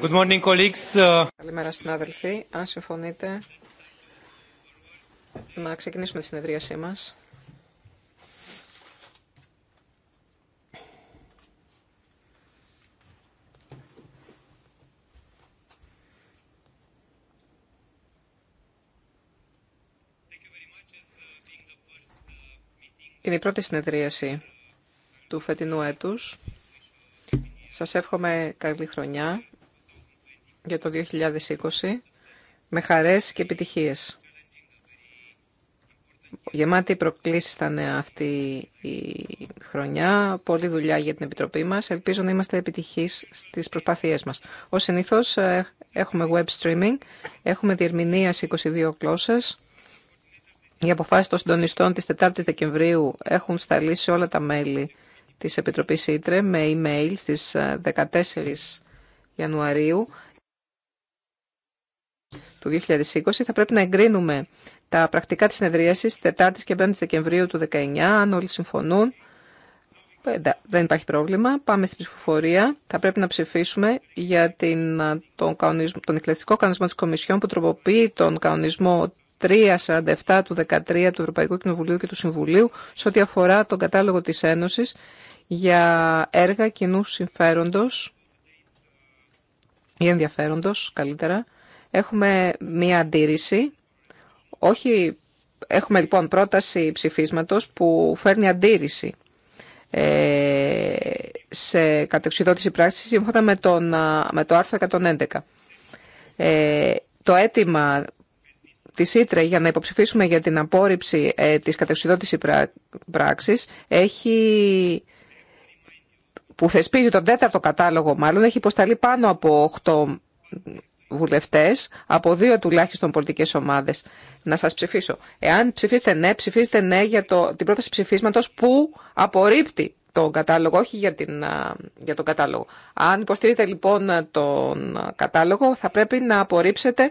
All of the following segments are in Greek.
Good morning, colleagues. Καλημέρα συνάδελφοι. Αν συμφωνείτε, να ξεκινήσουμε τη συνεδρίασή μας. Είναι η πρώτη συνεδρίαση του φετινού έτους. Σας εύχομαι καλή χρονιά για το 2020 με χαρές και επιτυχίες. Γεμάτη προκλήσεις ήταν αυτή η χρονιά, πολλή δουλειά για την Επιτροπή μας. Ελπίζω να είμαστε επιτυχείς στις προσπάθειές μας. Ως συνήθως ε, έχουμε web streaming, έχουμε διερμηνία σε 22 γλώσσες. Οι αποφάσεις των συντονιστών της 4ης Δεκεμβρίου έχουν σταλεί σε όλα τα μέλη της Επιτροπής Ήτρε με email στις 14 ε, Ιανουαρίου του 2020. Θα πρέπει να εγκρίνουμε τα πρακτικά της συνεδρίασης 4 και 5 Δεκεμβρίου του 2019, αν όλοι συμφωνούν. Ε, δεν υπάρχει πρόβλημα. Πάμε στην ψηφοφορία. Θα πρέπει να ψηφίσουμε για την, ε, τον, κανονισμό, τον εκλεκτικό κανονισμό της Κομισιόν που τροποποιεί τον κανονισμό 347 του 13 του Ευρωπαϊκού Κοινοβουλίου και του Συμβουλίου σε ό,τι αφορά τον κατάλογο της Ένωσης για έργα κοινού συμφέροντος ή ενδιαφέροντος καλύτερα. Έχουμε μία αντίρρηση. Όχι... Έχουμε λοιπόν πρόταση ψηφίσματος που φέρνει αντίρρηση ε, σε κατεξιδότηση πράξη σύμφωνα με, τον, με το άρθρο 111. Ε, το αίτημα Τη Ήτρε για να υποψηφίσουμε για την απόρριψη ε, της πράξη πράξης έχει, που θεσπίζει τον τέταρτο κατάλογο μάλλον, έχει υποσταλεί πάνω από 8 βουλευτές, από δύο τουλάχιστον πολιτικές ομάδες. Να σας ψηφίσω. Εάν ψηφίσετε ναι, ψηφίστε ναι για το, την πρόταση ψηφίσματος που απορρίπτει τον κατάλογο, όχι για, την, για τον κατάλογο. Αν υποστηρίζετε λοιπόν τον κατάλογο, θα πρέπει να απορρίψετε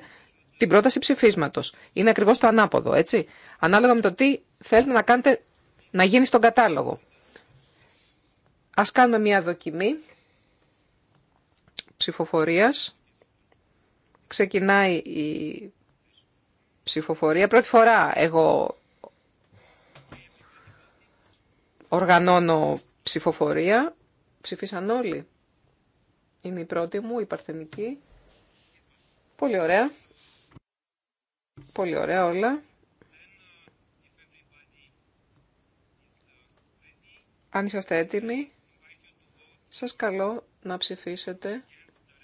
την πρόταση ψηφίσματος. Είναι ακριβώς το ανάποδο, έτσι. Ανάλογα με το τι θέλετε να κάνετε να γίνει στον κατάλογο. Ας κάνουμε μια δοκιμή ψηφοφορίας. Ξεκινάει η ψηφοφορία. Πρώτη φορά εγώ οργανώνω ψηφοφορία. Ψηφίσαν όλοι. Είναι η πρώτη μου, η παρθενική. Πολύ ωραία. Πολύ ωραία όλα. Αν είσαστε έτοιμοι, σας καλώ να ψηφίσετε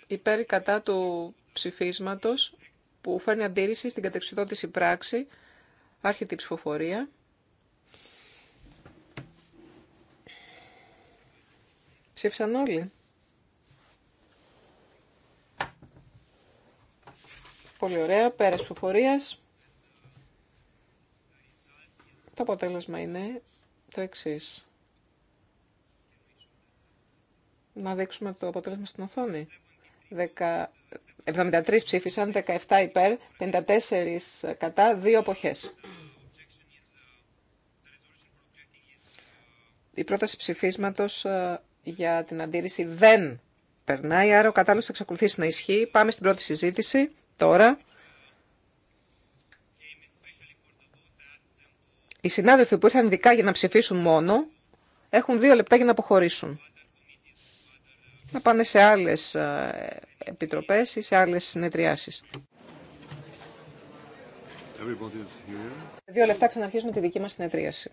υπέρ κατά του ψηφίσματος που φέρνει αντίρρηση στην κατεξιδότηση πράξη, άρχεται η ψηφοφορία. Ψήφισαν όλοι. Πολύ ωραία, πέρας ψηφοφορίας. Το αποτέλεσμα είναι το εξής. Να δείξουμε το αποτέλεσμα στην οθόνη. 73 ψήφισαν, 17 υπέρ, 54 κατά, 2 αποχές. Η πρόταση ψηφίσματος ε, για την αντίρρηση δεν περνάει, άρα ο κατάλληλος θα εξακολουθήσει να ισχύει. Πάμε στην πρώτη συζήτηση. Τώρα, οι συνάδελφοι που ήρθαν ειδικά για να ψηφίσουν μόνο, έχουν δύο λεπτά για να αποχωρήσουν. Να πάνε σε άλλες ε, επιτροπές ή σε άλλες συνεδριάσεις. Δύο λεπτά ξαναρχίζουμε τη δική μας συνεδρίαση.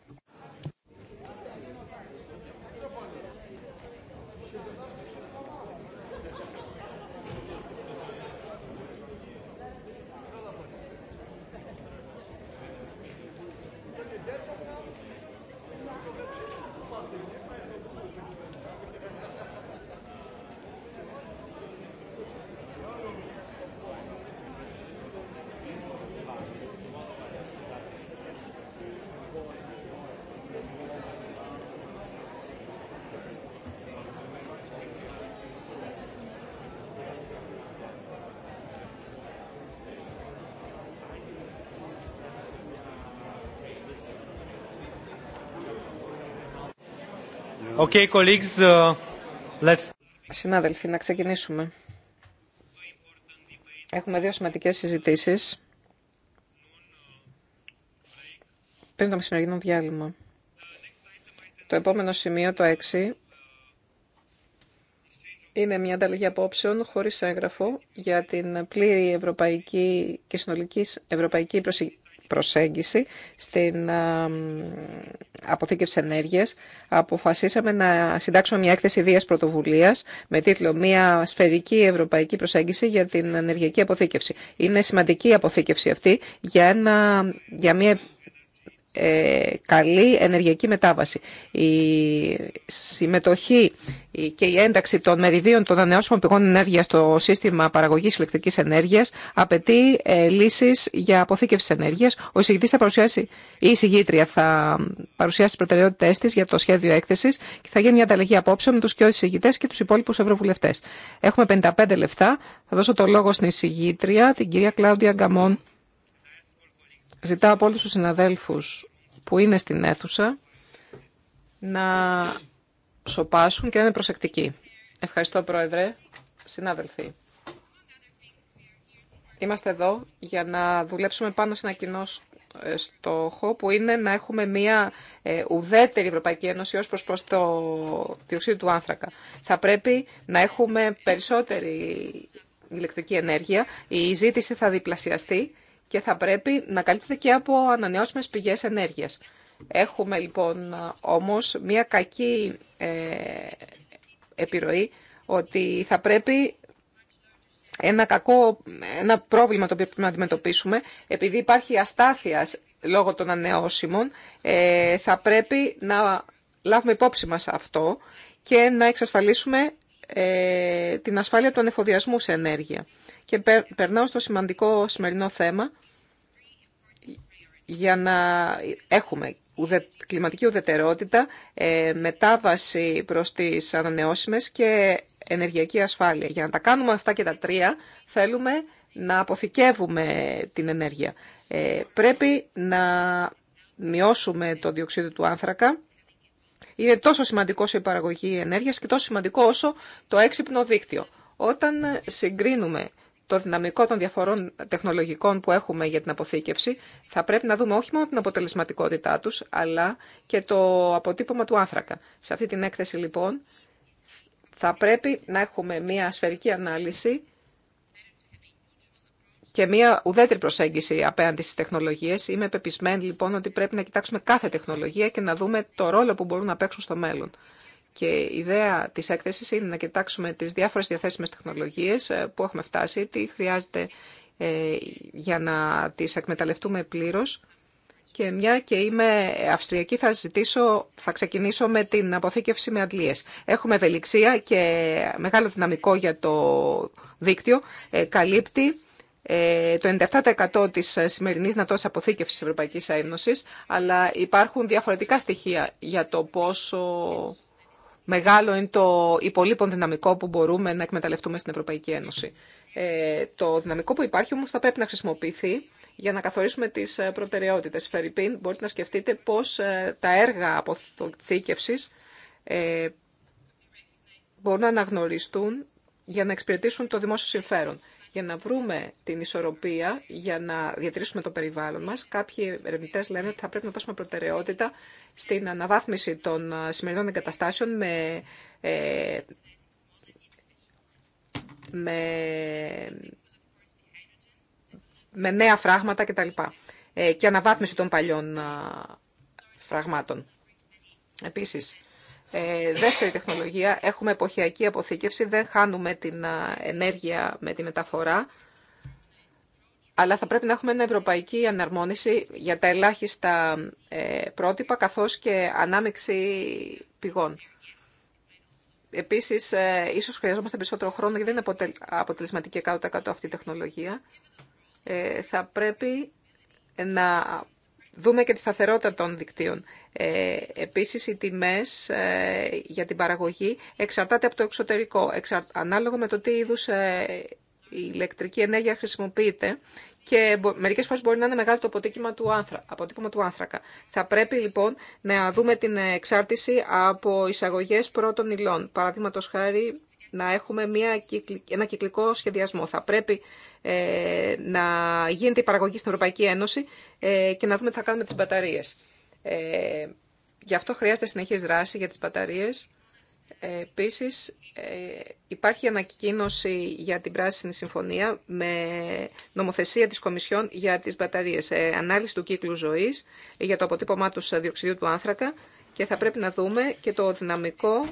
Okay, colleagues, uh, let's... Συνάδελφοι, να ξεκινήσουμε. Έχουμε δύο σημαντικές συζητήσεις πριν το μεσημερινό διάλειμμα. Το επόμενο σημείο, το 6, είναι μια ανταλλαγή απόψεων χωρίς έγγραφο για την πλήρη ευρωπαϊκή και συνολική ευρωπαϊκή προσοχή προσέγγιση στην ε, αποθήκευση ενέργειας, αποφασίσαμε να συντάξουμε μια έκθεση ιδίας πρωτοβουλίας με τίτλο «Μια σφαιρική ευρωπαϊκή προσέγγιση για την ενεργειακή αποθήκευση». Είναι σημαντική η αποθήκευση αυτή για, ένα, για μια ε, καλή ενεργειακή μετάβαση. Η συμμετοχή και η ένταξη των μεριδίων των ανανεώσιμων πηγών ενέργειας στο σύστημα παραγωγή ηλεκτρική ενέργεια απαιτεί ε, λύσει για αποθήκευση ενέργεια. Ο εισηγητής θα παρουσιάσει, ή η εισηγήτρια θα παρουσιάσει τι προτεραιότητε τη για το σχέδιο έκθεση και θα γίνει μια ανταλλαγή απόψε με του και εισηγητές και του υπόλοιπου ευρωβουλευτέ. Έχουμε 55 λεφτά. Θα δώσω το λόγο στην εισηγήτρια, την κυρία Κλάουδια Γκαμών. Ζητάω από όλους τους συναδέλφους που είναι στην αίθουσα να σοπάσουν και να είναι προσεκτικοί. Ευχαριστώ, Πρόεδρε. Συνάδελφοι, είμαστε εδώ για να δουλέψουμε πάνω σε ένα κοινό ε, στόχο που είναι να έχουμε μια ε, ουδέτερη Ευρωπαϊκή Ένωση ως προς, προς το διοξείδιο του άνθρακα. Θα πρέπει να έχουμε περισσότερη ηλεκτρική ενέργεια, η ζήτηση θα διπλασιαστεί και θα πρέπει να καλύπτεται και από ανανεώσιμες πηγές ενέργειας. Έχουμε λοιπόν όμως μια κακή ε, επιρροή ότι θα πρέπει ένα κακό, ένα πρόβλημα το οποίο πρέπει να αντιμετωπίσουμε, επειδή υπάρχει αστάθεια λόγω των ανανεώσιμων, ε, θα πρέπει να λάβουμε υπόψη μας αυτό και να εξασφαλίσουμε ε, την ασφάλεια του ανεφοδιασμού σε ενέργεια. Και περνάω στο σημαντικό σημερινό θέμα για να έχουμε ουδε κλιματική ουδετερότητα, ε, μετάβαση προς τις ανανεώσιμες και ενεργειακή ασφάλεια. Για να τα κάνουμε αυτά και τα τρία, θέλουμε να αποθηκεύουμε την ενέργεια. Ε, πρέπει να μειώσουμε το διοξείδιο του άνθρακα. Είναι τόσο σημαντικό όσο η παραγωγή ενέργειας και τόσο σημαντικό όσο το έξυπνο δίκτυο. Όταν συγκρίνουμε το δυναμικό των διαφορών τεχνολογικών που έχουμε για την αποθήκευση, θα πρέπει να δούμε όχι μόνο την αποτελεσματικότητά τους, αλλά και το αποτύπωμα του άνθρακα. Σε αυτή την έκθεση, λοιπόν, θα πρέπει να έχουμε μια σφαιρική ανάλυση και μια ουδέτερη προσέγγιση απέναντι στις τεχνολογίες. Είμαι πεπισμένη, λοιπόν, ότι πρέπει να κοιτάξουμε κάθε τεχνολογία και να δούμε το ρόλο που μπορούν να παίξουν στο μέλλον. Και η ιδέα τη έκθεση είναι να κοιτάξουμε τι διάφορε διαθέσιμε τεχνολογίε ε, που έχουμε φτάσει, τι χρειάζεται ε, για να τι εκμεταλλευτούμε πλήρω. Και μια και είμαι Αυστριακή θα, ζητήσω, θα ξεκινήσω με την αποθήκευση με αντλίε. Έχουμε ευελιξία και μεγάλο δυναμικό για το δίκτυο. Ε, καλύπτει το 97% της σημερινής δυνατότητας αποθήκευσης τη Ευρωπαϊκής Ένωσης, αλλά υπάρχουν διαφορετικά στοιχεία για το πόσο μεγάλο είναι το υπολείπον δυναμικό που μπορούμε να εκμεταλλευτούμε στην Ευρωπαϊκή Ένωση. Ε, το δυναμικό που υπάρχει όμως θα πρέπει να χρησιμοποιηθεί για να καθορίσουμε τις ε, προτεραιότητες. Φερρυπίν, μπορείτε να σκεφτείτε πώς ε, τα έργα αποθήκευσης ε, μπορούν να αναγνωριστούν για να εξυπηρετήσουν το δημόσιο συμφέρον για να βρούμε την ισορροπία, για να διατηρήσουμε το περιβάλλον μας. Κάποιοι ερευνητέ λένε ότι θα πρέπει να δώσουμε προτεραιότητα στην αναβάθμιση των ε, σημερινών εγκαταστάσεων ε, με, νέα φράγματα κτλ. Ε, και αναβάθμιση των παλιών ε, φραγμάτων. Επίσης, ε, δεύτερη τεχνολογία, έχουμε εποχιακή αποθήκευση, δεν χάνουμε την ε, ενέργεια με τη μεταφορά, αλλά θα πρέπει να έχουμε μια ευρωπαϊκή αναρμόνιση για τα ελάχιστα ε, πρότυπα, καθώς και ανάμειξη πηγών. Επίσης, ίσως χρειαζόμαστε περισσότερο χρόνο, γιατί δεν είναι αποτελεσματική 100% αυτή η τεχνολογία. θα πρέπει να δούμε και τη σταθερότητα των δικτύων. Ε, επίσης, οι τιμές ε, για την παραγωγή εξαρτάται από το εξωτερικό, εξαρ... ανάλογα με το τι είδους ε, ηλεκτρική ενέργεια χρησιμοποιείται και μερικές φορές μπορεί να είναι μεγάλο το αποτύπωμα του, άνθρα, του άνθρακα. Θα πρέπει λοιπόν να δούμε την εξάρτηση από εισαγωγές πρώτων υλών, παραδείγματο χάρη να έχουμε μια, ένα κυκλικό σχεδιασμό. Θα πρέπει ε, να γίνεται η παραγωγή στην Ευρωπαϊκή Ένωση ε, και να δούμε τι θα κάνουμε τις μπαταρίες. Ε, γι' αυτό χρειάζεται συνεχής δράση για τις μπαταρίες. Ε, επίσης, ε, υπάρχει ανακοίνωση για την Πράσινη Συμφωνία με νομοθεσία της Κομισιόν για τις μπαταρίες. Ε, ανάλυση του κύκλου ζωής ε, για το αποτύπωμά του διοξιδίου του άνθρακα και θα πρέπει να δούμε και το δυναμικό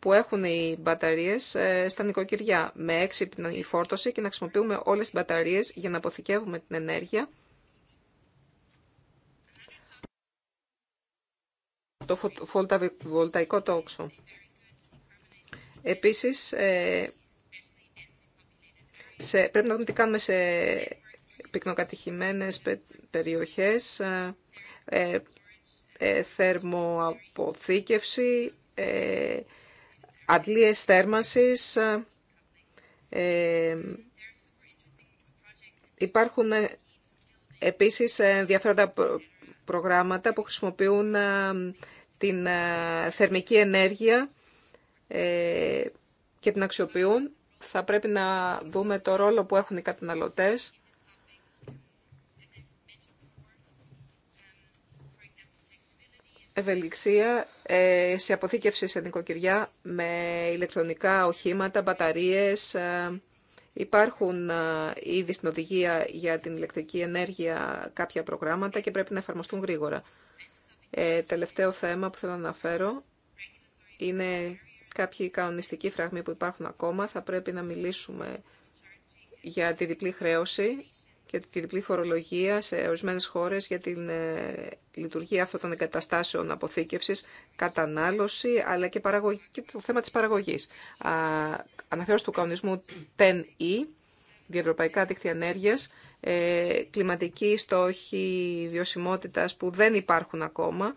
που έχουν οι μπαταρίε ε, στα νοικοκυριά με έξυπνη φόρτωση και να χρησιμοποιούμε όλε τι μπαταρίε για να αποθηκεύουμε την ενέργεια. Το φωτοβολταϊκό τόξο. Επίσης, ε, πρέπει να δούμε τι κάνουμε σε πυκνοκατοικημένες περιοχές, ε, ε, ε, θερμοαποθήκευση, ε, αντλίες θέρμανσης. Ε, ε, υπάρχουν ε, επίσης ενδιαφέροντα προγράμματα που χρησιμοποιούν την θερμική ενέργεια και την αξιοποιούν. Θα πρέπει να δούμε το ρόλο που έχουν οι καταναλωτές ευελιξία ε, σε αποθήκευση σε νοικοκυριά με ηλεκτρονικά οχήματα, μπαταρίες. Ε, υπάρχουν ε, ήδη στην οδηγία για την ηλεκτρική ενέργεια κάποια προγράμματα και πρέπει να εφαρμοστούν γρήγορα. Ε, τελευταίο θέμα που θέλω να αναφέρω είναι κάποιοι κανονιστικοί φραγμοί που υπάρχουν ακόμα. Θα πρέπει να μιλήσουμε για τη διπλή χρέωση και τη διπλή φορολογία σε ορισμένες χώρες για την ε, λειτουργία αυτών των εγκαταστάσεων αποθήκευσης, κατανάλωση, αλλά και, παραγωγή, το θέμα της παραγωγής. Α, αναθεώρηση του κανονισμού 10E, διευρωπαϊκά δίκτυα ενέργειας, ε, κλιματικοί στόχοι βιωσιμότητας που δεν υπάρχουν ακόμα,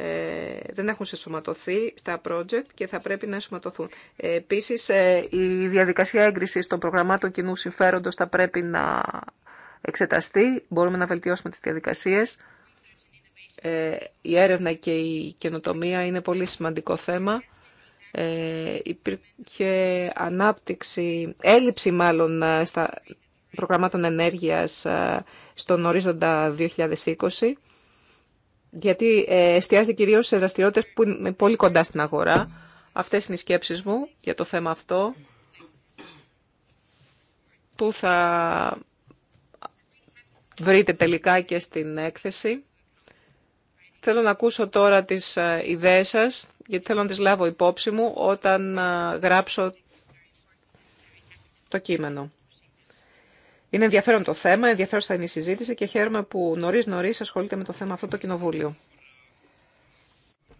ε, δεν έχουν συσσωματωθεί στα project και θα πρέπει να συσσωματωθούν. Ε, επίσης, ε, η διαδικασία έγκρισης των προγραμμάτων κοινού συμφέροντος θα πρέπει να εξεταστεί. Μπορούμε να βελτιώσουμε τις διαδικασίες. Η έρευνα και η καινοτομία είναι πολύ σημαντικό θέμα. Υπήρχε ανάπτυξη, έλλειψη μάλλον στα προγραμμάτων ενέργειας στον ορίζοντα 2020 γιατί ε, εστιάζει κυρίως σε δραστηριότητες που είναι πολύ κοντά στην αγορά. Αυτές είναι οι σκέψεις μου για το θέμα αυτό, που θα βρείτε τελικά και στην έκθεση. Θέλω να ακούσω τώρα τις ε, ιδέες σας, γιατί θέλω να τις λάβω υπόψη μου όταν ε, γράψω το κείμενο. Είναι ενδιαφέρον το θέμα, θα είναι η συζήτηση και χαίρομαι που νωρίς νωρίς ασχολείται με το θέμα αυτό το Κοινοβούλιο.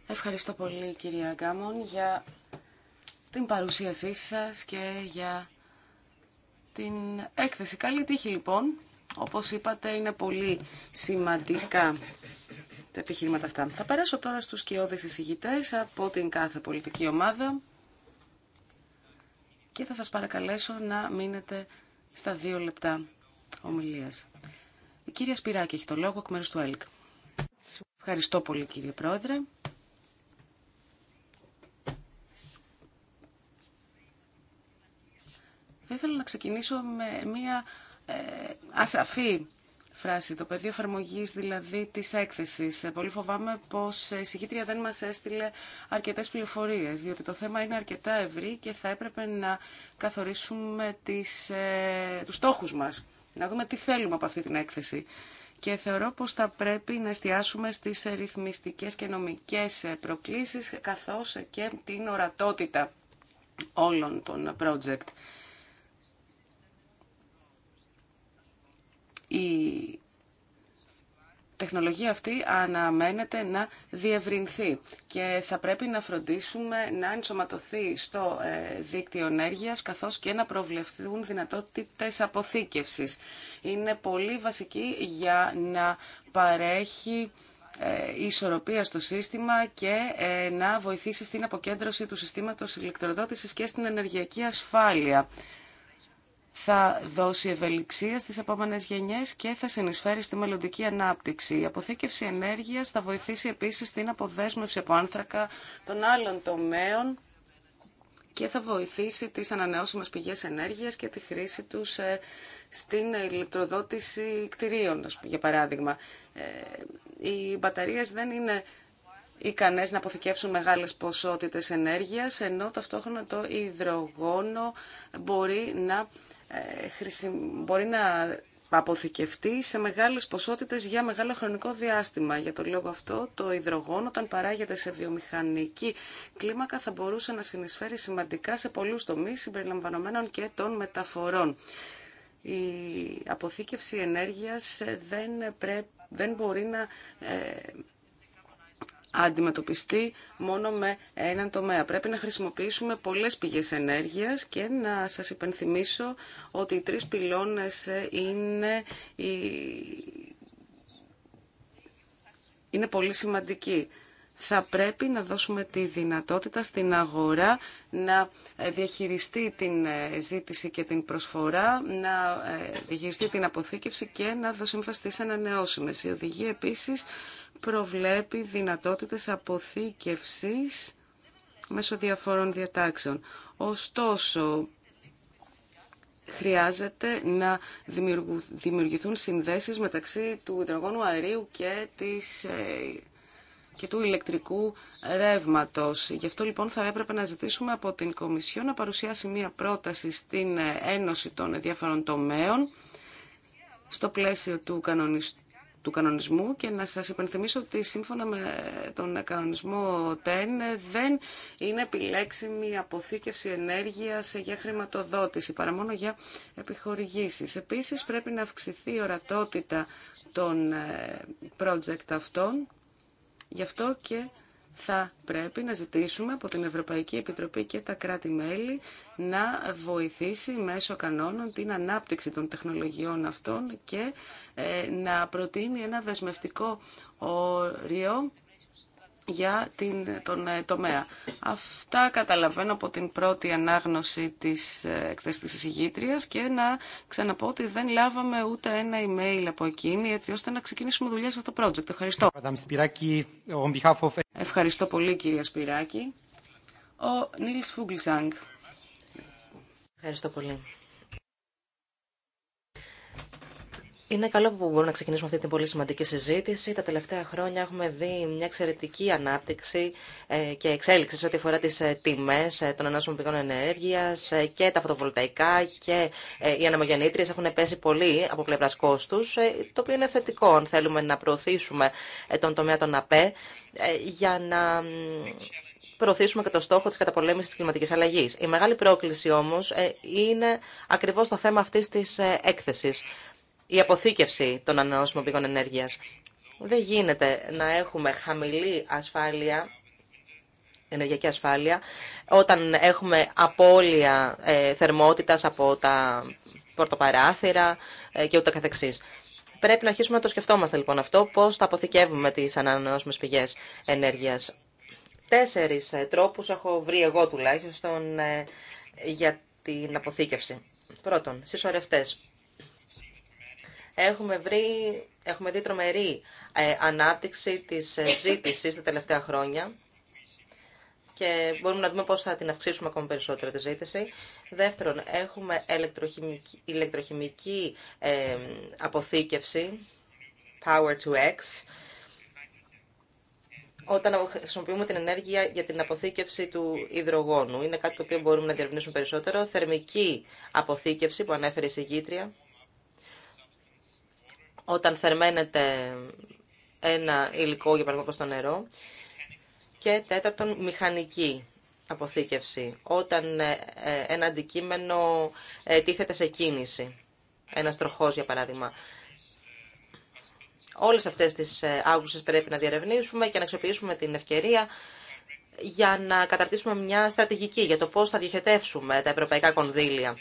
Ευχαριστώ πολύ κυρία Γκάμον για την παρουσίασή σας και για την έκθεση. Καλή τύχη λοιπόν. Όπως είπατε είναι πολύ σημαντικά τα επιχειρήματα αυτά. Θα περάσω τώρα στους κοιόδες εισηγητές από την κάθε πολιτική ομάδα και θα σας παρακαλέσω να μείνετε στα δύο λεπτά ομιλίας. Η κυρία Σπυράκη έχει το λόγο εκ μέρου του ΕΛΚ. Ευχαριστώ πολύ κύριε Πρόεδρε. Θα ήθελα να ξεκινήσω με μία ε, ασαφή φράση, το πεδίο εφαρμογή δηλαδή τη έκθεση. Ε, πολύ φοβάμαι πω η συγκήτρια δεν μα έστειλε αρκετέ πληροφορίε, διότι το θέμα είναι αρκετά ευρύ και θα έπρεπε να καθορίσουμε τις, ε, τους στόχους μας, να δούμε τι θέλουμε από αυτή την έκθεση. Και θεωρώ πως θα πρέπει να εστιάσουμε στις ρυθμιστικές και νομικές προκλήσεις, καθώς και την ορατότητα όλων των project. η τεχνολογία αυτή αναμένεται να διευρυνθεί και θα πρέπει να φροντίσουμε να ενσωματωθεί στο ε, δίκτυο ενέργειας καθώς και να προβλεφθούν δυνατότητες αποθήκευσης. Είναι πολύ βασική για να παρέχει ε, ισορροπία στο σύστημα και ε, να βοηθήσει στην αποκέντρωση του συστήματος ηλεκτροδότησης και στην ενεργειακή ασφάλεια θα δώσει ευελιξία στις επόμενες γενιές και θα συνεισφέρει στη μελλοντική ανάπτυξη. Η αποθήκευση ενέργειας θα βοηθήσει επίσης την αποδέσμευση από άνθρακα των άλλων τομέων και θα βοηθήσει τις ανανεώσιμες πηγές ενέργειας και τη χρήση τους ε, στην ηλεκτροδότηση κτηρίων, για παράδειγμα. Ε, οι μπαταρίες δεν είναι ικανές να αποθηκεύσουν μεγάλες ποσότητες ενέργειας, ενώ ταυτόχρονα το υδρογόνο μπορεί να ε, μπορεί να αποθηκευτεί σε μεγάλες ποσότητες για μεγάλο χρονικό διάστημα. Για τον λόγο αυτό, το υδρογόνο, όταν παράγεται σε βιομηχανική κλίμακα, θα μπορούσε να συνεισφέρει σημαντικά σε πολλούς τομείς, συμπεριλαμβανομένων και των μεταφορών. Η αποθήκευση ενέργειας δεν, δεν μπορεί να ε, αντιμετωπιστεί μόνο με έναν τομέα. Πρέπει να χρησιμοποιήσουμε πολλές πηγές ενέργειας και να σας υπενθυμίσω ότι οι τρεις πυλώνες είναι, είναι πολύ σημαντικοί. Θα πρέπει να δώσουμε τη δυνατότητα στην αγορά να ε, διαχειριστεί την ε, ζήτηση και την προσφορά, να ε, διαχειριστεί την αποθήκευση και να δώσει έμφαση στις ανανεώσιμες. Η οδηγία επίσης προβλέπει δυνατότητες αποθήκευσης μέσω διαφορών διατάξεων. Ωστόσο, χρειάζεται να δημιουργηθούν συνδέσεις μεταξύ του υδρογόνου αερίου και, της, ε, και του ηλεκτρικού ρεύματος. Γι' αυτό λοιπόν θα έπρεπε να ζητήσουμε από την Κομισιό να παρουσιάσει μία πρόταση στην Ένωση των Διαφορών Τομέων στο πλαίσιο του κανονισμού του κανονισμού και να σας υπενθυμίσω ότι σύμφωνα με τον κανονισμό ΤΕΝ δεν είναι επιλέξιμη αποθήκευση ενέργειας για χρηματοδότηση παρά μόνο για επιχορηγήσεις. Επίσης πρέπει να αυξηθεί η ορατότητα των ε, project αυτών γι' αυτό και θα πρέπει να ζητήσουμε από την Ευρωπαϊκή Επιτροπή και τα κράτη-μέλη να βοηθήσει μέσω κανόνων την ανάπτυξη των τεχνολογιών αυτών και ε, να προτείνει ένα δεσμευτικό όριο για την, τον ε, τομέα. Αυτά καταλαβαίνω από την πρώτη ανάγνωση της ε, εκθέσης της εισηγήτριας και να ξαναπώ ότι δεν λάβαμε ούτε ένα email από εκείνη έτσι ώστε να ξεκινήσουμε δουλειά σε αυτό το project. Ευχαριστώ. Ευχαριστώ πολύ κυρία Σπυράκη. Ο Νίλς Φούγκλισάνγκ. Ευχαριστώ πολύ. Είναι καλό που μπορούμε να ξεκινήσουμε αυτή την πολύ σημαντική συζήτηση. Τα τελευταία χρόνια έχουμε δει μια εξαιρετική ανάπτυξη ε, και εξέλιξη σε ό,τι αφορά τι ε, τιμέ ε, των ανάσχομων πηγών ενέργειας και τα φωτοβολταϊκά και οι αναμογεννήτριε έχουν πέσει πολύ από πλευρά κόστου, το οποίο είναι θετικό αν θέλουμε να προωθήσουμε τον τομέα των ΑΠΕ για να προωθήσουμε και το στόχο τη καταπολέμησης τη κλιματική αλλαγή. Η μεγάλη πρόκληση όμω είναι ακριβώ το θέμα αυτή τη έκθεση η αποθήκευση των ανανεώσιμων πηγών ενέργειας. Δεν γίνεται να έχουμε χαμηλή ασφάλεια, ενεργειακή ασφάλεια, όταν έχουμε απώλεια ε, θερμότητας από τα πορτοπαράθυρα ε, και ούτω καθεξής. Πρέπει να αρχίσουμε να το σκεφτόμαστε λοιπόν αυτό, πώς θα αποθηκεύουμε τις ανανεώσιμες πηγές ενέργειας. Τέσσερις ε, τρόπους έχω βρει εγώ τουλάχιστον ε, για την αποθήκευση. Πρώτον, συσσωρευτές έχουμε, βρει, έχουμε δει τρομερή ε, ανάπτυξη της ε, ζήτησης τα τελευταία χρόνια και μπορούμε να δούμε πώς θα την αυξήσουμε ακόμα περισσότερο τη ζήτηση. Δεύτερον, έχουμε ηλεκτροχημική, ηλεκτροχημική ε, αποθήκευση, power to X, όταν χρησιμοποιούμε την ενέργεια για την αποθήκευση του υδρογόνου. Είναι κάτι το οποίο μπορούμε να διερευνήσουμε περισσότερο. Θερμική αποθήκευση που ανέφερε η συγκήτρια όταν θερμαίνεται ένα υλικό, για παράδειγμα, το νερό. Και τέταρτον, μηχανική αποθήκευση, όταν ε, ε, ένα αντικείμενο ε, τίθεται σε κίνηση. Ένας τροχός, για παράδειγμα. Όλες αυτές τις άγουσες πρέπει να διαρευνήσουμε και να αξιοποιήσουμε την ευκαιρία για να καταρτήσουμε μια στρατηγική για το πώς θα διοχετεύσουμε τα ευρωπαϊκά κονδύλια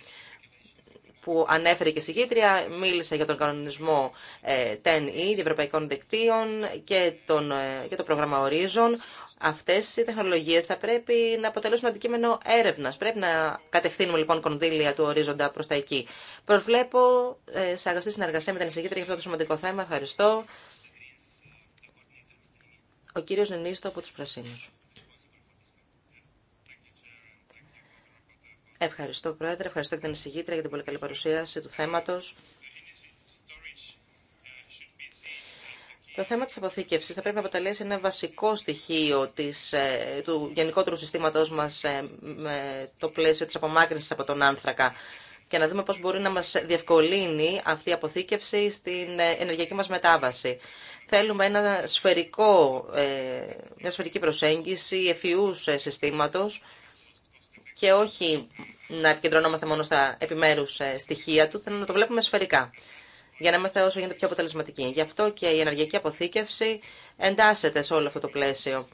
που ανέφερε και η συγκήτρια, μίλησε για τον κανονισμό ε, TEN-E, διευρωπαϊκών δικτύων και, τον, ε, και το πρόγραμμα Horizon. Αυτές οι τεχνολογίες θα πρέπει να αποτελέσουν αντικείμενο έρευνας. Πρέπει να κατευθύνουμε λοιπόν κονδύλια του ορίζοντα προς τα εκεί. Προσβλέπω ε, σε αγαστή συνεργασία με την εισηγήτρια για αυτό το σημαντικό θέμα. Ευχαριστώ. Ο κύριος Νενίστο από τους Πρασίνους. Ευχαριστώ, Πρόεδρε. Ευχαριστώ και την εισηγήτρια για την πολύ καλή παρουσίαση του θέματος. Το θέμα της αποθήκευσης θα πρέπει να αποτελέσει ένα βασικό στοιχείο της, ε, του γενικότερου συστήματός μας ε, με το πλαίσιο της απομάκρυνσης από τον άνθρακα και να δούμε πώς μπορεί να μας διευκολύνει αυτή η αποθήκευση στην ε, ενεργειακή μας μετάβαση. Θέλουμε ένα σφαιρικό, μια σφαιρική προσέγγιση εφιούς συστήματος και όχι να επικεντρωνόμαστε μόνο στα επιμέρους ε, στοιχεία του, θέλω να το βλέπουμε σφαιρικά για να είμαστε όσο γίνεται πιο αποτελεσματικοί. Γι' αυτό και η ενεργειακή αποθήκευση εντάσσεται σε όλο αυτό το πλαίσιο.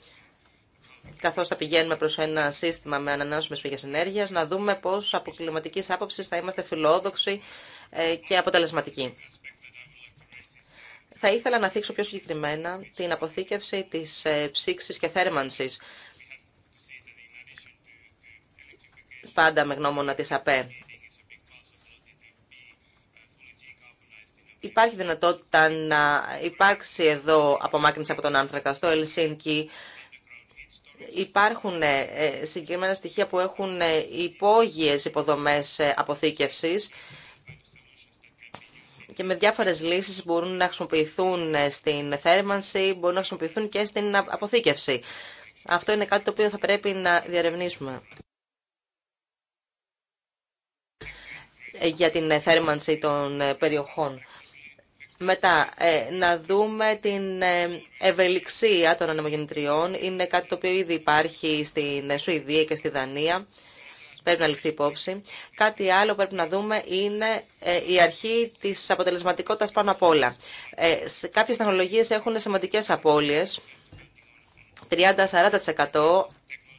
Καθώ θα πηγαίνουμε προ ένα σύστημα με ανανεώσιμε πηγέ ενέργεια, να δούμε πώ από κλιματική άποψη θα είμαστε φιλόδοξοι ε, και αποτελεσματικοί. Θα ήθελα να θίξω πιο συγκεκριμένα την αποθήκευση τη ε, ψήξη και θέρμανση πάντα με γνώμονα της ΑΠΕ. Υπάρχει δυνατότητα να υπάρξει εδώ απομάκρυνση από τον άνθρακα στο Ελσίνκι. Υπάρχουν ε, συγκεκριμένα στοιχεία που έχουν ε, υπόγειες υποδομές ε, αποθήκευσης και με διάφορες λύσεις μπορούν να χρησιμοποιηθούν στην θέρμανση, μπορούν να χρησιμοποιηθούν και στην αποθήκευση. Αυτό είναι κάτι το οποίο θα πρέπει να διαρευνήσουμε. για την θέρμανση των ε, περιοχών. Μετά, ε, να δούμε την ε, ευελιξία των ανεμογεννητριών. Είναι κάτι το οποίο ήδη υπάρχει στην Σουηδία και στη Δανία. Πρέπει να ληφθεί υπόψη. Κάτι άλλο πρέπει να δούμε είναι η αρχή της αποτελεσματικότητας πάνω απ' όλα. Κάποιες τεχνολογίες έχουν σημαντικές απώλειες. 30-40%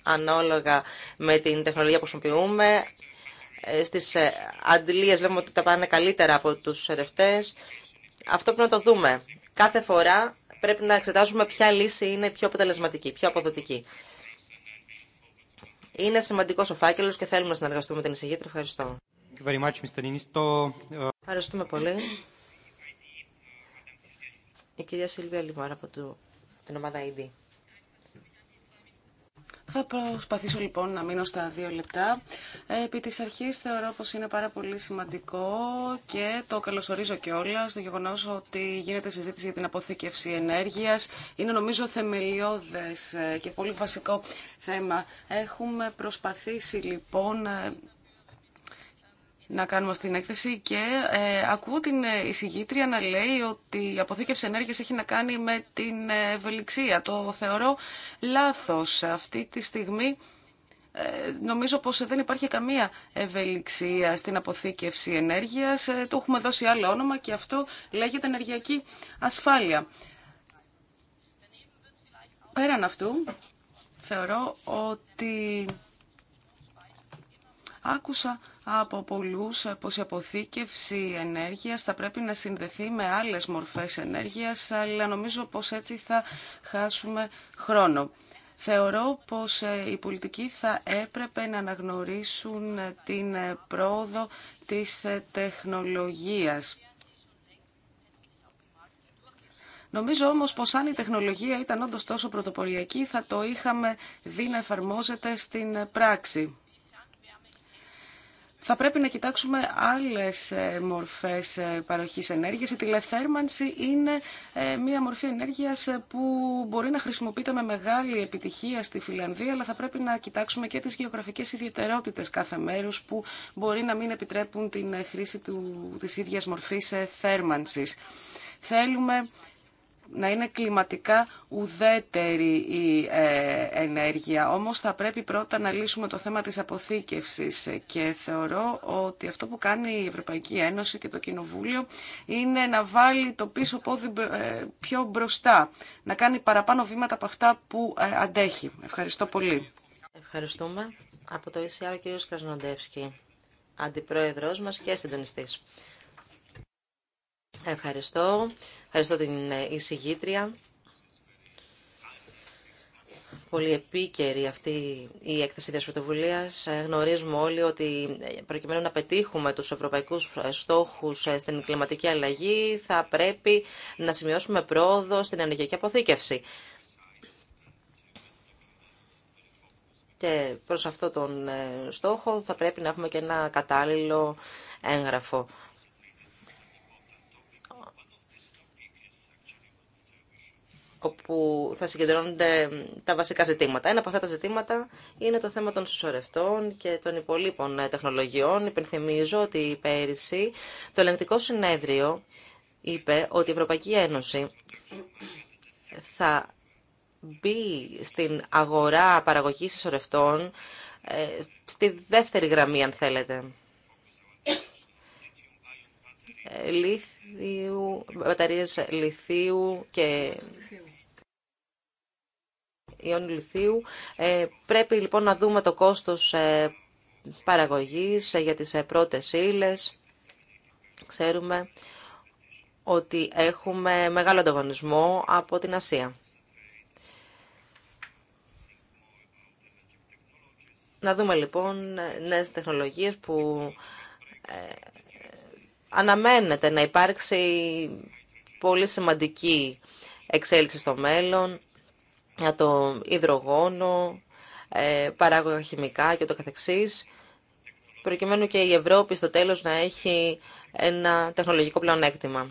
ανάλογα με την τεχνολογία που χρησιμοποιούμε, ε, στις ε, αντιλίες λέμε ότι τα πάνε καλύτερα από τους ερευτές. Αυτό πρέπει να το δούμε. Κάθε φορά πρέπει να εξετάζουμε ποια λύση είναι πιο αποτελεσματική, πιο αποδοτική. Είναι σημαντικός ο φάκελος και θέλουμε να συνεργαστούμε με την εισηγήτρια. Ευχαριστώ. Ευχαριστούμε πολύ. Η κυρία Σίλβια Λιμάρα από την ομάδα ID. Θα προσπαθήσω λοιπόν να μείνω στα δύο λεπτά. Επί της αρχής θεωρώ πως είναι πάρα πολύ σημαντικό και το καλωσορίζω και όλα στο γεγονό ότι γίνεται συζήτηση για την αποθήκευση ενέργειας. Είναι νομίζω θεμελιώδες ε, και πολύ βασικό θέμα. Έχουμε προσπαθήσει λοιπόν ε, να κάνουμε αυτή την έκθεση και ε, ακούω την εισηγήτρια να λέει ότι η αποθήκευση ενέργειας έχει να κάνει με την ευελιξία. Το θεωρώ λάθος αυτή τη στιγμή. Ε, νομίζω πως δεν υπάρχει καμία ευελιξία στην αποθήκευση ενέργειας. Ε, το έχουμε δώσει άλλο όνομα και αυτό λέγεται ενεργειακή ασφάλεια. Πέραν αυτού, θεωρώ ότι άκουσα από πολλούς πως η αποθήκευση ενέργειας θα πρέπει να συνδεθεί με άλλες μορφές ενέργειας, αλλά νομίζω πως έτσι θα χάσουμε χρόνο. Θεωρώ πως ε, οι πολιτικοί θα έπρεπε να αναγνωρίσουν ε, την ε, πρόοδο της τεχνολογίας. Νομίζω όμως πως αν η τεχνολογία ήταν όντως τόσο πρωτοποριακή θα το είχαμε δει να εφαρμόζεται στην πράξη θα πρέπει να κοιτάξουμε άλλες ε, μορφές ε, παροχής ενέργειας. Η τηλεθέρμανση είναι ε, μια μορφή ενέργειας που μπορεί να χρησιμοποιείται με μεγάλη επιτυχία στη Φιλανδία, αλλά θα πρέπει να κοιτάξουμε και τις γεωγραφικές ιδιαιτερότητες κάθε μέρους που μπορεί να μην επιτρέπουν την χρήση του, της ίδιας μορφής θέρμανσης. Θέλουμε να είναι κλιματικά ουδέτερη η ε, ενέργεια. Όμως θα πρέπει πρώτα να λύσουμε το θέμα της αποθήκευσης και θεωρώ ότι αυτό που κάνει η Ευρωπαϊκή Ένωση και το Κοινοβούλιο είναι να βάλει το πίσω πόδι ε, πιο μπροστά, να κάνει παραπάνω βήματα από αυτά που ε, αντέχει. Ευχαριστώ πολύ. Ευχαριστούμε. Από το ECR ο κύριος Κρασνοντεύσκη, αντιπρόεδρος μας και συντονιστής. Ευχαριστώ. Ευχαριστώ την ε, εισηγήτρια. Πολύ επίκαιρη αυτή η έκθεση της πρωτοβουλία. Ε, γνωρίζουμε όλοι ότι ε, προκειμένου να πετύχουμε τους ευρωπαϊκούς στόχους στην κλιματική αλλαγή θα πρέπει να σημειώσουμε πρόοδο στην ενεργειακή αποθήκευση. Και προς αυτό τον στόχο θα πρέπει να έχουμε και ένα κατάλληλο έγγραφο. όπου θα συγκεντρώνονται τα βασικά ζητήματα. Ένα από αυτά τα ζητήματα είναι το θέμα των συσσωρευτών και των υπολείπων ε, τεχνολογιών. Υπενθυμίζω ότι πέρυσι το ελεγκτικό συνέδριο είπε ότι η Ευρωπαϊκή Ένωση θα μπει στην αγορά παραγωγής συσσωρευτών ε, στη δεύτερη γραμμή, αν θέλετε. Ε, λίθιου, μπαταρίες λιθίου και λιθίου. Ε, πρέπει λοιπόν να δούμε το κόστος ε, παραγωγής ε, για τις πρώτες ύλε. Ξέρουμε ότι έχουμε μεγάλο ανταγωνισμό από την Ασία. Να δούμε λοιπόν νέες τεχνολογίες που αναμένεται να υπάρξει πολύ σημαντική εξέλιξη στο μέλλον για το υδρογόνο, ε, παράγωγα χημικά και το καθεξής, προκειμένου και η Ευρώπη στο τέλος να έχει ένα τεχνολογικό πλεονέκτημα.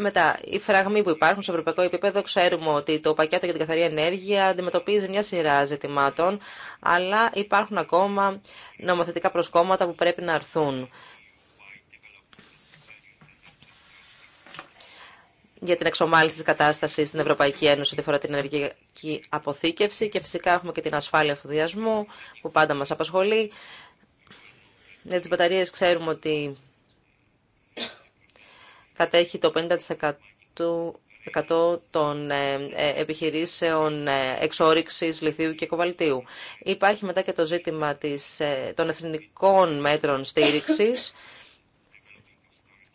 Μετά, οι φραγμοί που υπάρχουν σε ευρωπαϊκό επίπεδο ξέρουμε ότι το πακέτο για την καθαρή ενέργεια αντιμετωπίζει μια σειρά ζητημάτων, αλλά υπάρχουν ακόμα νομοθετικά προσκόμματα που πρέπει να αρθούν. για την εξομάλυση της κατάστασης στην Ευρωπαϊκή Ένωση ό,τι αφορά την ενεργειακή αποθήκευση και φυσικά έχουμε και την ασφάλεια φωδιασμού που πάντα μας απασχολεί. Για τις μπαταρίες ξέρουμε ότι κατέχει το 50% των ε, ε, επιχειρήσεων ε, εξόριξης λιθίου και κοβαλτίου. Υπάρχει μετά και το ζήτημα της, των εθνικών μέτρων στήριξης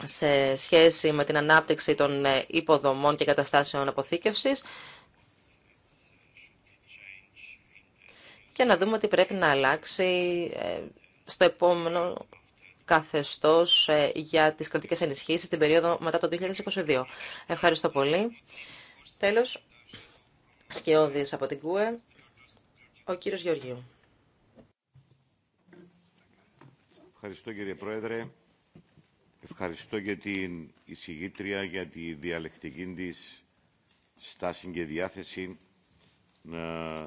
σε σχέση με την ανάπτυξη των ε, υποδομών και καταστάσεων αποθήκευσης και να δούμε τι πρέπει να αλλάξει ε, στο επόμενο καθεστώς ε, για τις κρατικές ενισχύσεις την περίοδο μετά το 2022. Ευχαριστώ πολύ. Τέλος, σκιώδης από την ΚΟΕ, ο κύριος Γεωργίου. Ευχαριστώ κύριε Πρόεδρε. Ευχαριστώ και την εισηγήτρια για τη διαλεκτική της στάση και διάθεση να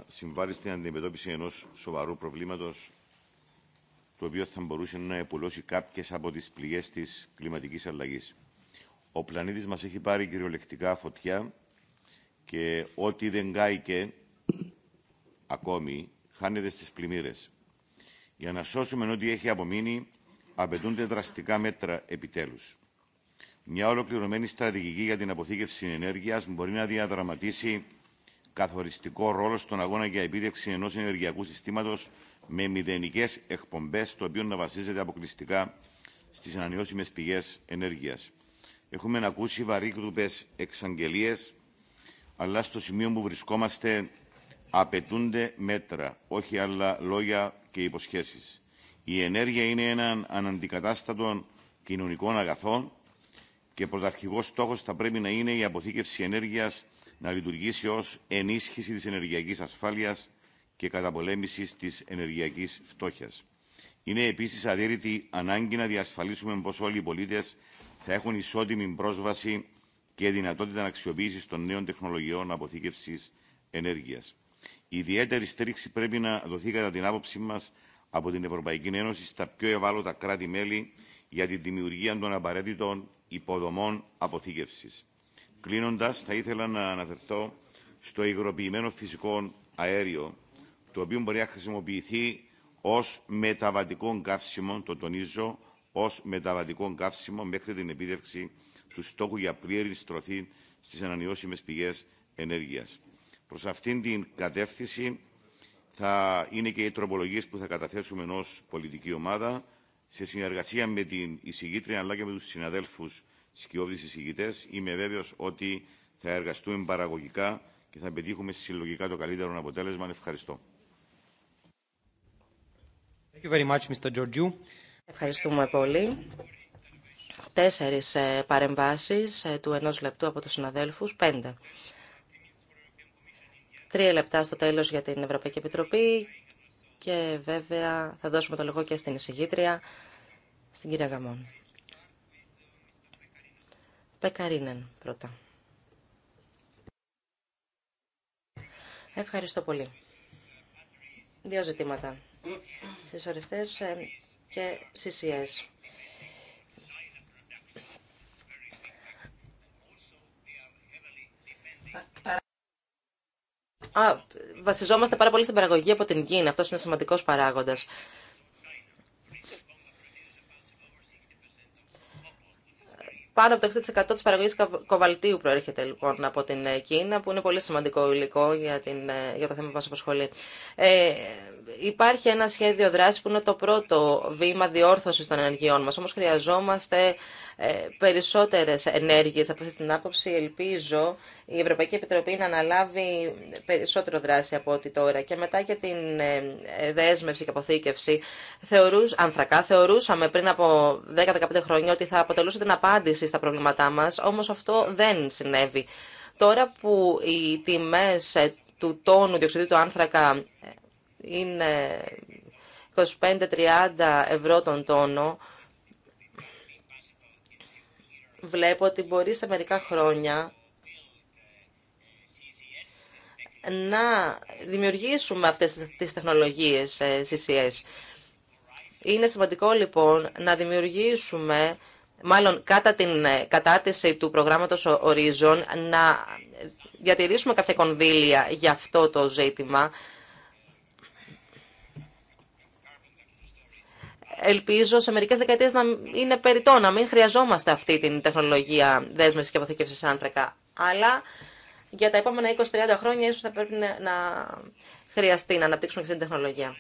συμβάλλει στην αντιμετώπιση ενός σοβαρού προβλήματος το οποίο θα μπορούσε να επουλώσει κάποιες από τις πληγές της κλιματικής αλλαγής. Ο πλανήτης μας έχει πάρει κυριολεκτικά φωτιά και ό,τι δεν κάηκε ακόμη χάνεται στις πλημμύρες. Για να σώσουμε ό,τι έχει απομείνει απαιτούνται δραστικά μέτρα επιτέλου. Μια ολοκληρωμένη στρατηγική για την αποθήκευση ενέργεια μπορεί να διαδραματίσει καθοριστικό ρόλο στον αγώνα για επίδευξη ενό ενεργειακού συστήματο με μηδενικέ εκπομπέ, το οποίο να βασίζεται αποκλειστικά στι ανανεώσιμε πηγέ ενέργεια. Έχουμε ακούσει βαρύκλουπε εξαγγελίε, αλλά στο σημείο που βρισκόμαστε απαιτούνται μέτρα, όχι άλλα λόγια και υποσχέσει. Η ενέργεια είναι έναν αναντικατάστατο κοινωνικό αγαθών και πρωταρχικό στόχο θα πρέπει να είναι η αποθήκευση ενέργεια να λειτουργήσει ω ενίσχυση τη ενεργειακή ασφάλεια και καταπολέμηση τη ενεργειακή φτώχεια. Είναι επίση αδύρυτη ανάγκη να διασφαλίσουμε πω όλοι οι πολίτε θα έχουν ισότιμη πρόσβαση και δυνατότητα να αξιοποίηση των νέων τεχνολογιών αποθήκευση ενέργεια. ιδιαίτερη στήριξη πρέπει να δοθεί κατά την άποψή μα από την Ευρωπαϊκή Ένωση στα πιο ευάλωτα κράτη-μέλη για τη δημιουργία των απαραίτητων υποδομών αποθήκευση. Κλείνοντα, θα ήθελα να αναφερθώ στο υγροποιημένο φυσικό αέριο, το οποίο μπορεί να χρησιμοποιηθεί ω μεταβατικό καύσιμο, το τονίζω, ω μεταβατικό καύσιμο μέχρι την επίτευξη του στόχου για πλήρη στροφή στι ανανεώσιμε πηγέ ενέργεια. Προ αυτήν την κατεύθυνση θα είναι και οι τροπολογίε που θα καταθέσουμε ενό πολιτική ομάδα σε συνεργασία με την εισηγήτρια αλλά και με του συναδέλφου σκιώδη εισηγητέ. Είμαι βέβαιο ότι θα εργαστούμε παραγωγικά και θα πετύχουμε συλλογικά το καλύτερο αποτέλεσμα. Ευχαριστώ. Ευχαριστούμε πολύ. Τέσσερις ε, παρεμβάσεις ε, του ενός λεπτού από τους συναδέλφους, πέντε. Τρία λεπτά στο τέλος για την Ευρωπαϊκή Επιτροπή και βέβαια θα δώσουμε το λόγο και στην εισηγήτρια, στην κυρία Γαμών. Πεκαρίνεν πρώτα. Ευχαριστώ πολύ. Δύο ζητήματα. Συσσωρευτές ε, και CCS. Α, βασιζόμαστε πάρα πολύ στην παραγωγή από την Κίνα. Αυτό είναι σημαντικός παράγοντας. Πάνω από το 60% της παραγωγής κοβαλτίου προέρχεται λοιπόν από την ε, Κίνα, που είναι πολύ σημαντικό υλικό για, την, ε, για το θέμα που μας απασχολεί. Ε, υπάρχει ένα σχέδιο δράση που είναι το πρώτο βήμα διόρθωσης των ενεργειών μας, όμως χρειαζόμαστε ε, περισσότερες ενέργειες από αυτή την άποψη. Ελπίζω η Ευρωπαϊκή Επιτροπή να αναλάβει περισσότερο δράση από ό,τι τώρα. Και μετά για την ε, ε, δέσμευση και αποθήκευση θεωρούς, ανθρακά, θεωρούσαμε πριν από 10-15 χρόνια ότι θα αποτελούσε την απάντηση στα προβλήματά μας, όμως αυτό δεν συνέβη. Τώρα που οι τιμές του τόνου διοξιδίου του άνθρακα είναι 25-30 ευρώ τον τόνο, βλέπω ότι μπορεί σε μερικά χρόνια να δημιουργήσουμε αυτές τις τεχνολογίες ε, CCS. Είναι σημαντικό λοιπόν να δημιουργήσουμε, μάλλον κατά την ε, κατάρτιση του προγράμματος Horizon, να διατηρήσουμε κάποια κονδύλια για αυτό το ζήτημα, ελπίζω σε μερικέ δεκαετίες να είναι περιττό, να μην χρειαζόμαστε αυτή την τεχνολογία δέσμευσης και αποθήκευση άνθρακα. Αλλά για τα επόμενα 20-30 χρόνια ίσως θα πρέπει να χρειαστεί να αναπτύξουμε αυτή την τεχνολογία.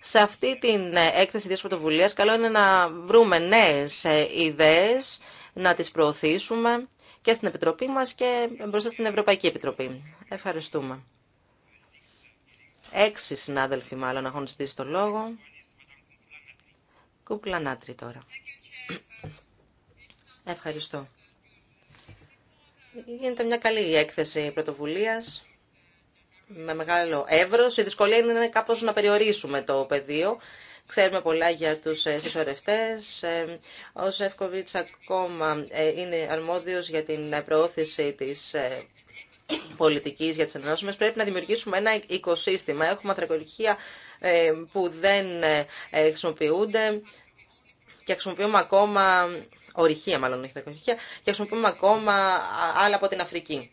Σε αυτή την ε, έκθεση της πρωτοβουλίας καλό είναι να βρούμε νέες ε, ιδέες, να τις προωθήσουμε και στην Επιτροπή μας και μπροστά στην Ευρωπαϊκή Επιτροπή. Ευχαριστούμε. Έξι συνάδελφοι μάλλον έχουν στήσει το λόγο. Κουπλανάτρι τώρα. Ευχαριστώ. Γίνεται μια καλή έκθεση πρωτοβουλίας με μεγάλο εύρος. Η δυσκολία είναι κάπως να περιορίσουμε το πεδίο. Ξέρουμε πολλά για τους ε, συσσωρευτές. Ε, ο Σεύκοβιτς ακόμα ε, είναι αρμόδιος για την προώθηση της πολιτική για τι ενώσιμε, πρέπει να δημιουργήσουμε ένα οικοσύστημα. Έχουμε ανθρακοριχεία ε, που δεν ε, ε, χρησιμοποιούνται και χρησιμοποιούμε ακόμα ορυχία, μάλλον, όχι και χρησιμοποιούμε ακόμα άλλα από την Αφρική.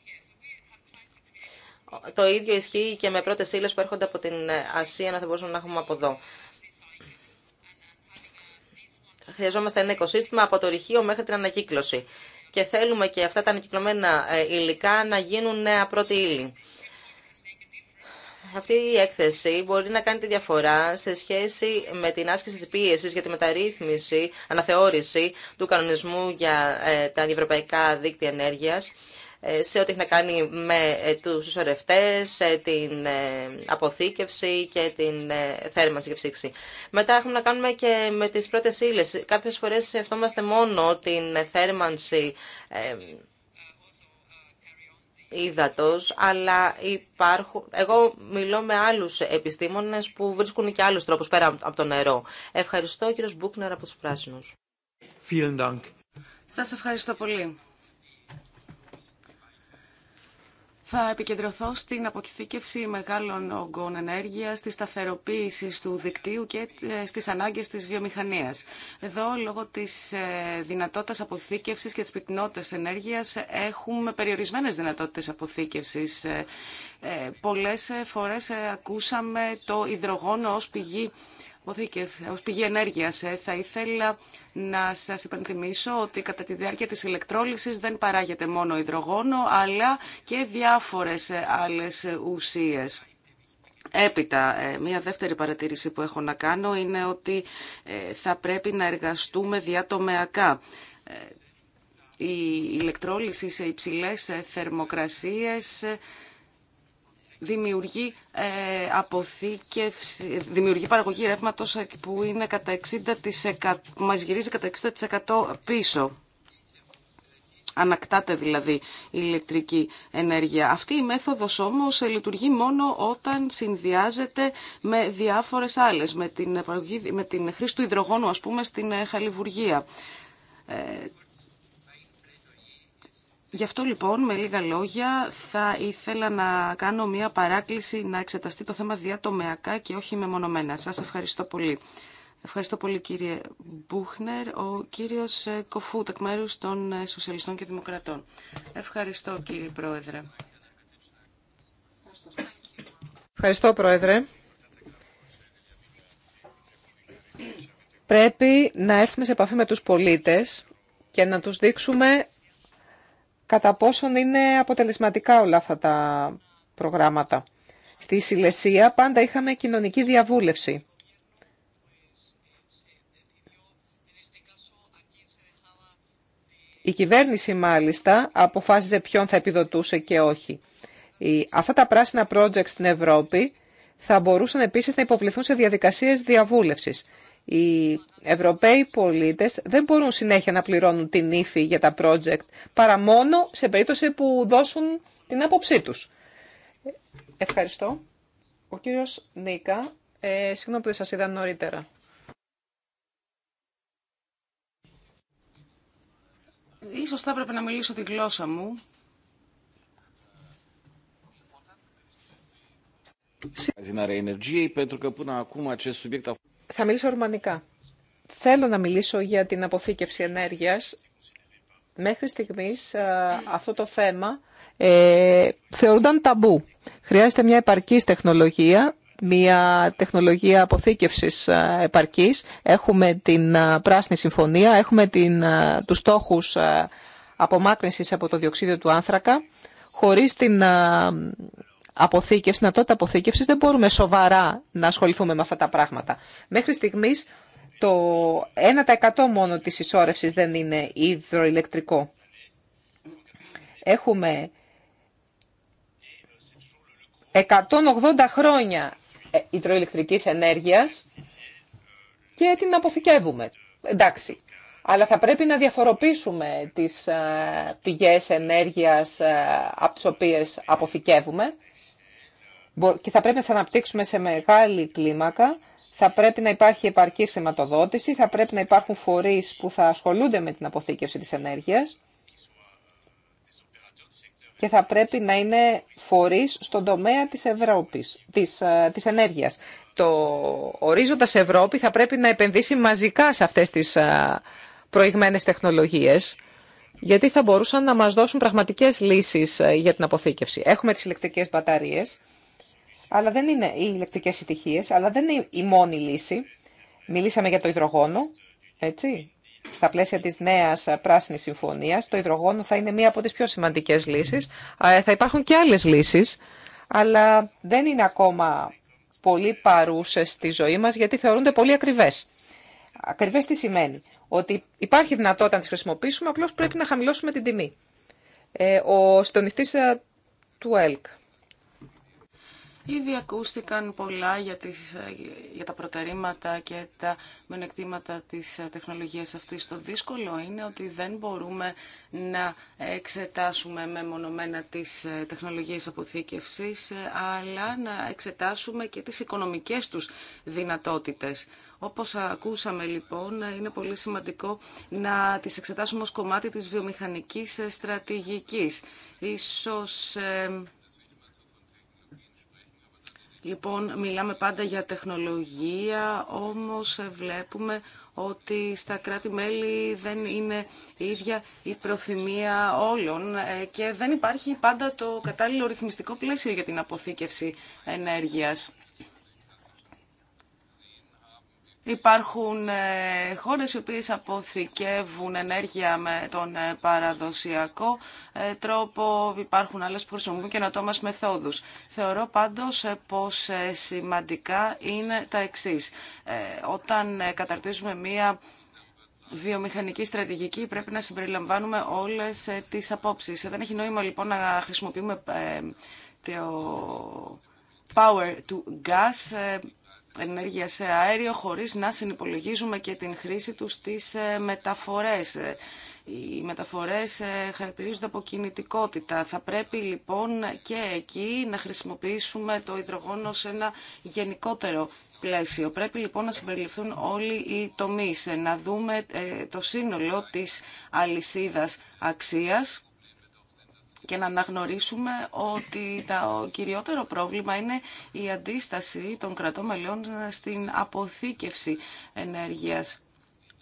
Το ίδιο ισχύει και με πρώτες ύλε που έρχονται από την Ασία να θα μπορούσαμε να έχουμε από εδώ. Χρειαζόμαστε ένα οικοσύστημα από το ρηχείο μέχρι την ανακύκλωση και θέλουμε και αυτά τα ανακυκλωμένα ε, υλικά να γίνουν νέα πρώτη ύλη. Αυτή η έκθεση μπορεί να κάνει τη διαφορά σε σχέση με την άσκηση της πίεσης για τη μεταρρύθμιση, αναθεώρηση του κανονισμού για ε, τα ευρωπαϊκά δίκτυα ενέργειας ε, σε ό,τι έχει να κάνει με ε, τους ισορρευτές, ε, την αποθήκευση και την θέρμανση και ψήξη. Μετά έχουμε να κάνουμε και με τις πρώτες ύλες. Κάποιες φορές σκεφτόμαστε μόνο την θέρμανση ύδατος, αλλά υπάρχουν... Εγώ μιλώ με άλλους επιστήμονες που βρίσκουν και άλλους τρόπους πέρα από το νερό. Ευχαριστώ, κύριος Μπούκνερ από τους Πράσινους. Vielen Σας ευχαριστώ πολύ. Θα επικεντρωθώ στην αποθήκευση μεγάλων ογκών ενέργεια, στη σταθεροποίηση του δικτύου και ε, στις ανάγκες της βιομηχανία. Εδώ, λόγω της ε, δυνατότητας αποθήκευση και της πυκνότητας ενέργειας, έχουμε περιορισμένες δυνατότητες αποθήκευση. Ε, πολλές φορές ακούσαμε το υδρογόνο ως πηγή αποθήκες, ως πηγή ενέργειας. Ε, θα ήθελα να σας υπενθυμίσω ότι κατά τη διάρκεια της ηλεκτρόλυσης δεν παράγεται μόνο υδρογόνο, αλλά και διάφορες ε, άλλες ουσίες. Έπειτα, ε, μια δεύτερη παρατήρηση που έχω να κάνω είναι ότι θα πρέπει να εργαστούμε διατομεακά. Η ηλεκτροληση σε υψηλές θερμοκρασίες δημιουργεί, ε, αποθήκευση, δημιουργεί παραγωγή ρεύματος ε, που είναι κατά 60%, μας γυρίζει κατά 60% πίσω. Ανακτάται δηλαδή η ηλεκτρική ενέργεια. Αυτή η μέθοδος όμως λειτουργεί μόνο όταν συνδυάζεται με διάφορες άλλες, με την, με την χρήση του υδρογόνου ας πούμε στην ε, χαλιβουργία. Ε, Γι' αυτό λοιπόν, με λίγα λόγια, θα ήθελα να κάνω μια παράκληση να εξεταστεί το θέμα διατομεακά και όχι μεμονωμένα. Σας ευχαριστώ πολύ. Ευχαριστώ πολύ κύριε Μπούχνερ. Ο κύριος ε, Κοφούτ, εκ μέρου των ε, Σοσιαλιστών και Δημοκρατών. Ευχαριστώ κύριε Πρόεδρε. Ευχαριστώ Πρόεδρε. Πρέπει να έρθουμε σε επαφή με τους πολίτες και να τους δείξουμε κατά πόσον είναι αποτελεσματικά όλα αυτά τα προγράμματα. Στη Σιλεσία πάντα είχαμε κοινωνική διαβούλευση. Η κυβέρνηση μάλιστα αποφάσιζε ποιον θα επιδοτούσε και όχι. Αυτά τα πράσινα project στην Ευρώπη θα μπορούσαν επίσης να υποβληθούν σε διαδικασίες διαβούλευσης. Οι Ευρωπαίοι πολίτες δεν μπορούν συνέχεια να πληρώνουν την ύφη για τα project, παρά μόνο σε περίπτωση που δώσουν την άποψή τους. Ευχαριστώ. Ο κύριος Νίκα, ε, συγγνώμη που δεν σας είδα νωρίτερα. Ίσως θα έπρεπε να μιλήσω τη γλώσσα μου. Θα μιλήσω ορμανικά. Θέλω να μιλήσω για την αποθήκευση ενέργειας. Μέχρι στιγμής ε, αυτό το θέμα ε, θεωρούνταν ταμπού. Χρειάζεται μια επαρκής τεχνολογία, μια τεχνολογία αποθήκευσης ε, επαρκής. Έχουμε την ε, Πράσινη Συμφωνία, έχουμε την, τους στόχους απομάκρυνσης από το διοξίδιο του άνθρακα, χωρίς την αποθήκευση, δυνατότητα αποθήκευση, δεν μπορούμε σοβαρά να ασχοληθούμε με αυτά τα πράγματα. Μέχρι στιγμή το 1% μόνο τη ισόρρευση δεν είναι υδροηλεκτρικό. Έχουμε 180 χρόνια ε, υδροηλεκτρικής ενέργειας και την αποθηκεύουμε. Εντάξει. Αλλά θα πρέπει να διαφοροποιήσουμε τις ε, πηγές ενέργειας ε, από τις οποίες αποθηκεύουμε και θα πρέπει να τι αναπτύξουμε σε μεγάλη κλίμακα, θα πρέπει να υπάρχει επαρκή χρηματοδότηση, θα πρέπει να υπάρχουν φορεί που θα ασχολούνται με την αποθήκευση τη ενέργεια. και θα πρέπει να είναι φορεί στον τομέα τη Ευρώπη της, ε, της ενέργειας. Το ορίζοντα Ευρώπη θα πρέπει να επενδύσει μαζικά σε αυτέ τι ε, προηγμένες τεχνολογίε, γιατί θα μπορούσαν να μας δώσουν πραγματικές λύσεις ε, για την αποθήκευση. Έχουμε τις ηλεκτρικές μπαταρίες αλλά δεν είναι οι ηλεκτρικέ συστοιχίε, αλλά δεν είναι η μόνη λύση. Μιλήσαμε για το υδρογόνο, έτσι. Στα πλαίσια της νέας πράσινη συμφωνία, το υδρογόνο θα είναι μία από τις πιο σημαντικές λύσεις. Ε, θα υπάρχουν και άλλες λύσεις, αλλά δεν είναι ακόμα πολύ παρούσες στη ζωή μας, γιατί θεωρούνται πολύ ακριβές. Ακριβές τι σημαίνει. Ότι υπάρχει δυνατότητα να τις χρησιμοποιήσουμε, απλώς πρέπει να χαμηλώσουμε την τιμή. Ε, ο συντονιστής ε, του ΕΛΚ. Ήδη ακούστηκαν πολλά για, τις, για τα προτερήματα και τα μενεκτήματα της τεχνολογίας αυτής. Το δύσκολο είναι ότι δεν μπορούμε να εξετάσουμε μεμονωμένα τις τεχνολογίες αποθήκευσης, αλλά να εξετάσουμε και τις οικονομικές τους δυνατότητες. Όπως ακούσαμε λοιπόν, είναι πολύ σημαντικό να τις εξετάσουμε ως κομμάτι της βιομηχανικής στρατηγικής. Ίσως ε, Λοιπόν, μιλάμε πάντα για τεχνολογία, όμως ε, βλέπουμε ότι στα κράτη-μέλη δεν είναι η ίδια η προθυμία όλων ε, και δεν υπάρχει πάντα το κατάλληλο ρυθμιστικό πλαίσιο για την αποθήκευση ενέργειας. Υπάρχουν ε, χώρες οι οποίες αποθηκεύουν ενέργεια με τον ε, παραδοσιακό ε, τρόπο, υπάρχουν άλλες που χρησιμοποιούν καινοτόμες μεθόδους. Θεωρώ πάντως πως σημαντικά είναι τα εξής. Όταν καταρτίζουμε μία βιομηχανική στρατηγική πρέπει να συμπεριλαμβάνουμε όλες τις απόψεις. Δεν έχει νόημα λοιπόν να χρησιμοποιούμε το power to gas ενέργεια σε αέριο χωρίς να συνυπολογίζουμε και την χρήση του στις ε, μεταφορές. Ε, οι μεταφορές ε, χαρακτηρίζονται από κινητικότητα. Θα πρέπει λοιπόν και εκεί να χρησιμοποιήσουμε το υδρογόνο σε ένα γενικότερο πλαίσιο. Πρέπει λοιπόν να συμπεριληφθούν όλοι οι τομείς, να δούμε το σύνολο της αλυσίδας αξίας και να αναγνωρίσουμε ότι το κυριότερο πρόβλημα είναι η αντίσταση των κρατών μελών στην αποθήκευση ενέργειας.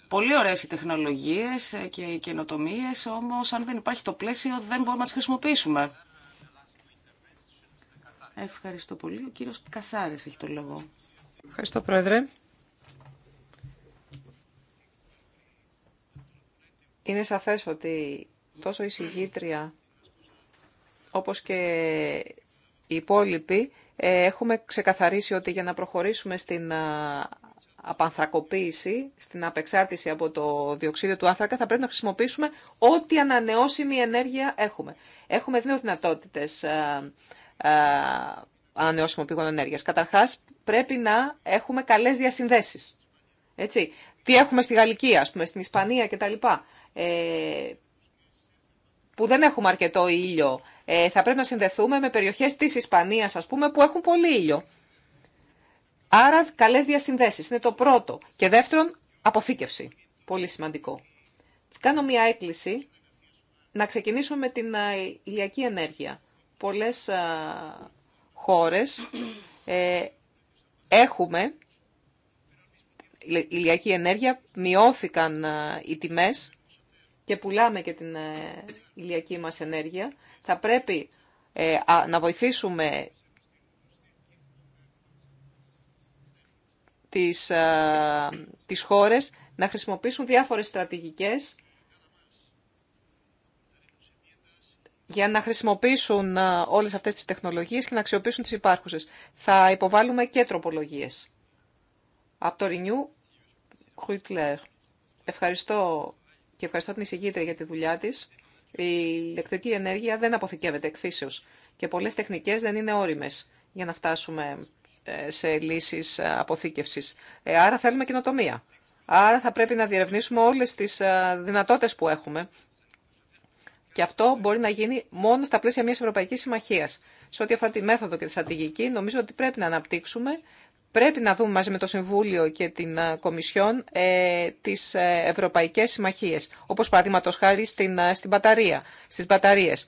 Πολύ ωραίες οι τεχνολογίες και οι καινοτομίες, όμως αν δεν υπάρχει το πλαίσιο δεν μπορούμε να τις χρησιμοποιήσουμε. Ευχαριστώ πολύ. Ο κύριος Κασάρης έχει το λόγο. Ευχαριστώ, Πρόεδρε. Είναι σαφές ότι τόσο η συγγήτρια όπως και οι υπόλοιποι, ε, έχουμε ξεκαθαρίσει ότι για να προχωρήσουμε στην ε, απανθρακοποίηση, στην απεξάρτηση από το διοξείδιο του άνθρακα, θα πρέπει να χρησιμοποιήσουμε ό,τι ανανεώσιμη ενέργεια έχουμε. Έχουμε δύο δυνατότητε ε, ανανεώσιμων πηγών ενέργειας. Καταρχάς πρέπει να έχουμε καλές διασυνδέσεις. Έτσι. Τι έχουμε στη Γαλλική, ας πούμε, στην Ισπανία κτλ. Ε, που δεν έχουμε αρκετό ήλιο, ε, θα πρέπει να συνδεθούμε με περιοχές της Ισπανίας, ας πούμε, που έχουν πολύ ήλιο. Άρα, καλές διασυνδέσεις είναι το πρώτο. Και δεύτερον, αποθήκευση. Πολύ σημαντικό. Κάνω μια έκκληση να ξεκινήσουμε με την ε, ηλιακή ενέργεια. Πολλές ε, χώρες έχουμε ηλιακή ενέργεια, μειώθηκαν οι τιμές και πουλάμε και την ε, ηλιακή μας ενέργεια, θα πρέπει ε, να βοηθήσουμε τις, ε, τις χώρες να χρησιμοποιήσουν διάφορες στρατηγικές για να χρησιμοποιήσουν όλες αυτές τις τεχνολογίες και να αξιοποιήσουν τις υπάρχουσες. Θα υποβάλουμε και τροπολογίες. Από το Renew, Ευχαριστώ και ευχαριστώ την εισηγήτρια για τη δουλειά τη. η ηλεκτρική ενέργεια δεν αποθηκεύεται εκφύσεως και πολλέ τεχνικέ δεν είναι όριμε για να φτάσουμε ε, σε λύσεις ε, αποθήκευσης. Ε, άρα θέλουμε καινοτομία. Άρα θα πρέπει να διερευνήσουμε όλε τι δυνατότητε που έχουμε και αυτό μπορεί να γίνει μόνο στα πλαίσια μια ευρωπαϊκή συμμαχία. Σε ό,τι αφορά τη μέθοδο και τη στρατηγική, νομίζω ότι πρέπει να αναπτύξουμε Πρέπει να δούμε μαζί με το Συμβούλιο και την ε, Κομισιόν ε, τις ε, ευρωπαϊκές συμμαχίες, όπως παραδείγματος χάρη στην, ε, στην μπαταρία, στις μπαταρίες,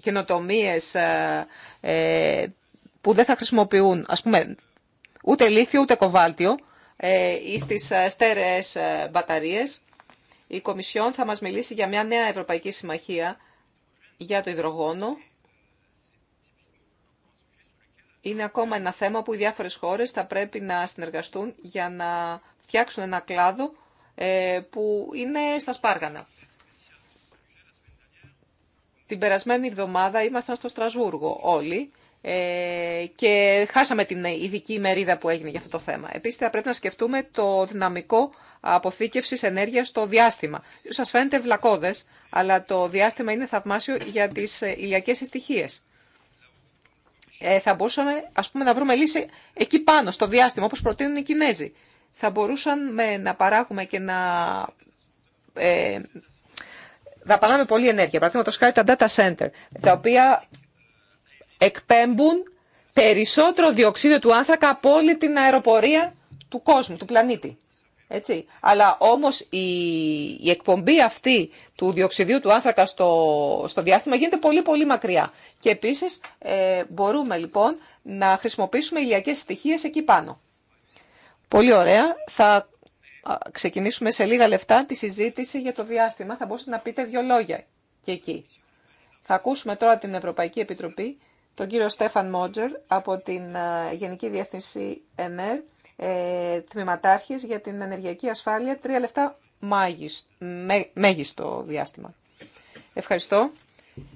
καινοτομίες που δεν θα χρησιμοποιούν, ας πούμε, ούτε λίθιο ούτε κοβάλτιο Η Κομισιόν θα μας μιλήσει για μια νέα ευρωπαϊκή συμμαχία για το υδρογόνο είναι ακόμα ένα θέμα που οι διάφορες χώρες θα πρέπει να συνεργαστούν για να φτιάξουν ένα κλάδο ε, που είναι στα σπάργανα. Την περασμένη εβδομάδα ήμασταν στο Στρασβούργο όλοι ε, και χάσαμε την ειδική μερίδα που έγινε για αυτό το θέμα. Επίσης θα πρέπει να σκεφτούμε το δυναμικό αποθήκευσης ενέργειας στο διάστημα. Σας φαίνεται βλακώδες, αλλά το διάστημα είναι θαυμάσιο για τις ε, ηλιακές στοιχείες. Ε, θα μπορούσαμε ας πούμε, να βρούμε λύση εκεί πάνω, στο διάστημα, όπως προτείνουν οι Κινέζοι. Θα μπορούσαμε να παράγουμε και να ε, δαπανάμε πολλή ενέργεια. Παραδείγματο χάρη τα data center, τα οποία εκπέμπουν περισσότερο διοξείδιο του άνθρακα από όλη την αεροπορία του κόσμου, του πλανήτη. Έτσι. Αλλά όμως η, εκπομπή αυτή του διοξιδίου του άνθρακα στο, στο διάστημα γίνεται πολύ πολύ μακριά. Και επίσης ε, μπορούμε λοιπόν να χρησιμοποιήσουμε ηλιακές στοιχείες εκεί πάνω. Πολύ ωραία. Θα ξεκινήσουμε σε λίγα λεφτά τη συζήτηση για το διάστημα. Θα μπορούσατε να πείτε δύο λόγια και εκεί. Θα ακούσουμε τώρα την Ευρωπαϊκή Επιτροπή, τον κύριο Στέφαν Μότζερ από την ε, Γενική Διεύθυνση ΕΝΕΡ ε, τμήματάρχης για την ενεργειακή ασφάλεια. Τρία λεφτά μάγιστο, μέγιστο διάστημα. Ευχαριστώ.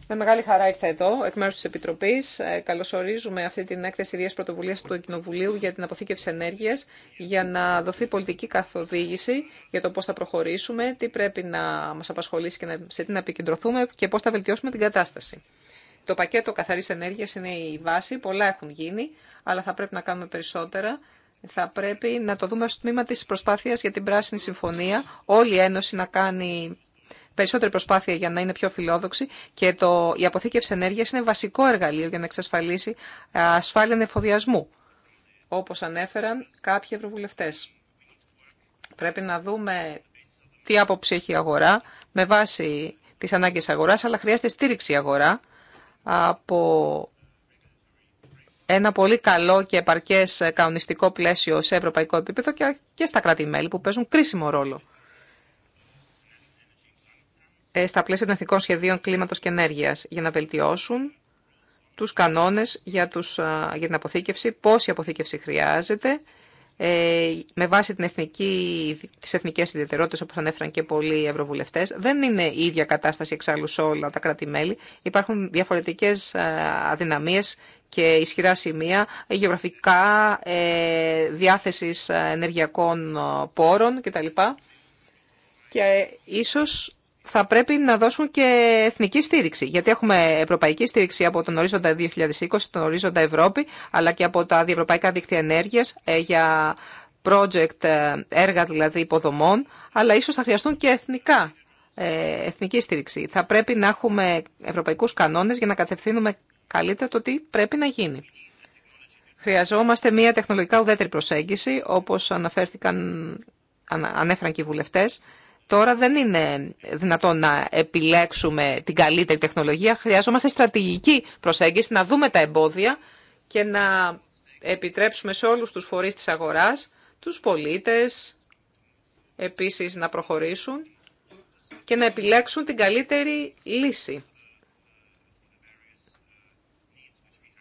Με μεγάλη χαρά ήρθα εδώ, εκ μέρου τη Επιτροπή. Ε, καλωσορίζουμε αυτή την έκθεση ιδία πρωτοβουλία του Κοινοβουλίου για την αποθήκευση ενέργεια, για να δοθεί πολιτική καθοδήγηση για το πώ θα προχωρήσουμε, τι πρέπει να μα απασχολήσει και σε τι να επικεντρωθούμε και πώ θα βελτιώσουμε την κατάσταση. Το πακέτο καθαρή ενέργεια είναι η βάση, πολλά έχουν γίνει, αλλά θα πρέπει να κάνουμε περισσότερα θα πρέπει να το δούμε στο τμήμα της προσπάθειας για την Πράσινη Συμφωνία, όλη η Ένωση να κάνει περισσότερη προσπάθεια για να είναι πιο φιλόδοξη και το, η αποθήκευση ενέργειας είναι βασικό εργαλείο για να εξασφαλίσει ε, ασφάλεια νεφοδιασμού, όπως ανέφεραν κάποιοι ευρωβουλευτές. Πρέπει να δούμε τι άποψη έχει η αγορά με βάση τις ανάγκες αγοράς, αλλά χρειάζεται στήριξη αγορά από ένα πολύ καλό και επαρκέ ε, κανονιστικό πλαίσιο σε ευρωπαϊκό επίπεδο και στα κράτη-μέλη που παίζουν κρίσιμο ρόλο ε, στα πλαίσια των εθνικών σχεδίων κλίματος και ενέργειας για να βελτιώσουν τους κανόνες για, για την αποθήκευση, πόση αποθήκευση χρειάζεται, ε, με βάση την εθνική, τις εθνικές ιδιαιτερότητες όπως ανέφεραν και πολλοί ευρωβουλευτές. Δεν είναι η ίδια κατάσταση εξάλλου σε όλα τα κράτη-μέλη. Υπάρχουν διαφορετικές αδυναμίες και ισχυρά σημεία γεωγραφικά ε, διάθεσης ε, ενεργειακών ε, πόρων κτλ. Και ίσως θα πρέπει να δώσουν και εθνική στήριξη. Γιατί έχουμε ευρωπαϊκή στήριξη από τον ορίζοντα 2020, τον ορίζοντα Ευρώπη, αλλά και από τα διευρωπαϊκά δίκτυα ενέργειας για project έργα δηλαδή υποδομών, αλλά ίσως θα χρειαστούν και εθνικά, εθνική στήριξη. Θα πρέπει να έχουμε ευρωπαϊκούς κανόνες για να κατευθύνουμε Καλύτερα το τι πρέπει να γίνει. Χρειαζόμαστε μια τεχνολογικά ουδέτερη προσέγγιση, όπως αναφέρθηκαν, ανέφεραν και οι βουλευτές. Τώρα δεν είναι δυνατόν να επιλέξουμε την καλύτερη τεχνολογία. Χρειαζόμαστε στρατηγική προσέγγιση, να δούμε τα εμπόδια και να επιτρέψουμε σε όλους τους φορείς της αγοράς, τους πολίτες, επίσης να προχωρήσουν και να επιλέξουν την καλύτερη λύση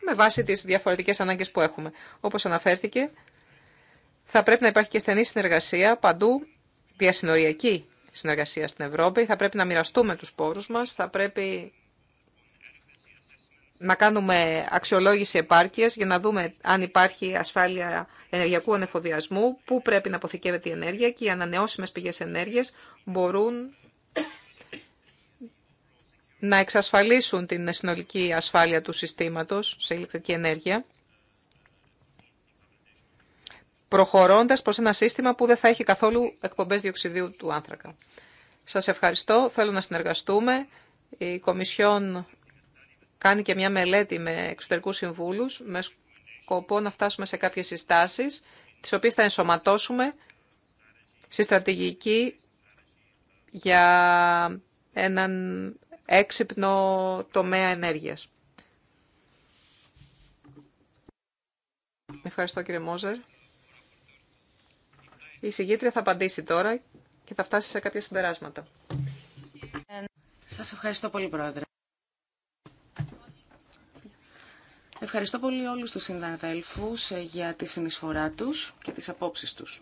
με βάση τις διαφορετικές ανάγκες που έχουμε. Όπως αναφέρθηκε, θα πρέπει να υπάρχει και στενή συνεργασία παντού, διασυνοριακή συνεργασία στην Ευρώπη. Θα πρέπει να μοιραστούμε τους πόρους μας, θα πρέπει να κάνουμε αξιολόγηση επάρκειας για να δούμε αν υπάρχει ασφάλεια ενεργειακού ανεφοδιασμού, πού πρέπει να αποθηκεύεται η ενέργεια και οι ανανεώσιμες πηγές ενέργειας μπορούν να εξασφαλίσουν την συνολική ασφάλεια του συστήματος σε ηλεκτρική ενέργεια, προχωρώντας προς ένα σύστημα που δεν θα έχει καθόλου εκπομπές διοξιδίου του άνθρακα. Σας ευχαριστώ, θέλω να συνεργαστούμε. Η Κομισιόν κάνει και μια μελέτη με εξωτερικούς συμβούλους, με σκοπό να φτάσουμε σε κάποιες συστάσεις, τις οποίες θα ενσωματώσουμε στη στρατηγική για έναν έξυπνο τομέα ενέργειας. Ευχαριστώ κύριε Μόζερ. Η συγγήτρια θα απαντήσει τώρα και θα φτάσει σε κάποια συμπεράσματα. Σας ευχαριστώ πολύ πρόεδρε. Ευχαριστώ πολύ όλους τους συναδέλφους ε, για τη συνεισφορά τους και τις απόψεις τους.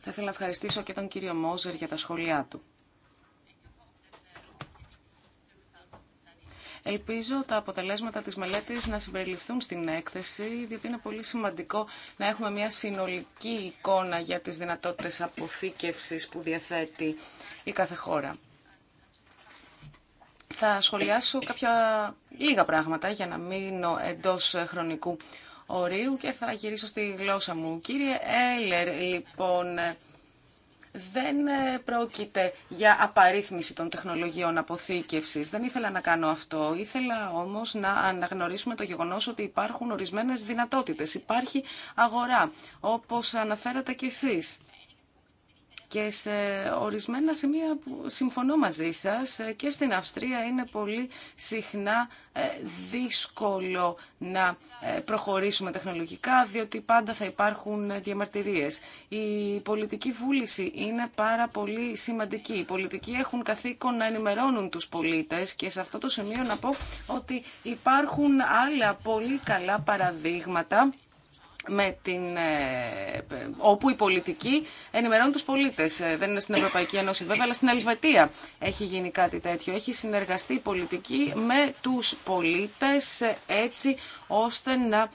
Θα ήθελα να ευχαριστήσω και τον κύριο Μόζερ για τα σχόλιά του. Ελπίζω τα αποτελέσματα της μελέτης να συμπεριληφθούν στην έκθεση, διότι είναι πολύ σημαντικό να έχουμε μια συνολική εικόνα για τις δυνατότητες αποθήκευσης που διαθέτει η κάθε χώρα. Θα σχολιάσω κάποια λίγα πράγματα για να μείνω εντός χρονικού ορίου και θα γυρίσω στη γλώσσα μου. Κύριε Έλερ, λοιπόν, δεν ε, πρόκειται για απαρίθμηση των τεχνολογιών αποθήκευσης. Δεν ήθελα να κάνω αυτό. Ήθελα όμως να αναγνωρίσουμε το γεγονός ότι υπάρχουν ορισμένες δυνατότητες. Υπάρχει αγορά, όπως αναφέρατε κι εσείς. Και σε ορισμένα σημεία που συμφωνώ μαζί σας ε, και στην Αυστρία είναι πολύ συχνά ε, δύσκολο να ε, προχωρήσουμε τεχνολογικά διότι πάντα θα υπάρχουν διαμαρτυρίες. Η πολιτική βούληση είναι πάρα πολύ σημαντική. Οι πολιτικοί έχουν καθήκον να ενημερώνουν τους πολίτες και σε αυτό το σημείο να πω ότι υπάρχουν άλλα πολύ καλά παραδείγματα με την, ε, όπου η πολιτική ενημερώνει τους πολίτες. Ε, δεν είναι στην Ευρωπαϊκή Ένωση βέβαια, αλλά στην Ελβετία έχει γίνει κάτι τέτοιο. Έχει συνεργαστεί η πολιτική με τους πολίτες ε, έτσι ώστε να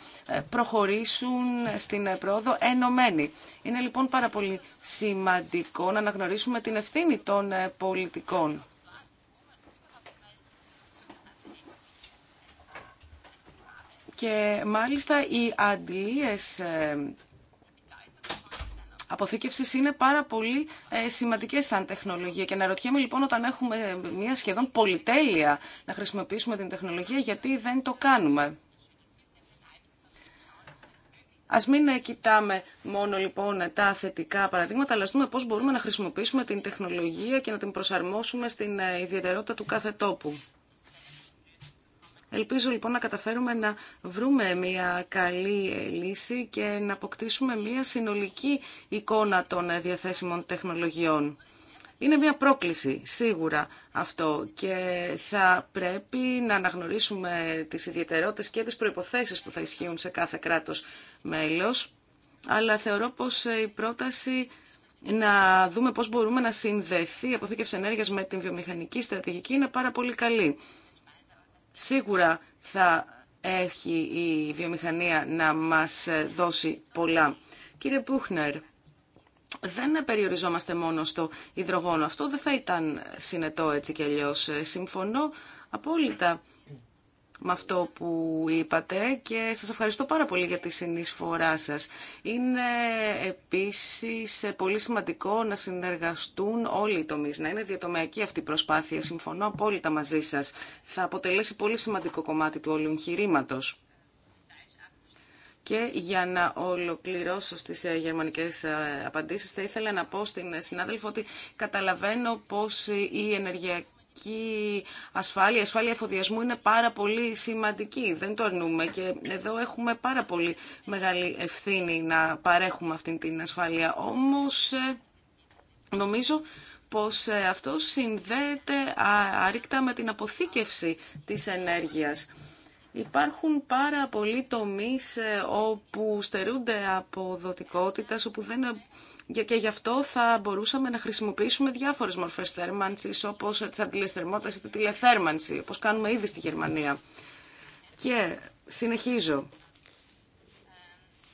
προχωρήσουν στην πρόοδο ενωμένοι. Είναι λοιπόν πάρα πολύ σημαντικό να αναγνωρίσουμε την ευθύνη των πολιτικών. και μάλιστα οι αντλίες ε, αποθήκευσης είναι πάρα πολύ ε, σημαντικές σαν τεχνολογία. Και αναρωτιέμαι λοιπόν, όταν έχουμε μια σχεδόν πολυτέλεια να χρησιμοποιήσουμε την τεχνολογία, γιατί δεν το κάνουμε. Ας μην ε, κοιτάμε μόνο λοιπόν τα θετικά παραδείγματα, αλλά ας δούμε πώς μπορούμε να χρησιμοποιήσουμε την τεχνολογία και να την προσαρμόσουμε στην ιδιαιτερότητα του κάθε τόπου. Ελπίζω λοιπόν να καταφέρουμε να βρούμε μια καλή λύση και να αποκτήσουμε μια συνολική εικόνα των διαθέσιμων τεχνολογιών. Είναι μια πρόκληση, σίγουρα αυτό, και θα πρέπει να αναγνωρίσουμε τις ιδιαιτερότητες και τις προϋποθέσεις που θα ισχύουν σε κάθε κράτος μέλος, αλλά θεωρώ πως η πρόταση να δούμε πώς μπορούμε να συνδεθεί η αποθήκευση ενέργειας με την βιομηχανική στρατηγική είναι πάρα πολύ καλή σίγουρα θα έχει η βιομηχανία να μας δώσει πολλά. Κύριε Πούχνερ, δεν περιοριζόμαστε μόνο στο υδρογόνο. Αυτό δεν θα ήταν συνετό έτσι κι αλλιώς. Συμφωνώ απόλυτα με αυτό που είπατε και σας ευχαριστώ πάρα πολύ για τη συνεισφορά σας. Είναι επίσης πολύ σημαντικό να συνεργαστούν όλοι οι τομείς, να είναι διατομιακή αυτή η προσπάθεια. Συμφωνώ απόλυτα μαζί σας. Θα αποτελέσει πολύ σημαντικό κομμάτι του όλου εγχειρήματο. Και για να ολοκληρώσω στις ε, γερμανικές ε, απαντήσεις, θα ήθελα να πω στην συνάδελφο ότι καταλαβαίνω πως η ενεργειακή ασφάλεια, η ασφάλεια εφοδιασμού είναι πάρα πολύ σημαντική. Δεν το αρνούμε και εδώ έχουμε πάρα πολύ μεγάλη ευθύνη να παρέχουμε αυτή την ασφάλεια. Όμως ε, νομίζω πως ε, αυτό συνδέεται άρρηκτα με την αποθήκευση της ενέργειας. Υπάρχουν πάρα πολλοί τομείς ε, όπου στερούνται δοτικότητας, όπου δεν και γι' αυτό θα μπορούσαμε να χρησιμοποιήσουμε διάφορες μορφές θέρμανσης όπως τις αντιλές θερμότητας ή τη τηλεθέρμανση όπως κάνουμε ήδη στη Γερμανία. Και συνεχίζω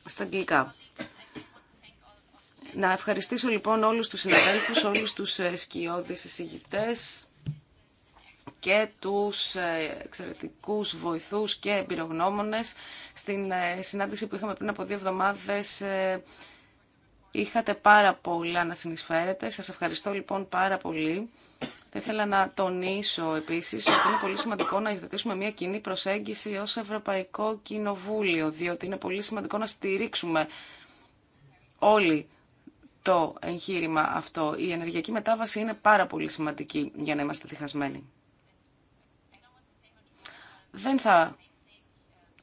στα αγγλικά. Να ευχαριστήσω λοιπόν όλους τους συναδέλφους, όλους τους ε, σκιώδεις εισηγητές και τους ε, εξαιρετικούς βοηθούς και εμπειρογνώμονες στην ε, συνάντηση που είχαμε πριν από δύο εβδομάδες Είχατε πάρα πολλά να συνεισφέρετε. Σας ευχαριστώ λοιπόν πάρα πολύ. Θα ήθελα να τονίσω επίσης ότι είναι πολύ σημαντικό να υιοθετήσουμε μια κοινή προσέγγιση ως Ευρωπαϊκό Κοινοβούλιο, διότι είναι πολύ σημαντικό να στηρίξουμε όλοι το εγχείρημα αυτό. Η ενεργειακή μετάβαση είναι πάρα πολύ σημαντική για να είμαστε διχασμένοι. Δεν θα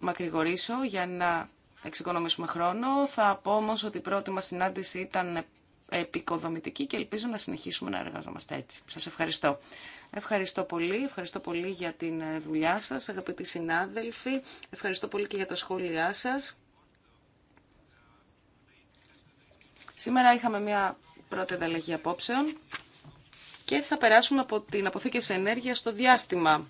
μακρηγορήσω για να εξοικονομήσουμε χρόνο. Θα πω όμω ότι η πρώτη μας συνάντηση ήταν επικοδομητική και ελπίζω να συνεχίσουμε να εργαζόμαστε έτσι. Σας ευχαριστώ. Ευχαριστώ πολύ. Ευχαριστώ πολύ για την ε, δουλειά σας, αγαπητοί συνάδελφοι. Ευχαριστώ πολύ και για τα σχόλιά σας. Σήμερα είχαμε μια πρώτη ανταλλαγή απόψεων και θα περάσουμε από την αποθήκευση ενέργειας στο διάστημα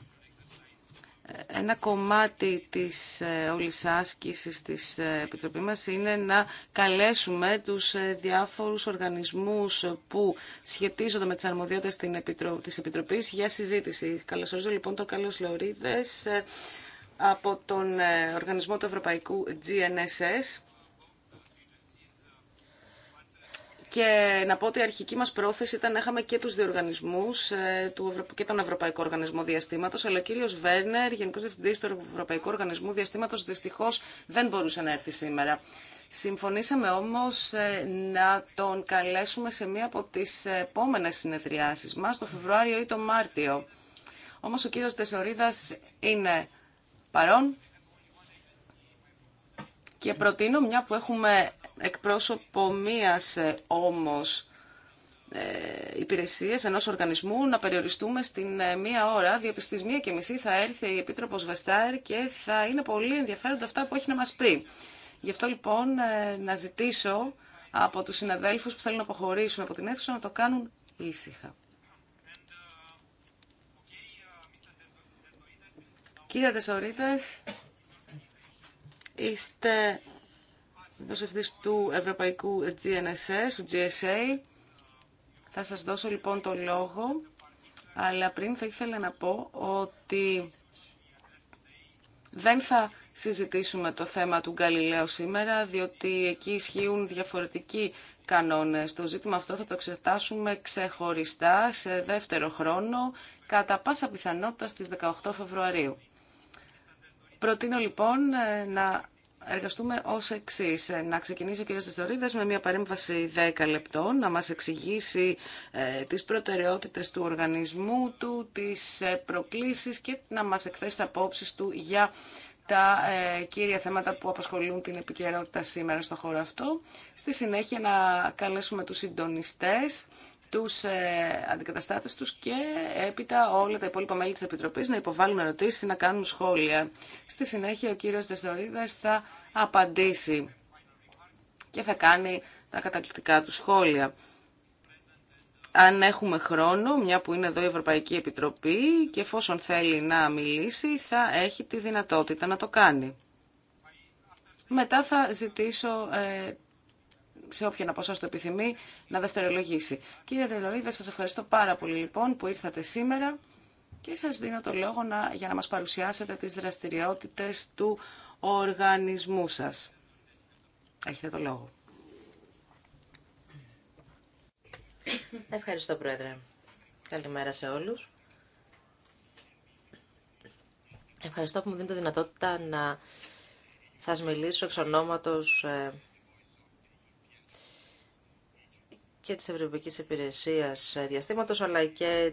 ένα κομμάτι της ε, όλης άσκησης της ε, Επιτροπής μας είναι να καλέσουμε τους ε, διάφορους οργανισμούς που σχετίζονται με τις αρμοδιότητες της Επιτροπής για συζήτηση. Καλωσορίζω λοιπόν τον Καλός Λεωρίδες από τον Οργανισμό του Ευρωπαϊκού GNSS Και να πω ότι η αρχική μας πρόθεση ήταν να είχαμε και τους διοργανισμούς ε, του και τον Ευρωπαϊκό Οργανισμό Διαστήματος, αλλά ο κύριος Βέρνερ, Γενικός Διευθυντής του Ευρωπαϊκού Οργανισμού Διαστήματος, δυστυχώς δεν μπορούσε να έρθει σήμερα. Συμφωνήσαμε όμως ε, να τον καλέσουμε σε μία από τις επόμενες συνεδριάσεις μας, το Φεβρουάριο ή το Μάρτιο. Όμως ο κύριος Τεσορίδας είναι παρόν και προτείνω, μια που έχουμε εκπρόσωπο μίας ε, όμως ε, υπηρεσίες ενός οργανισμού να περιοριστούμε στην ε, μία ώρα, διότι στις μία και μισή θα έρθει η Επίτροπος Βεστάρ και θα είναι πολύ ενδιαφέροντα αυτά που έχει να μας πει. Γι' αυτό λοιπόν να ζητήσω από τους συναδέλφους που θέλουν να αποχωρήσουν από την αίθουσα να το κάνουν ήσυχα. Κύριε Τεσορίδες, είστε ο ευθύς του Ευρωπαϊκού GNSS, του GSA. Θα σας δώσω λοιπόν το λόγο, αλλά πριν θα ήθελα να πω ότι δεν θα συζητήσουμε το θέμα του Γκαλιλαίου σήμερα, διότι εκεί ισχύουν διαφορετικοί κανόνες. Το ζήτημα αυτό θα το εξετάσουμε ξεχωριστά σε δεύτερο χρόνο, κατά πάσα πιθανότητα στις 18 Φεβρουαρίου. Προτείνω λοιπόν να εργαστούμε ω εξή. Ε, να ξεκινήσει ο κ. με μια παρέμβαση 10 λεπτών, να μα εξηγήσει ε, τι προτεραιότητε του οργανισμού του, τις ε, προκλήσει και να μα εκθέσει τα απόψει του για τα κύρια θέματα που απασχολούν την επικαιρότητα σήμερα στο χώρο αυτό. Στη συνέχεια να καλέσουμε τους συντονιστές τους ε, αντικαταστάτες τους και έπειτα όλα τα υπόλοιπα μέλη της Επιτροπής να υποβάλουν ερωτήσεις, να κάνουν σχόλια. Στη συνέχεια ο κύριος Δεστορίδας θα απαντήσει και θα κάνει τα κατακλητικά του σχόλια. Αν έχουμε χρόνο, μια που είναι εδώ η Ευρωπαϊκή Επιτροπή και εφόσον θέλει να μιλήσει, θα έχει τη δυνατότητα να το κάνει. Μετά θα ζητήσω ε, σε όποιον από εσάς το επιθυμεί να δευτερολογήσει. Κύριε Τελωρίδα, σας ευχαριστώ πάρα πολύ λοιπόν που ήρθατε σήμερα και σας δίνω το λόγο να, για να μας παρουσιάσετε τις δραστηριότητες του οργανισμού σας. Έχετε το λόγο. Ευχαριστώ, Πρόεδρε. Καλημέρα σε όλους. Ευχαριστώ που μου δίνετε δυνατότητα να σας μιλήσω εξ ονόματος ε, και της Ευρωπαϊκής Υπηρεσίας Διαστήματος, αλλά και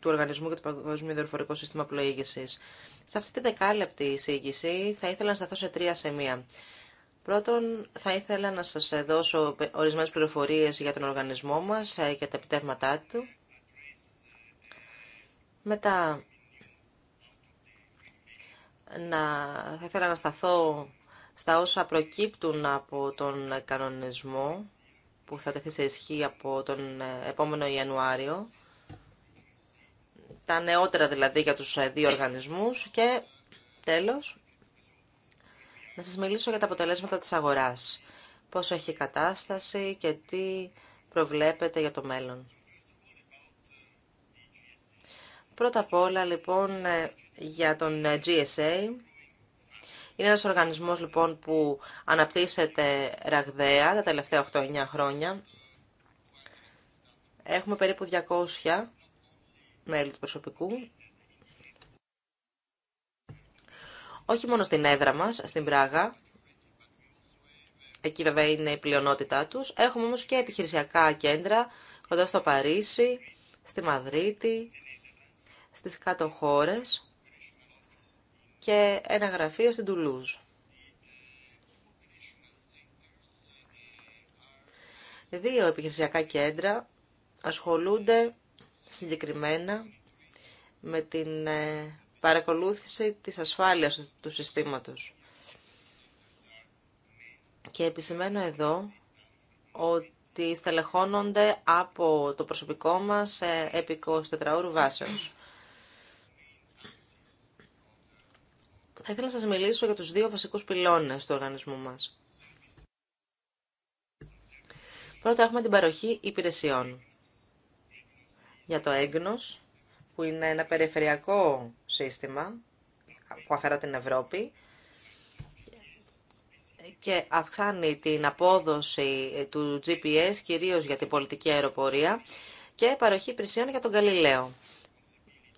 του Οργανισμού και του Παγκοσμίου Διορφορικού Σύστημα Πλοήγησης. Σε αυτή τη δεκάλεπτη εισήγηση θα ήθελα να σταθώ σε τρία σημεία. Πρώτον, θα ήθελα να σας δώσω ορισμένες πληροφορίες για τον οργανισμό μας ε, και τα επιτεύγματά του. Μετά, να, θα ήθελα να σταθώ στα όσα προκύπτουν από τον κανονισμό που θα τεθεί σε ισχύ από τον ε, επόμενο Ιανουάριο. Τα νεότερα δηλαδή για τους ε, δύο οργανισμούς και τέλος να σας μιλήσω για τα αποτελέσματα της αγοράς. πώς έχει η κατάσταση και τι προβλέπετε για το μέλλον. Πρώτα απ' όλα λοιπόν ε, για τον GSA είναι ένας οργανισμός λοιπόν που αναπτύσσεται ραγδαία τα τελευταία 8-9 χρόνια. Έχουμε περίπου 200 μέλη του προσωπικού. Όχι μόνο στην έδρα μας, στην Πράγα, εκεί βέβαια είναι η πλειονότητά τους. Έχουμε όμως και επιχειρησιακά κέντρα κοντά στο Παρίσι, στη Μαδρίτη, στις κάτω χώρες και ένα γραφείο στην Τουλούζ. Δύο επιχειρησιακά κέντρα ασχολούνται συγκεκριμένα με την ε, παρακολούθηση της ασφάλειας του συστήματος. Και επισημαίνω εδώ ότι στελεχώνονται από το προσωπικό μας επί 24 ώρου βάσεως. Θα ήθελα να σας μιλήσω για τους δύο βασικούς πυλώνες του οργανισμού μας. Πρώτα έχουμε την παροχή υπηρεσιών. Για το έγνος, που είναι ένα περιφερειακό σύστημα που αφαιρά την Ευρώπη και αυξάνει την απόδοση του GPS κυρίως για την πολιτική αεροπορία και παροχή υπηρεσιών για τον Γαλιλαίο.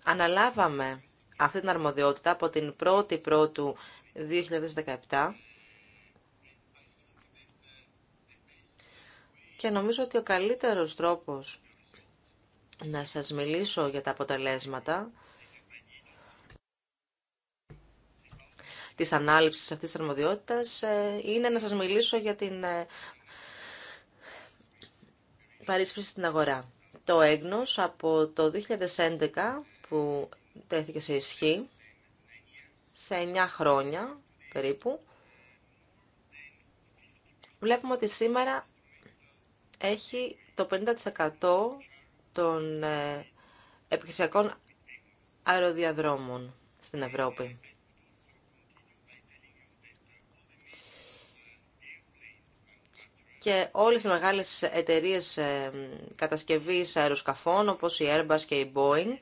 Αναλάβαμε αυτή την αρμοδιότητα από την 1η Πρώτου 2017 και νομίζω ότι ο καλύτερος τρόπος να σας μιλήσω για τα αποτελέσματα της ανάληψης αυτής της αρμοδιότητας ε, είναι να σας μιλήσω για την ε, παρίσπιση στην αγορά. Το έγνος από το 2011 που τέθηκε σε ισχύ σε 9 χρόνια περίπου. Βλέπουμε ότι σήμερα έχει το 50% των ε, επιχειρησιακών αεροδιαδρόμων στην Ευρώπη. Και όλες οι μεγάλες εταιρείες ε, κατασκευής αεροσκαφών, όπως η Airbus και η Boeing,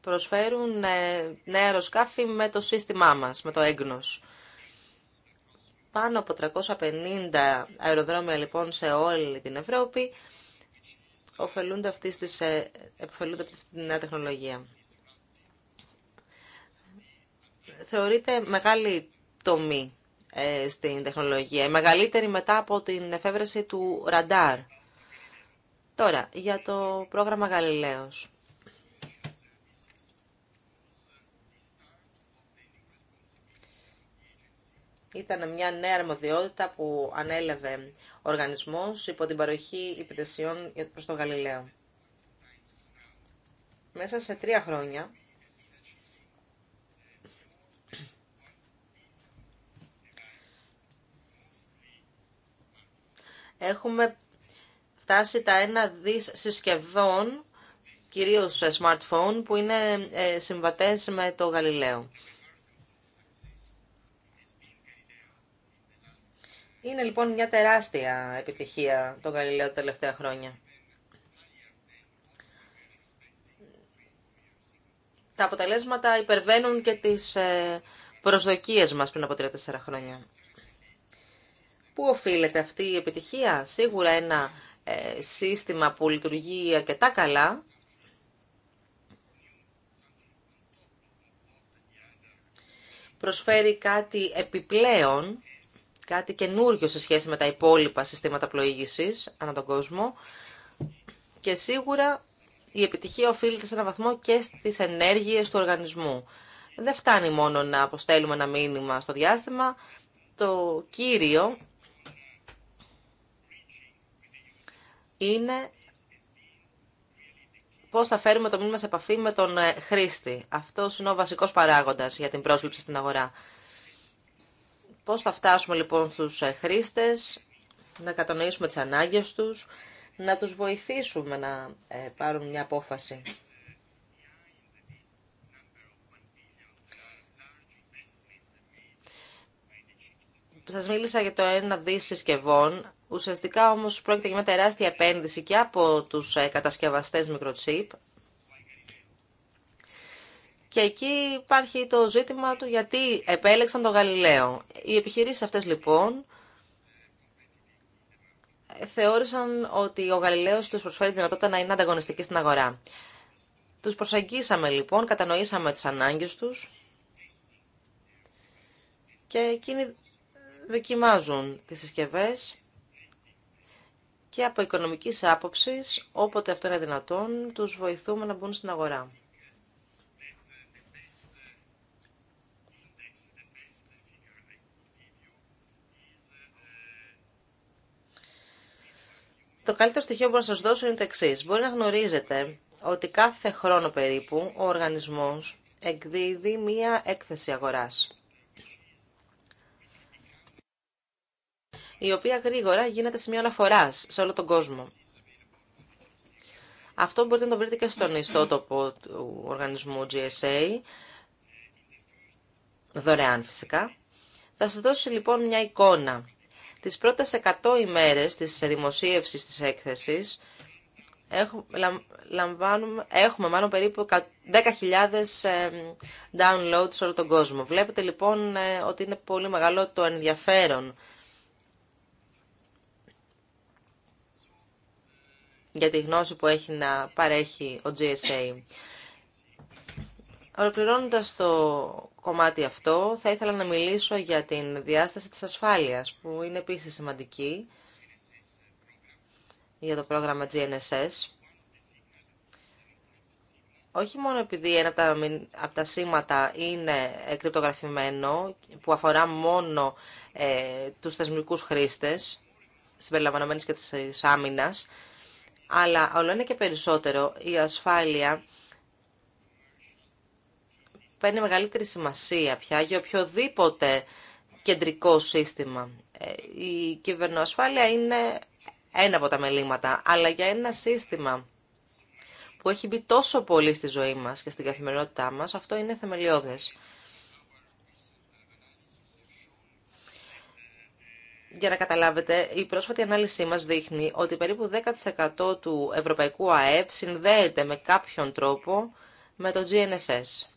προσφέρουν ε, νέα αεροσκάφη με το σύστημά μας, με το έγνος. Πάνω από 350 αεροδρόμια λοιπόν σε όλη την Ευρώπη ωφελούνται αυτής της, επωφελούνται από αυτή τη νέα τεχνολογία. Θεωρείται μεγάλη τομή ε, στην τεχνολογία, μεγαλύτερη μετά από την εφεύρεση του ραντάρ. Τώρα, για το πρόγραμμα Γαλιλαίος. ήταν μια νέα αρμοδιότητα που ανέλαβε ο οργανισμός υπό την παροχή υπηρεσιών προς τον Γαλιλαίο. Μέσα σε τρία χρόνια έχουμε φτάσει τα ένα δις συσκευών, κυρίως smartphone, που είναι ε, συμβατές με το Γαλιλαίο. Είναι λοιπόν μια τεράστια επιτυχία τον Γαλιλαίο τα τελευταία χρόνια. Τα αποτελέσματα υπερβαίνουν και τις ε, προσδοκίες μας πριν από 3-4 χρόνια. Πού οφείλεται αυτή η επιτυχία? Σίγουρα ένα ε, σύστημα που λειτουργεί αρκετά καλά, προσφέρει κάτι επιπλέον κάτι καινούριο σε σχέση με τα υπόλοιπα συστήματα πλοήγησης ανά τον κόσμο και σίγουρα η επιτυχία οφείλεται σε έναν βαθμό και στις ενέργειες του οργανισμού. Δεν φτάνει μόνο να αποστέλουμε ένα μήνυμα στο διάστημα, το κύριο είναι πώς θα φέρουμε το μήνυμα σε επαφή με τον ε, χρήστη. Αυτό είναι ο βασικός παράγοντας για την πρόσληψη στην αγορά. Πώς θα φτάσουμε λοιπόν στους ε, χρήστες, να κατανοήσουμε τις ανάγκες τους, να τους βοηθήσουμε να ε, πάρουν μια απόφαση. Σας μίλησα για το ένα δις συσκευών. Ουσιαστικά όμως πρόκειται για μια τεράστια επένδυση και από τους ε, κατασκευαστές microchip, και εκεί υπάρχει το ζήτημα του γιατί επέλεξαν τον Γαλιλαίο. Οι επιχειρήσεις αυτές λοιπόν θεώρησαν ότι ο Γαλιλαίος τους προσφέρει δυνατότητα να είναι ανταγωνιστική στην αγορά. Τους προσεγγίσαμε λοιπόν, κατανοήσαμε τις ανάγκες τους και εκείνοι δοκιμάζουν τις συσκευές και από οικονομικής άποψης, όποτε αυτό είναι δυνατόν, τους βοηθούμε να μπουν στην αγορά. Το καλύτερο στοιχείο που μπορώ να σας δώσω είναι το εξή. Μπορεί να γνωρίζετε ότι κάθε χρόνο περίπου ο οργανισμός εκδίδει μία έκθεση αγοράς. Η οποία γρήγορα γίνεται σημείο αναφορά σε όλο τον κόσμο. Αυτό μπορείτε να το βρείτε και στον ιστότοπο του οργανισμού GSA, δωρεάν φυσικά. Θα σας δώσω λοιπόν μια εικόνα Τις πρώτες 100 ημέρες της δημοσίευσης της έκθεσης έχουμε, έχουμε μάλλον περίπου 10.000 downloads σε όλο τον κόσμο. Βλέπετε λοιπόν ε, ότι είναι πολύ μεγάλο το ενδιαφέρον για τη γνώση που έχει να παρέχει ο GSA. Ολοκληρώνοντας το κομμάτι αυτό θα ήθελα να μιλήσω για την διάσταση της ασφάλειας, που είναι επίσης σημαντική για το πρόγραμμα GNSS. Όχι μόνο επειδή ένα από τα, από σήματα είναι κρυπτογραφημένο, που αφορά μόνο ε, τους θεσμικούς χρήστες, συμπεριλαμβανομένης και της άμυνας, αλλά όλο ένα και περισσότερο η ασφάλεια παίρνει μεγαλύτερη σημασία πια για οποιοδήποτε κεντρικό σύστημα. Ε, η κυβερνοασφάλεια είναι ένα από τα μελήματα, αλλά για ένα σύστημα που έχει μπει τόσο πολύ στη ζωή μας και στην καθημερινότητά μας, αυτό είναι θεμελιώδες. Για να καταλάβετε, η πρόσφατη ανάλυση μας δείχνει ότι περίπου 10% του ευρωπαϊκού ΑΕΠ συνδέεται με κάποιον τρόπο με το GNSS.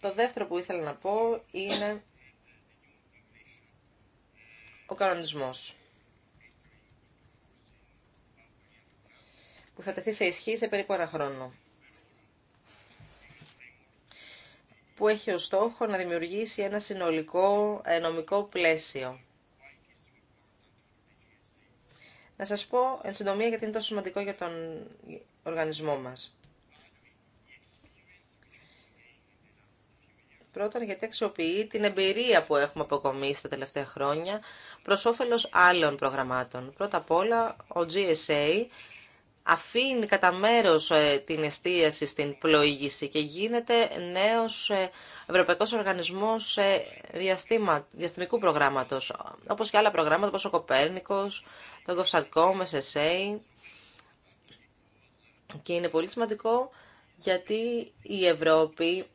Το δεύτερο που ήθελα να πω είναι ο κανονισμός. που θα τεθεί σε ισχύ σε περίπου ένα χρόνο. Που έχει ως στόχο να δημιουργήσει ένα συνολικό ε, νομικό πλαίσιο. Να σας πω εν συντομία γιατί είναι τόσο σημαντικό για τον οργανισμό μας. Πρώτον, γιατί αξιοποιεί την εμπειρία που έχουμε αποκομίσει τα τελευταία χρόνια προ όφελο άλλων προγραμμάτων. Πρώτα απ' όλα, ο GSA αφήνει κατά μέρο ε, την εστίαση στην πλοήγηση και γίνεται νέος ε, Ευρωπαϊκός Οργανισμός ε, Διαστημικού Προγράμματος, όπως και άλλα προγράμματα, όπως ο Κοπέρνικος, το GovSatcom, SSA. Και είναι πολύ σημαντικό γιατί η Ευρώπη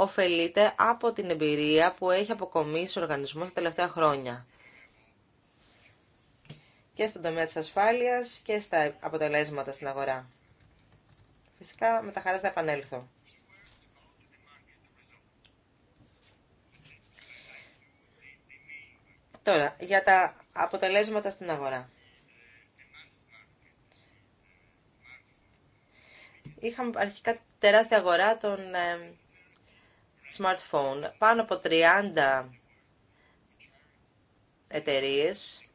ωφελείται από την εμπειρία που έχει αποκομίσει ο οργανισμός τα τελευταία χρόνια και στον τομέα της ασφάλειας και στα αποτελέσματα στην αγορά. Φυσικά με τα χαράς θα επανέλθω. Τώρα, για τα αποτελέσματα στην αγορά. Είχαμε αρχικά τεράστια αγορά των ε, smartphone. Πάνω από 30 εταιρείες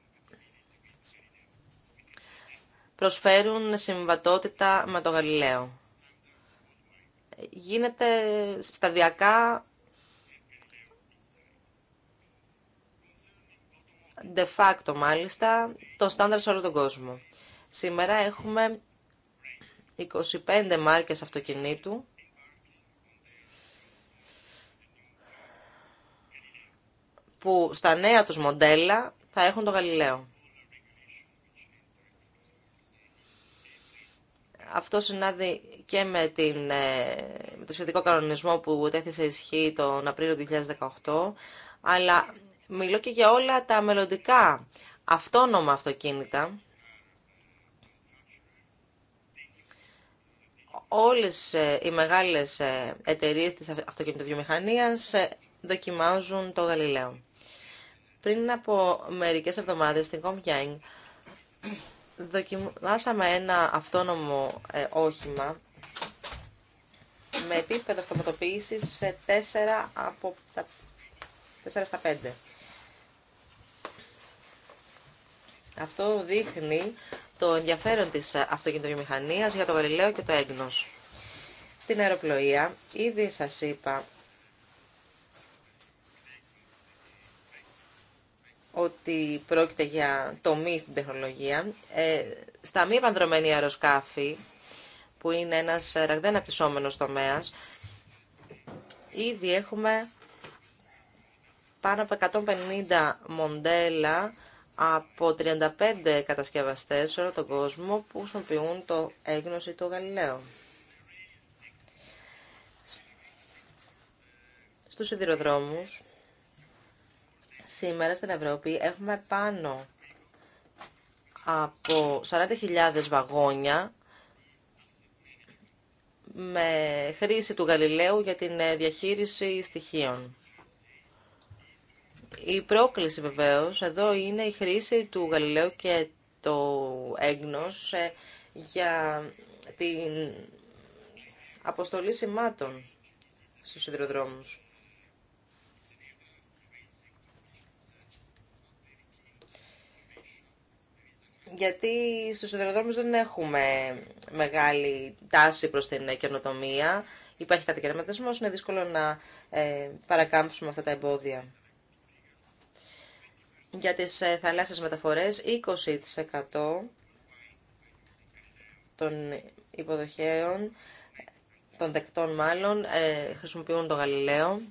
προσφέρουν συμβατότητα με το Γαλιλαίο. Γίνεται σταδιακά de facto μάλιστα το στάνταρ σε όλο τον κόσμο. Σήμερα έχουμε 25 μάρκες αυτοκινήτου που στα νέα τους μοντέλα θα έχουν το Γαλιλαίο. Αυτό συνάδει και με, την, ε, το σχετικό κανονισμό που τέθησε ισχύ τον Απρίλιο 2018, αλλά μιλώ και για όλα τα μελλοντικά αυτόνομα αυτοκίνητα, όλες ε, οι μεγάλες ε, εταιρείες της αυτοκινητοβιομηχανίας δοκιμάζουν το Γαλιλαίο. Πριν από μερικές εβδομάδες στην Κομπιάνγκ δοκιμάσαμε ένα αυτόνομο ε, όχημα με επίπεδο αυτοματοποίησης σε 4 από τα 4 στα 5. Αυτό δείχνει το ενδιαφέρον της αυτοκινητοβιομηχανίας για το Γαλιλαίο και το έγνος. Στην αεροπλοεία, ήδη σας είπα ότι πρόκειται για τομή στην τεχνολογία. Ε, στα μη επανδρομένη αεροσκάφη, που είναι ένας ραγδαία πτυσσόμενος τομέας, ήδη έχουμε πάνω από 150 μοντέλα από 35 κατασκευαστές σε όλο τον κόσμο που χρησιμοποιούν το έγνωση του Γαλιλαίου. Στους σιδηροδρόμους, Σήμερα στην Ευρώπη έχουμε πάνω από 40.000 βαγόνια με χρήση του Γαλιλαίου για την ε, διαχείριση στοιχείων. Η πρόκληση βεβαίως εδώ είναι η χρήση του Γαλιλαίου και το έγνος ε, για την αποστολή σημάτων στους σιδηροδρόμους. γιατί στους σιδηροδρόμους δεν έχουμε μεγάλη τάση προς την καινοτομία. Υπάρχει κάτι κερματισμός, είναι δύσκολο να ε, παρακάμψουμε αυτά τα εμπόδια. Για τις ε, θαλάσσιες μεταφορές, 20% των υποδοχέων, των δεκτών μάλλον, ε, χρησιμοποιούν τον Γαλιλαίο.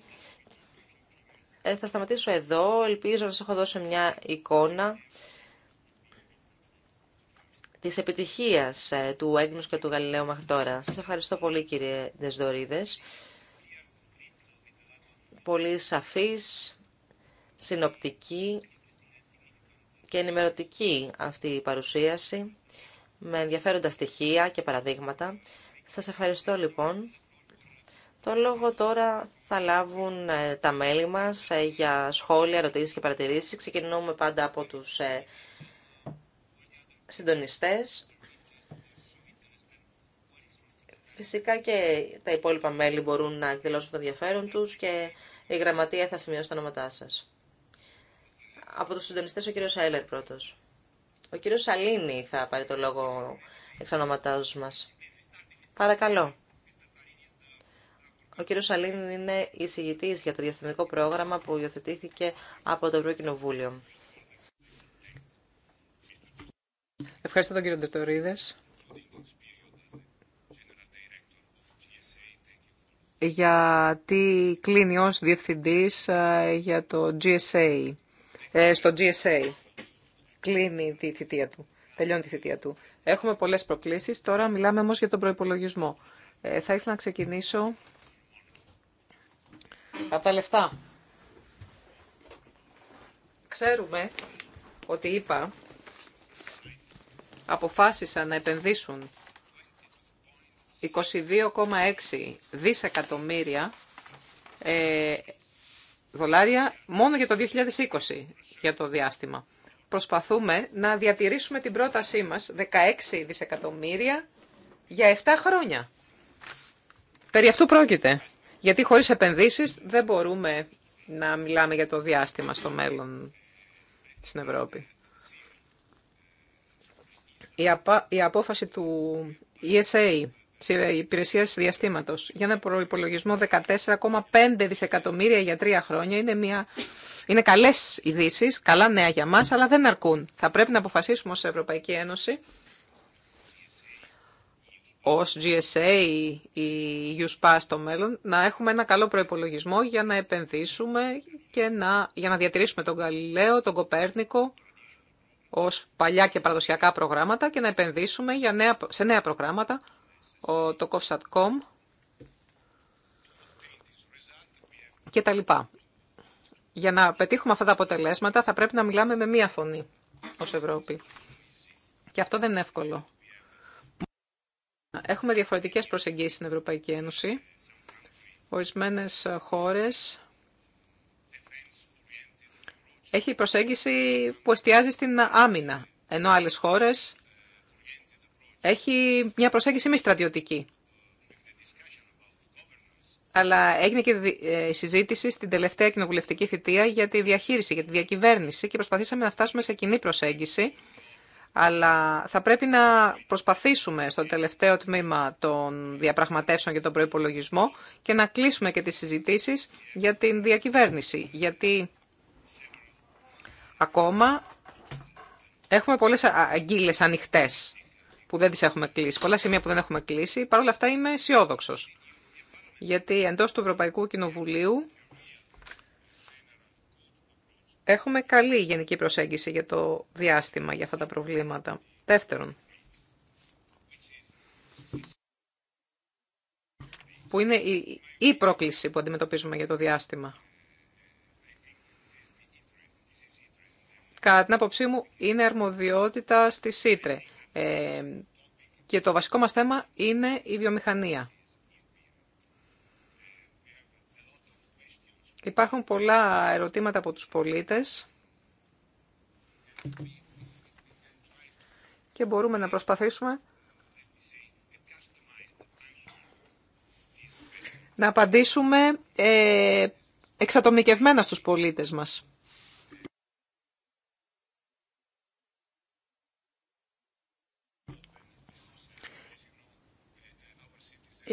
Ε, θα σταματήσω εδώ. Ελπίζω να σας έχω δώσει μια εικόνα της επιτυχίας ε, του Έγνους και του Γαλιλαίου μέχρι τώρα. Σας ευχαριστώ πολύ κύριε Δεσδορίδες. Πολύ σαφή, συνοπτική και ενημερωτική αυτή η παρουσίαση με ενδιαφέροντα στοιχεία και παραδείγματα. Σας ευχαριστώ λοιπόν. Το λόγο τώρα θα λάβουν ε, τα μέλη μας ε, για σχόλια, ερωτήσεις και παρατηρήσεις. Ξεκινούμε πάντα από τους συντονιστές. Φυσικά και τα υπόλοιπα μέλη μπορούν να εκδηλώσουν το ενδιαφέρον τους και η γραμματεία θα σημειώσει τα όνοματά σας. Από τους συντονιστές ο κύριος Σάιλερ πρώτος. Ο κύριος Σαλίνη θα πάρει το λόγο εξ ονοματάζους μας. Παρακαλώ. Ο κύριος Σαλίνη είναι εισηγητής για το διαστημικό πρόγραμμα που υιοθετήθηκε από το Ευρωκοινοβούλιο. Ευχαριστώ τον κύριο Ντεστορίδε. γιατί κλείνει ως διευθυντής ε, για το GSA, ε, στο GSA. Κλείνει τη θητεία του, τελειώνει τη θητεία του. Έχουμε πολλές προκλήσεις, τώρα μιλάμε όμως για τον προϋπολογισμό. Ε, θα ήθελα να ξεκινήσω από τα λεφτά. Ξέρουμε ότι είπα αποφάσισαν να επενδύσουν 22,6 δισεκατομμύρια ε, δολάρια μόνο για το 2020 για το διάστημα. Προσπαθούμε να διατηρήσουμε την πρότασή μας 16 δισεκατομμύρια για 7 χρόνια. Περί αυτού πρόκειται. Γιατί χωρίς επενδύσεις δεν μπορούμε να μιλάμε για το διάστημα στο μέλλον στην Ευρώπη η, απόφαση του ESA τη Υπηρεσίας Διαστήματος, για ένα προπολογισμό 14,5 δισεκατομμύρια για τρία χρόνια είναι, μια... είναι καλέ ειδήσει, καλά νέα για μα, αλλά δεν αρκούν. Θα πρέπει να αποφασίσουμε ω Ευρωπαϊκή Ένωση, ω GSA ή e USPA στο μέλλον, να έχουμε ένα καλό προπολογισμό για να επενδύσουμε και για να διατηρήσουμε τον Γαλιλαίο, τον Κοπέρνικο ως παλιά και παραδοσιακά προγράμματα και να επενδύσουμε για νέα, σε νέα προγράμματα, το COFSATCOM και τα λοιπά. Για να πετύχουμε αυτά τα αποτελέσματα θα πρέπει να μιλάμε με μία φωνή ως Ευρώπη. Και αυτό δεν είναι εύκολο. Έχουμε διαφορετικές προσεγγίσεις στην Ευρωπαϊκή Ένωση. Ορισμένες χώρες έχει προσέγγιση που εστιάζει στην άμυνα, ενώ άλλες χώρες έχει μια προσέγγιση μη στρατιωτική. Αλλά έγινε και ε, συζήτηση στην τελευταία κοινοβουλευτική θητεία για τη διαχείριση, για τη διακυβέρνηση και προσπαθήσαμε να φτάσουμε σε κοινή προσέγγιση. Αλλά θα πρέπει να προσπαθήσουμε στο τελευταίο τμήμα των διαπραγματεύσεων για τον προϋπολογισμό και να κλείσουμε και τις συζητήσεις για την διακυβέρνηση. Γιατί Ακόμα έχουμε πολλές αγγίλες ανοιχτέ που δεν τι έχουμε κλείσει, πολλά σημεία που δεν έχουμε κλείσει. Παρ' όλα αυτά είμαι αισιόδοξο. Γιατί εντό του Ευρωπαϊκού Κοινοβουλίου έχουμε καλή γενική προσέγγιση για το διάστημα, για αυτά τα προβλήματα. Δεύτερον, που είναι η, η πρόκληση που αντιμετωπίζουμε για το διάστημα. Κατά την άποψή μου είναι αρμοδιότητα στη ΣΥΤΡΕ. Ε, και το βασικό μας θέμα είναι η βιομηχανία. Υπάρχουν πολλά ερωτήματα από τους πολίτες και μπορούμε να προσπαθήσουμε να απαντήσουμε ε, εξατομικευμένα στους πολίτες μας.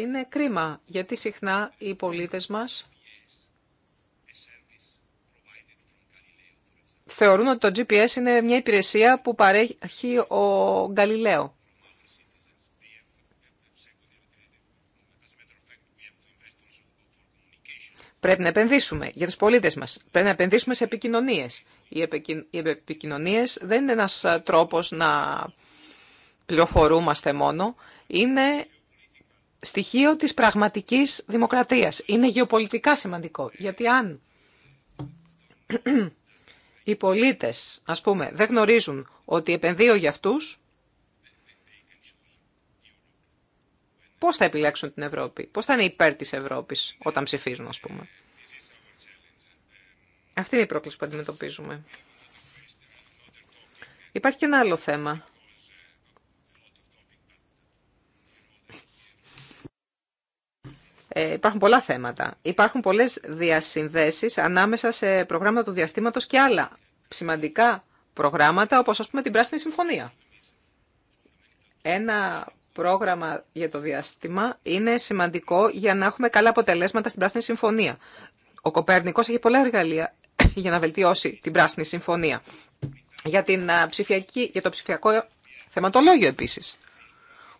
Είναι κρίμα, γιατί συχνά οι πολίτες μας θεωρούν ότι το GPS είναι μια υπηρεσία που παρέχει ο Γκαλιλαίο. Πρέπει να επενδύσουμε για τους πολίτες μας. Πρέπει να επενδύσουμε σε επικοινωνίες. Οι επικοινωνίες δεν είναι ένας τρόπος να πληροφορούμαστε μόνο. Είναι στοιχείο της πραγματικής δημοκρατίας. Είναι γεωπολιτικά σημαντικό, γιατί αν οι πολίτες, ας πούμε, δεν γνωρίζουν ότι επενδύω για αυτούς, πώς θα επιλέξουν την Ευρώπη, πώς θα είναι υπέρ της Ευρώπης όταν ψηφίζουν, ας πούμε. Αυτή είναι η πρόκληση που αντιμετωπίζουμε. Υπάρχει και ένα άλλο θέμα. Ε, υπάρχουν πολλά θέματα. Υπάρχουν πολλές διασυνδέσεις ανάμεσα σε προγράμματα του διαστήματος και άλλα σημαντικά προγράμματα, όπως α πούμε την Πράσινη Συμφωνία. Ένα πρόγραμμα για το διάστημα είναι σημαντικό για να έχουμε καλά αποτελέσματα στην Πράσινη Συμφωνία. Ο Κοπέρνικος έχει πολλά εργαλεία για να βελτιώσει την Πράσινη Συμφωνία. Για, την για το ψηφιακό θεματολόγιο επίσης.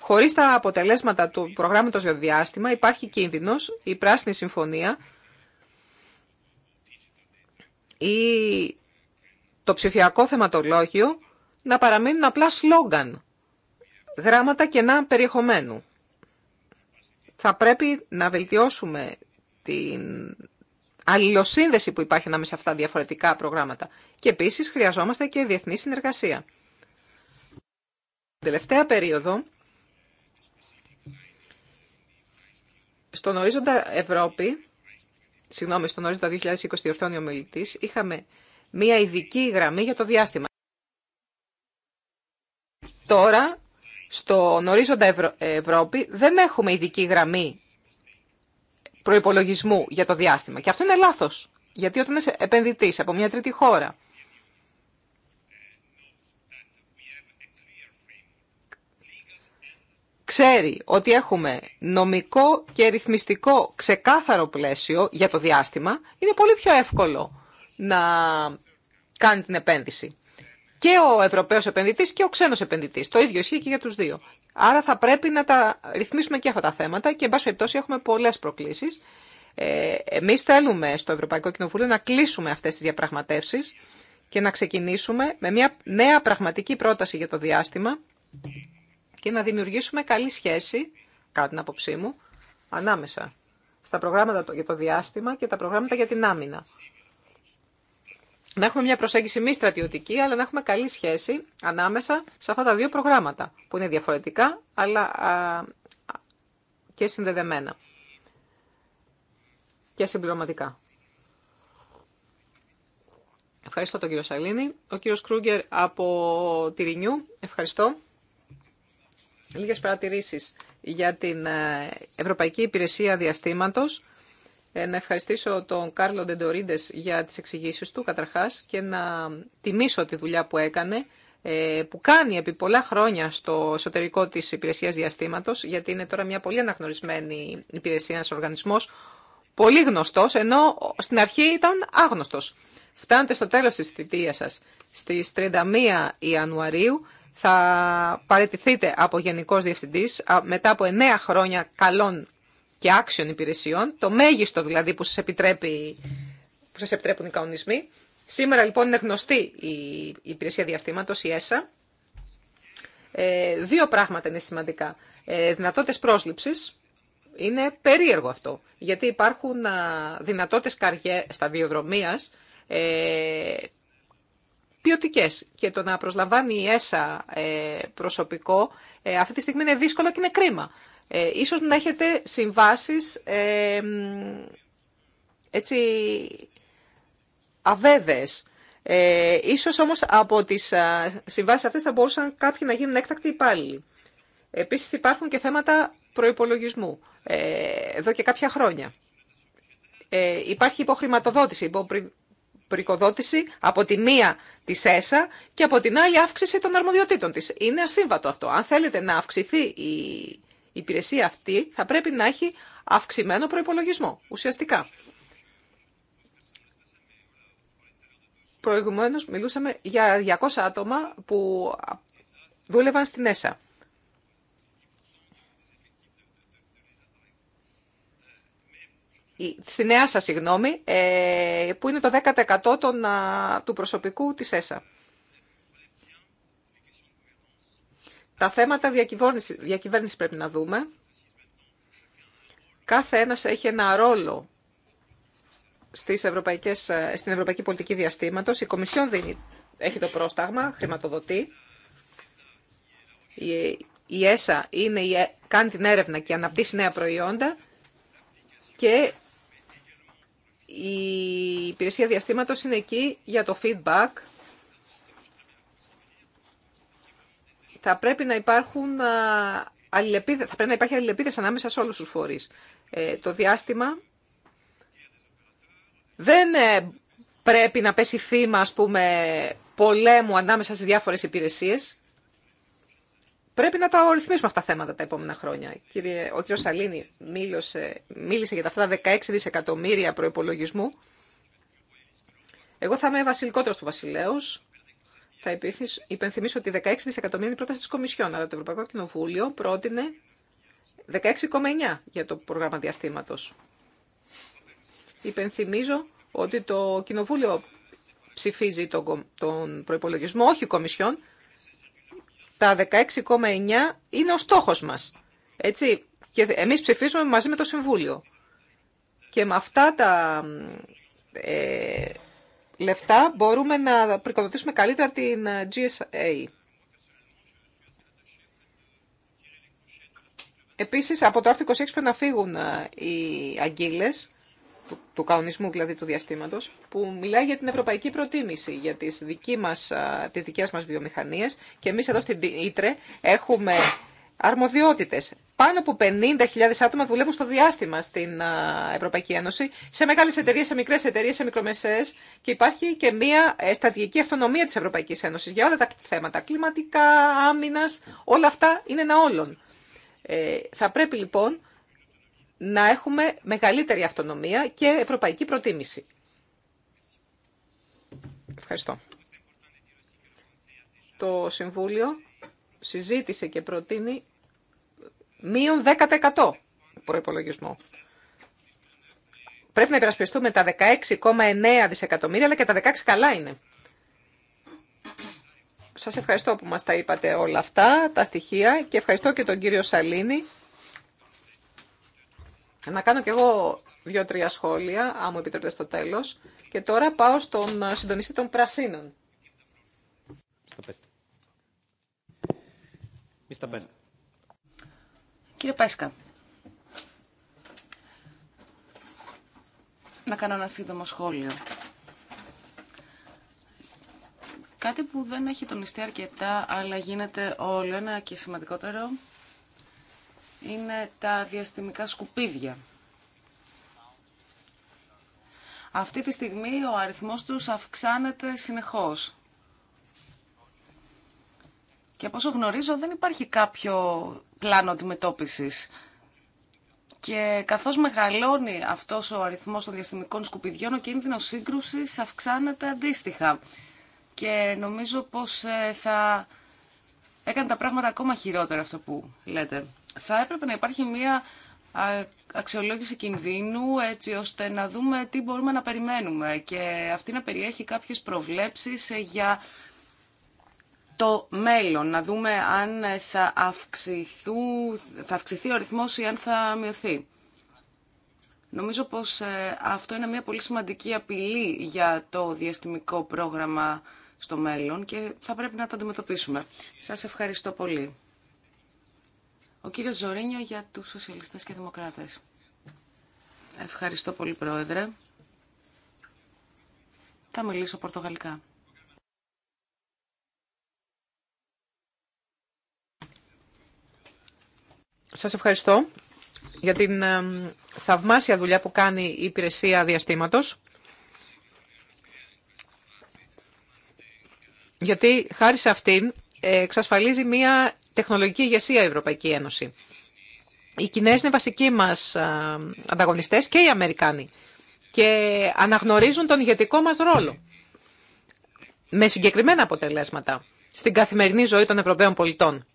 Χωρί τα αποτελέσματα του προγράμματο για το διάστημα, υπάρχει κίνδυνο η πράσινη συμφωνία ή το ψηφιακό θεματολόγιο να παραμείνουν απλά σλόγγαν, γράμματα κενά περιεχομένου. Θα πρέπει να βελτιώσουμε την αλληλοσύνδεση που υπάρχει ανάμεσα σε αυτά διαφορετικά προγράμματα. Και επίσης χρειαζόμαστε και διεθνή συνεργασία. Την τελευταία περίοδο Στον ορίζοντα Ευρώπη, συγγνώμη, στον ορίζοντα 2020 διορθώνει ο είχαμε μία ειδική γραμμή για το διάστημα. Τώρα, στον ορίζοντα Ευρώπη, δεν έχουμε ειδική γραμμή προϋπολογισμού για το διάστημα. Και αυτό είναι λάθος. Γιατί όταν είσαι επενδυτή από μια τρίτη χώρα ξέρει ότι έχουμε νομικό και ρυθμιστικό ξεκάθαρο πλαίσιο για το διάστημα, είναι πολύ πιο εύκολο να κάνει την επένδυση. Και ο Ευρωπαίος επενδυτής και ο ξένος επενδυτής. Το ίδιο ισχύει και για τους δύο. Άρα θα πρέπει να τα ρυθμίσουμε και αυτά τα θέματα και, εν πάση περιπτώσει, έχουμε πολλές προκλήσεις. Ε, εμείς θέλουμε στο Ευρωπαϊκό Κοινοβούλιο να κλείσουμε αυτές τις διαπραγματεύσεις και να ξεκινήσουμε με μια νέα πραγματική πρόταση για το διάστημα και να δημιουργήσουμε καλή σχέση, κατά την άποψή μου, ανάμεσα στα προγράμματα για το διάστημα και τα προγράμματα για την άμυνα. Να έχουμε μια προσέγγιση μη στρατιωτική, αλλά να έχουμε καλή σχέση ανάμεσα σε αυτά τα δύο προγράμματα, που είναι διαφορετικά, αλλά και συνδεδεμένα και συμπληρωματικά. Ευχαριστώ τον κύριο Σαλίνη. Ο κύριος Κρούγκερ από Τυρινιού, Ευχαριστώ. Λίγες παρατηρήσει για την ε, Ευρωπαϊκή Υπηρεσία Διαστήματος. Ε, να ευχαριστήσω τον Κάρλο Ντεντορίντε για τι εξηγήσει του καταρχά και να τιμήσω τη δουλειά που έκανε, ε, που κάνει επί πολλά χρόνια στο εσωτερικό της Υπηρεσίας Διαστήματος, γιατί είναι τώρα μια πολύ αναγνωρισμένη υπηρεσία, ένας οργανισμός, πολύ γνωστός, ενώ στην αρχή ήταν άγνωστος. Φτάνετε στο τέλος της θητείας σας, στις 31 Ιανουαρίου, θα παραιτηθείτε από γενικό Διευθυντή, μετά από 9 χρόνια καλών και άξιων υπηρεσιών, το μέγιστο δηλαδή που σας, επιτρέπει, που σας επιτρέπουν οι κανονισμοί. Σήμερα λοιπόν είναι γνωστή η υπηρεσία διαστήματος, η ΕΣΑ. Ε, δύο πράγματα είναι σημαντικά. Ε, δυνατότητες πρόσληψης, είναι περίεργο αυτό, γιατί υπάρχουν δυνατότητες στα διοδρομίας, ε, ποιοτικέ. Και το να προσλαμβάνει η ΕΣΑ ε, προσωπικό ε, αυτή τη στιγμή είναι δύσκολο και είναι κρίμα. Ε, ίσως να έχετε συμβάσεις έτσι αβέβαιες. Ε, ίσως όμως από τις συμβάσεις αυτές θα μπορούσαν κάποιοι να γίνουν έκτακτοι υπάλληλοι. Επίσης υπάρχουν και θέματα προϋπολογισμού εδώ και κάποια χρόνια. Ε, υπάρχει υποχρηματοδότηση, υπό πρικοδότηση από τη μία τη ΕΣΑ και από την άλλη αύξηση των αρμοδιοτήτων της. Είναι ασύμβατο αυτό. Αν θέλετε να αυξηθεί η υπηρεσία αυτή, θα πρέπει να έχει αυξημένο προϋπολογισμό, ουσιαστικά. Προηγουμένως μιλούσαμε για 200 άτομα που δούλευαν στην ΕΣΑ. στη νέα σας συγγνώμη, ε, που είναι το 10% των, του προσωπικού της ΕΣΑ. Τα θέματα διακυβέρνησης, πρέπει να δούμε. Κάθε ένας έχει ένα ρόλο στις ευρωπαϊκές, ε, στην ευρωπαϊκή πολιτική διαστήματος. Η Κομισιόν δίνει, έχει το πρόσταγμα, χρηματοδοτεί. Η, ΕΣΑ είναι, κάνει την έρευνα και αναπτύσσει νέα προϊόντα και η υπηρεσία διαστήματος είναι εκεί για το feedback. Θα πρέπει να υπάρχουν θα πρέπει να υπάρχει αλληλεπίδραση ανάμεσα σε όλους τους φορείς. Ε, το διάστημα δεν ε, πρέπει να πέσει θύμα, ας πούμε, πολέμου ανάμεσα στις διάφορες υπηρεσίες. Πρέπει να τα ρυθμίσουμε αυτά τα θέματα τα επόμενα χρόνια. Κύριε, ο κ. Σαλίνη μίλησε, μίλησε για τα αυτά τα 16 δισεκατομμύρια προπολογισμού. Εγώ θα είμαι βασιλικότερο του βασιλέου. Θα υπενθυμίσω ότι 16 δισεκατομμύρια είναι η πρόταση τη Κομισιόν, αλλά το Ευρωπαϊκό Κοινοβούλιο πρότεινε 16,9 για το πρόγραμμα διαστήματο. Υπενθυμίζω ότι το Κοινοβούλιο ψηφίζει τον, τον προπολογισμό, όχι η Κομισιόν, τα 16,9 είναι ο στόχος μας. Έτσι, και εμείς ψηφίζουμε μαζί με το Συμβούλιο. Και με αυτά τα ε, λεφτά μπορούμε να πρικοδοτήσουμε καλύτερα την ε, GSA. Επίσης, από το άρθρο 26 πρέπει να φύγουν ε, οι αγγίλες του, κανονισμού καονισμού δηλαδή του διαστήματος, που μιλάει για την ευρωπαϊκή προτίμηση, για τις, δικέ μας, τις δικές μας βιομηχανίες και εμείς εδώ στην Ιτρέ έχουμε αρμοδιότητες. Πάνω από 50.000 άτομα δουλεύουν στο διάστημα στην Ευρωπαϊκή Ένωση, σε μεγάλες εταιρείες, σε μικρές εταιρείες, σε μικρομεσαίες και υπάρχει και μια ε, στρατηγική αυτονομία της Ευρωπαϊκής Ένωσης για όλα τα θέματα, κλιματικά, άμυνας, όλα αυτά είναι ένα όλον. Ε, θα πρέπει λοιπόν να έχουμε μεγαλύτερη αυτονομία και ευρωπαϊκή προτίμηση. Ευχαριστώ. Το Συμβούλιο συζήτησε και προτείνει μείον 10% προϋπολογισμό. Πρέπει να υπερασπιστούμε τα 16,9 δισεκατομμύρια, αλλά και τα 16 καλά είναι. Σας ευχαριστώ που μας τα είπατε όλα αυτά, τα στοιχεία και ευχαριστώ και τον κύριο Σαλίνη. Να κάνω κι εγώ δύο-τρία σχόλια, αν μου επιτρέπετε στο τέλος. Και τώρα πάω στον συντονιστή των Πρασίνων. Κύριε Πέσκα, να κάνω ένα σύντομο σχόλιο. Κάτι που δεν έχει τονιστεί αρκετά, αλλά γίνεται όλο ένα και σημαντικότερο είναι τα διαστημικά σκουπίδια. Αυτή τη στιγμή ο αριθμός τους αυξάνεται συνεχώς. Και από όσο γνωρίζω δεν υπάρχει κάποιο πλάνο αντιμετώπισης. Και καθώς μεγαλώνει αυτός ο αριθμός των διαστημικών σκουπιδιών, ο κίνδυνος σύγκρουσης αυξάνεται αντίστοιχα. Και νομίζω πως ε, θα έκανε τα πράγματα ακόμα χειρότερα αυτό που λέτε θα έπρεπε να υπάρχει μία αξιολόγηση κινδύνου έτσι ώστε να δούμε τι μπορούμε να περιμένουμε και αυτή να περιέχει κάποιες προβλέψεις για το μέλλον, να δούμε αν θα, αυξηθού, θα αυξηθεί ο ρυθμός ή αν θα μειωθεί. Νομίζω πως ε, αυτό είναι μια πολύ σημαντική απειλή για το διαστημικό πρόγραμμα στο μέλλον και θα πρέπει να το αντιμετωπίσουμε. Σας ευχαριστώ πολύ. Ο κύριος Ζωρίνιο για τους Σοσιαλιστές και Δημοκράτες. Ευχαριστώ πολύ, Πρόεδρε. Θα μιλήσω πορτογαλικά. Σας ευχαριστώ για την ε, θαυμάσια δουλειά που κάνει η υπηρεσία διαστήματος. Γιατί χάρη σε αυτήν ε, εξασφαλίζει μία τεχνολογική ηγεσία η Ευρωπαϊκή Ένωση. Οι Κινέζοι είναι βασικοί μας ανταγωνιστές και οι Αμερικάνοι και αναγνωρίζουν τον ηγετικό μας ρόλο με συγκεκριμένα αποτελέσματα στην καθημερινή ζωή των Ευρωπαίων πολιτών.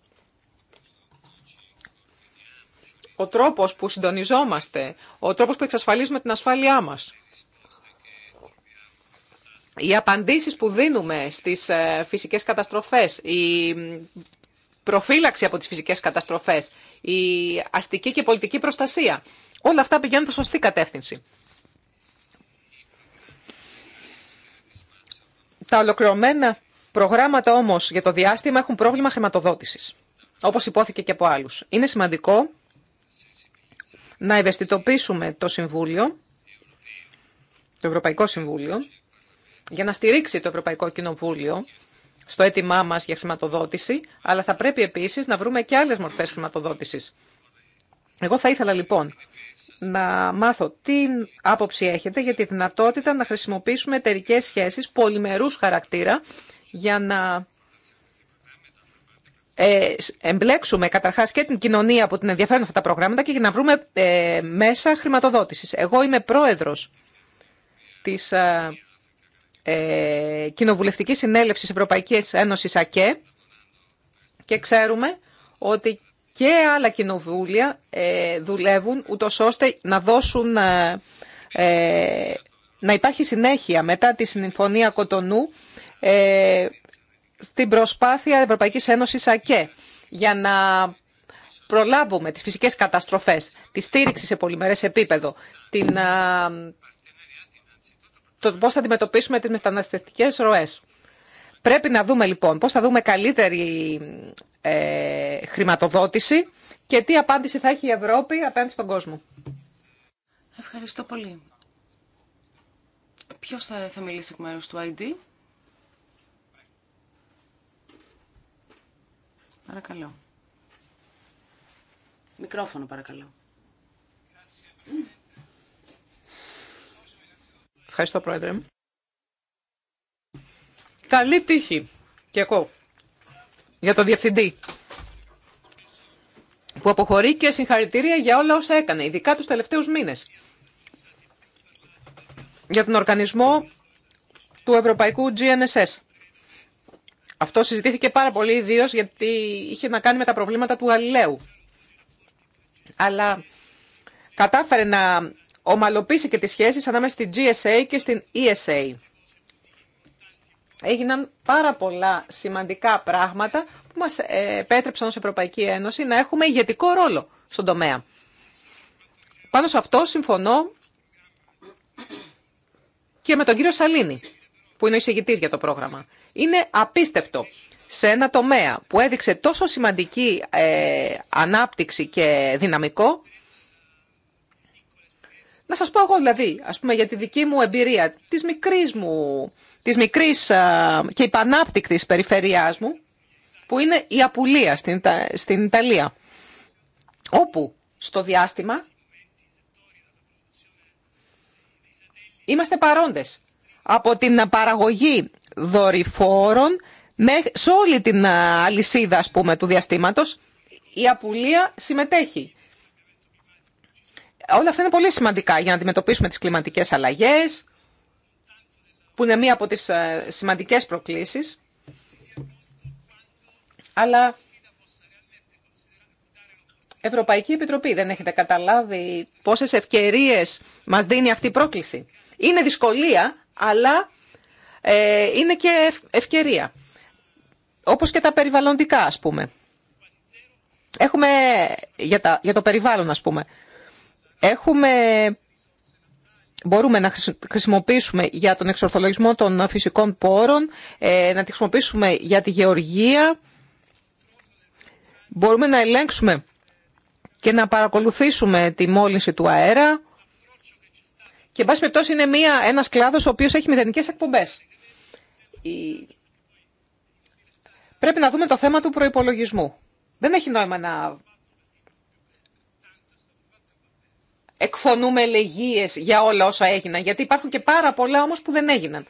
Ο τρόπος που συντονιζόμαστε, ο τρόπος που εξασφαλίζουμε την ασφάλειά μας, οι απαντήσεις που δίνουμε στις ε, φυσικές καταστροφές, οι προφύλαξη από τις φυσικές καταστροφές, η αστική και πολιτική προστασία. Όλα αυτά πηγαίνουν προς σωστή κατεύθυνση. Τα ολοκληρωμένα προγράμματα όμως για το διάστημα έχουν πρόβλημα χρηματοδότησης, όπως υπόθηκε και από άλλους. Είναι σημαντικό να ευαισθητοποιήσουμε το Συμβούλιο, το Ευρωπαϊκό Συμβούλιο, για να στηρίξει το Ευρωπαϊκό Κοινοβούλιο στο αίτημά μας για χρηματοδότηση, αλλά θα πρέπει επίσης να βρούμε και άλλες μορφές χρηματοδότησης. Εγώ θα ήθελα λοιπόν να μάθω τι άποψη έχετε για τη δυνατότητα να χρησιμοποιήσουμε εταιρικέ σχέσεις πολυμερούς χαρακτήρα για να ε, εμπλέξουμε καταρχάς και την κοινωνία που την ενδιαφέρουν αυτά τα προγράμματα και για να βρούμε ε, μέσα χρηματοδότησης. Εγώ είμαι πρόεδρος της ε, ε, Κοινοβουλευτική Συνέλευση Ευρωπαϊκή Ένωση ΑΚΕ και ξέρουμε ότι και άλλα κοινοβούλια ε, δουλεύουν ούτω ώστε να δώσουν. Ε, ε, να υπάρχει συνέχεια μετά τη Συμφωνία Κοτονού ε, στην προσπάθεια Ευρωπαϊκής Ένωσης ΑΚΕ για να προλάβουμε τις φυσικές καταστροφές, τη στήριξη σε πολυμερές επίπεδο, την, το πώς θα αντιμετωπίσουμε τις μεταναστευτικέ ροές. Πρέπει να δούμε λοιπόν πώς θα δούμε καλύτερη ε, χρηματοδότηση και τι απάντηση θα έχει η Ευρώπη απέναντι στον κόσμο. Ευχαριστώ πολύ. Ποιος θα, θα μιλήσει εκ μέρους του ID. Παρακαλώ. Μικρόφωνο παρακαλώ. Ευχαριστώ, Πρόεδρε. Καλή τύχη και εγώ για το Διευθυντή που αποχωρεί και συγχαρητήρια για όλα όσα έκανε, ειδικά τους τελευταίους μήνες. Για τον οργανισμό του Ευρωπαϊκού GNSS. Αυτό συζητήθηκε πάρα πολύ ιδίω γιατί είχε να κάνει με τα προβλήματα του Γαλιλαίου. Αλλά κατάφερε να ομαλοποίησε και τις σχέσεις ανάμεσα στην GSA και στην ESA. Έγιναν πάρα πολλά σημαντικά πράγματα που μας επέτρεψαν ως Ευρωπαϊκή Ένωση να έχουμε ηγετικό ρόλο στον τομέα. Πάνω σε αυτό συμφωνώ και με τον κύριο Σαλίνη, που είναι ο εισηγητής για το πρόγραμμα. Είναι απίστευτο σε ένα τομέα που έδειξε τόσο σημαντική ε, ανάπτυξη και δυναμικό, να σας πω εγώ δηλαδή, ας πούμε για τη δική μου εμπειρία, της μικρής μου, της μικρής και υπανάπτυκτης περιφερειάς μου, που είναι η Απουλία στην, στην Ιταλία, όπου στο διάστημα είμαστε παρόντες από την παραγωγή δορυφόρων σε όλη την αλυσίδα ας πούμε, του διαστήματος η Απουλία συμμετέχει Όλα αυτά είναι πολύ σημαντικά για να αντιμετωπίσουμε τις κλιματικές αλλαγές, που είναι μία από τις ε, σημαντικές προκλήσεις. Αλλά Ευρωπαϊκή Επιτροπή δεν έχετε καταλάβει πόσες ευκαιρίες μας δίνει αυτή η πρόκληση. Είναι δυσκολία, αλλά ε, είναι και ευκαιρία. Όπως και τα περιβαλλοντικά, ας πούμε. Έχουμε για, τα, για το περιβάλλον, ας πούμε έχουμε, μπορούμε να χρησιμοποιήσουμε για τον εξορθολογισμό των φυσικών πόρων, ε, να τη χρησιμοποιήσουμε για τη γεωργία. Μπορούμε να ελέγξουμε και να παρακολουθήσουμε τη μόλυνση του αέρα. Και, εν πάση περιπτώσει, είναι μία, ένας κλάδος ο οποίος έχει μηδενικές εκπομπές. Η... Πρέπει να δούμε το θέμα του προϋπολογισμού. Δεν έχει νόημα να εκφωνούμε λεγίε για όλα όσα έγιναν, γιατί υπάρχουν και πάρα πολλά όμως που δεν έγιναν.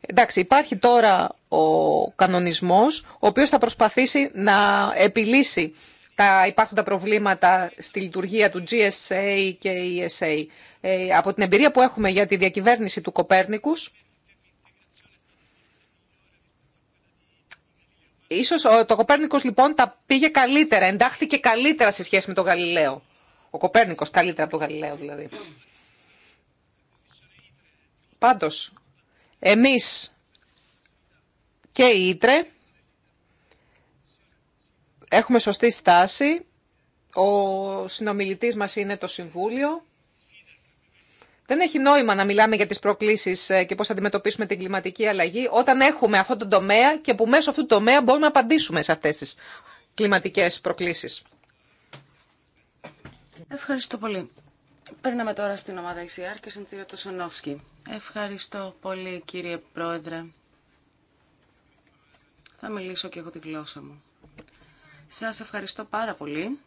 Εντάξει, υπάρχει τώρα ο κανονισμός, ο οποίος θα προσπαθήσει να επιλύσει τα υπάρχοντα προβλήματα στη λειτουργία του GSA και ESA. Ε, από την εμπειρία που έχουμε για τη διακυβέρνηση του κοπέρνικου. ίσως το Κοπέρνικος λοιπόν τα πήγε καλύτερα, εντάχθηκε καλύτερα σε σχέση με τον Γαλιλαίο. Ο Κοπέρνικος καλύτερα από τον Γαλιλαίο δηλαδή. Πάντω. εμείς και η Ήτρε έχουμε σωστή στάση. Ο συνομιλητής μας είναι το Συμβούλιο. Δεν έχει νόημα να μιλάμε για τις προκλήσεις ε, και πώς θα αντιμετωπίσουμε την κλιματική αλλαγή όταν έχουμε αυτόν τον τομέα και που μέσω αυτού του τομέα μπορούμε να απαντήσουμε σε αυτές τις κλιματικές προκλήσεις. Ευχαριστώ πολύ. Περνάμε τώρα στην ομάδα ICR και στον κύριο Τσονόφσκι. Ευχαριστώ πολύ κύριε Πρόεδρε. Θα μιλήσω και εγώ τη γλώσσα μου. Σας ευχαριστώ πάρα πολύ.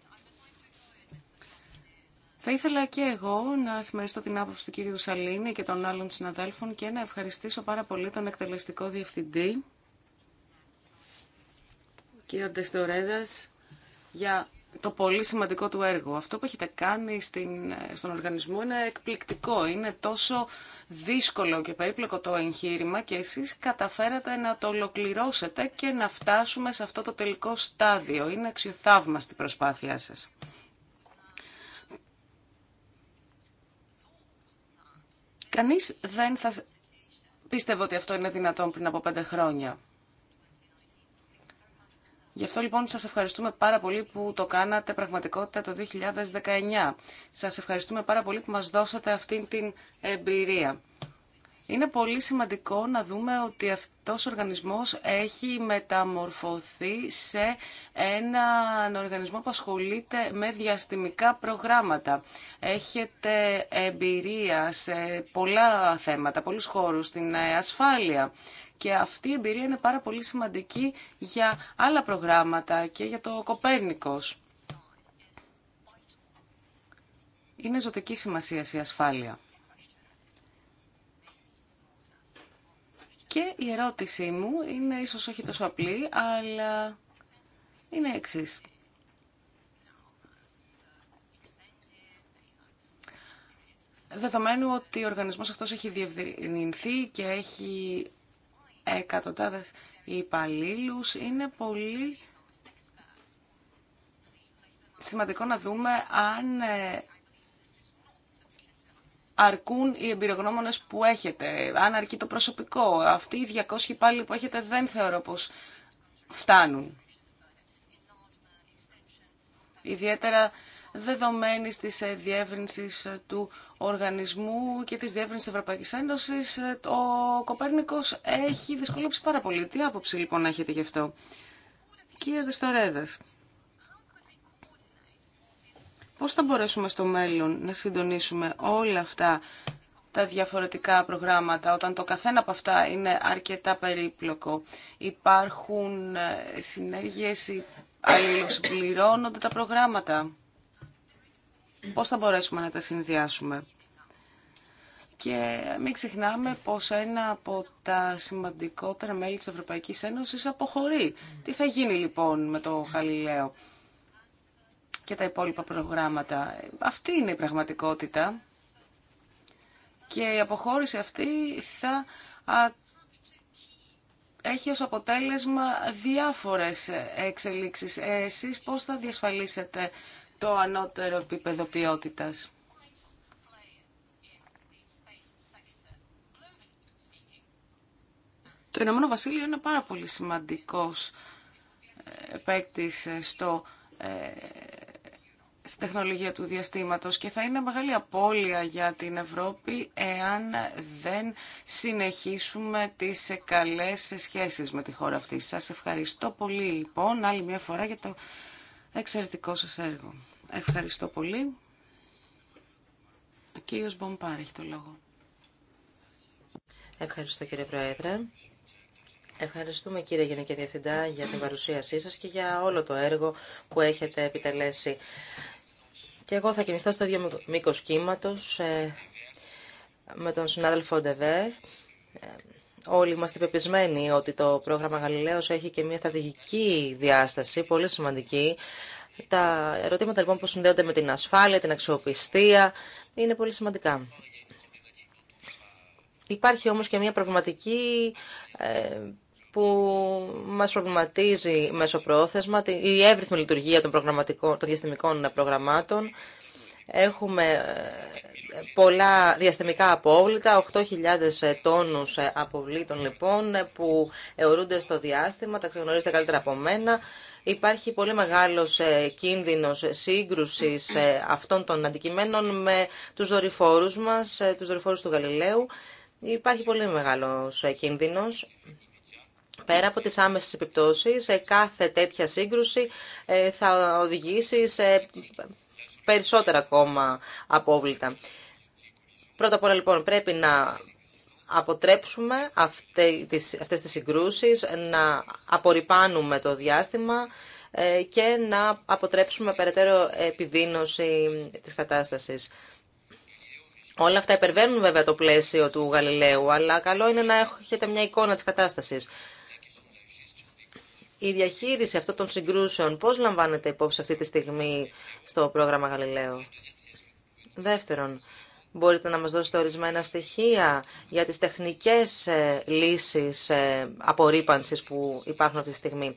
Θα ήθελα και εγώ να συμμεριστώ την άποψη του κύριου Σαλίνη και των άλλων συναδέλφων και να ευχαριστήσω πάρα πολύ τον εκτελεστικό διευθυντή, κύριο Ντεστορέδας, για το πολύ σημαντικό του έργο. Αυτό που έχετε κάνει στην, στον οργανισμό είναι εκπληκτικό. Είναι τόσο δύσκολο και περίπλοκο το εγχείρημα και εσείς καταφέρατε να το ολοκληρώσετε και να φτάσουμε σε αυτό το τελικό στάδιο. Είναι αξιοθαύμαστη η προσπάθειά σας. Κανείς δεν θα πίστευε ότι αυτό είναι δυνατόν πριν από πέντε χρόνια. Γι' αυτό λοιπόν σας ευχαριστούμε πάρα πολύ που το κάνατε πραγματικότητα το 2019. Σας ευχαριστούμε πάρα πολύ που μας δώσατε αυτή την εμπειρία. Είναι πολύ σημαντικό να δούμε ότι αυτός ο οργανισμός έχει μεταμορφωθεί σε έναν οργανισμό που ασχολείται με διαστημικά προγράμματα. Έχετε εμπειρία σε πολλά θέματα, πολλούς χώρους, στην ασφάλεια και αυτή η εμπειρία είναι πάρα πολύ σημαντική για άλλα προγράμματα και για το Κοπέρνικος. Είναι ζωτική σημασία η ασφάλεια. Και η ερώτησή μου είναι ίσως όχι τόσο απλή, αλλά είναι έξι. Δεδομένου ότι ο οργανισμός αυτός έχει διευθυνθεί και έχει εκατοντάδες υπαλλήλου. Είναι πολύ σημαντικό να δούμε αν ε, αρκούν οι εμπειρογνώμονες που έχετε, αν αρκεί το προσωπικό. Αυτοί οι 200 υπάλληλοι που έχετε δεν θεωρώ πως φτάνουν. Ιδιαίτερα δεδομένης της ε, διεύρυνσης ε, του οργανισμού και της διεύρυνσης Ευρωπαϊκής Ένωσης. Ε, Ο Κοπέρνικος έχει δυσκολέψει πάρα πολύ. Τι άποψη λοιπόν έχετε γι' αυτό. Κύριε Δεστορέδας, πώς θα μπορέσουμε στο μέλλον να συντονίσουμε όλα αυτά τα διαφορετικά προγράμματα, όταν το καθένα από αυτά είναι αρκετά περίπλοκο. Υπάρχουν συνέργειες, αλληλοσυμπληρώνονται τα προγράμματα πώς θα μπορέσουμε να τα συνδυάσουμε. Και μην ξεχνάμε πως ένα από τα σημαντικότερα μέλη της Ευρωπαϊκής Ένωσης αποχωρεί. Τι θα γίνει λοιπόν με το Χαλιλαίο και τα υπόλοιπα προγράμματα. Αυτή είναι η πραγματικότητα και η αποχώρηση αυτή θα έχει ως αποτέλεσμα διάφορες εξελίξεις. Εσείς πώς θα διασφαλίσετε το ανώτερο επίπεδο ποιότητας. Το Ηνωμένο Βασίλειο είναι πάρα πολύ σημαντικός ε, παίκτης ε, στο, ε, στη τεχνολογία του διαστήματος και θα είναι μεγάλη απώλεια για την Ευρώπη εάν δεν συνεχίσουμε τις καλές σχέσεις με τη χώρα αυτή. Σας ευχαριστώ πολύ λοιπόν άλλη μια φορά για το εξαιρετικό σας έργο. Ευχαριστώ πολύ. Ο κύριος Μπομπάρ έχει το λόγο. Ευχαριστώ κύριε Πρόεδρε. Ευχαριστούμε κύριε Γενική Διευθυντά για την παρουσίασή σας και για όλο το έργο που έχετε επιτελέσει. Και εγώ θα κινηθώ στο ίδιο μήκο κύματο ε, με τον συνάδελφο Ντεβέρ. Ε, όλοι είμαστε πεπισμένοι ότι το πρόγραμμα Γαλιλαίος έχει και μια στρατηγική διάσταση, πολύ σημαντική, τα ερωτήματα λοιπόν που συνδέονται με την ασφάλεια, την αξιοπιστία είναι πολύ σημαντικά. Υπάρχει όμως και μια προβληματική ε, που μας προβληματίζει πρόθεσμα, η εύρυθμη λειτουργία των, των διαστημικών προγραμμάτων. Έχουμε ε, πολλά διαστημικά απόβλητα, 8.000 ε, τόνους ε, αποβλήτων λοιπόν ε, που εωρούνται στο διάστημα, τα ξεγνωρίζετε καλύτερα από μένα. Υπάρχει πολύ μεγάλος κίνδυνος σύγκρουσης αυτών των αντικειμένων με τους δορυφόρους μας, τους δορυφόρους του Γαλιλαίου. Υπάρχει πολύ μεγάλος κίνδυνος. Πέρα από τις άμεσες επιπτώσεις, κάθε τέτοια σύγκρουση θα οδηγήσει σε περισσότερα ακόμα απόβλητα. Πρώτα απ' όλα λοιπόν πρέπει να αποτρέψουμε αυτές τις συγκρούσεις, να απορριπάνουμε το διάστημα ε, και να αποτρέψουμε περαιτέρω επιδείνωση της κατάστασης. Όλα αυτά υπερβαίνουν βέβαια το πλαίσιο του Γαλιλαίου, αλλά καλό είναι να έχετε μια εικόνα της κατάστασης. Η διαχείριση αυτών των συγκρούσεων, πώς λαμβάνεται υπόψη αυτή τη στιγμή στο πρόγραμμα Γαλιλαίου. Δεύτερον, Μπορείτε να μας δώσετε ορισμένα στοιχεία για τις τεχνικές ε, λύσεις ε, απορρίπανσης που υπάρχουν αυτή τη στιγμή.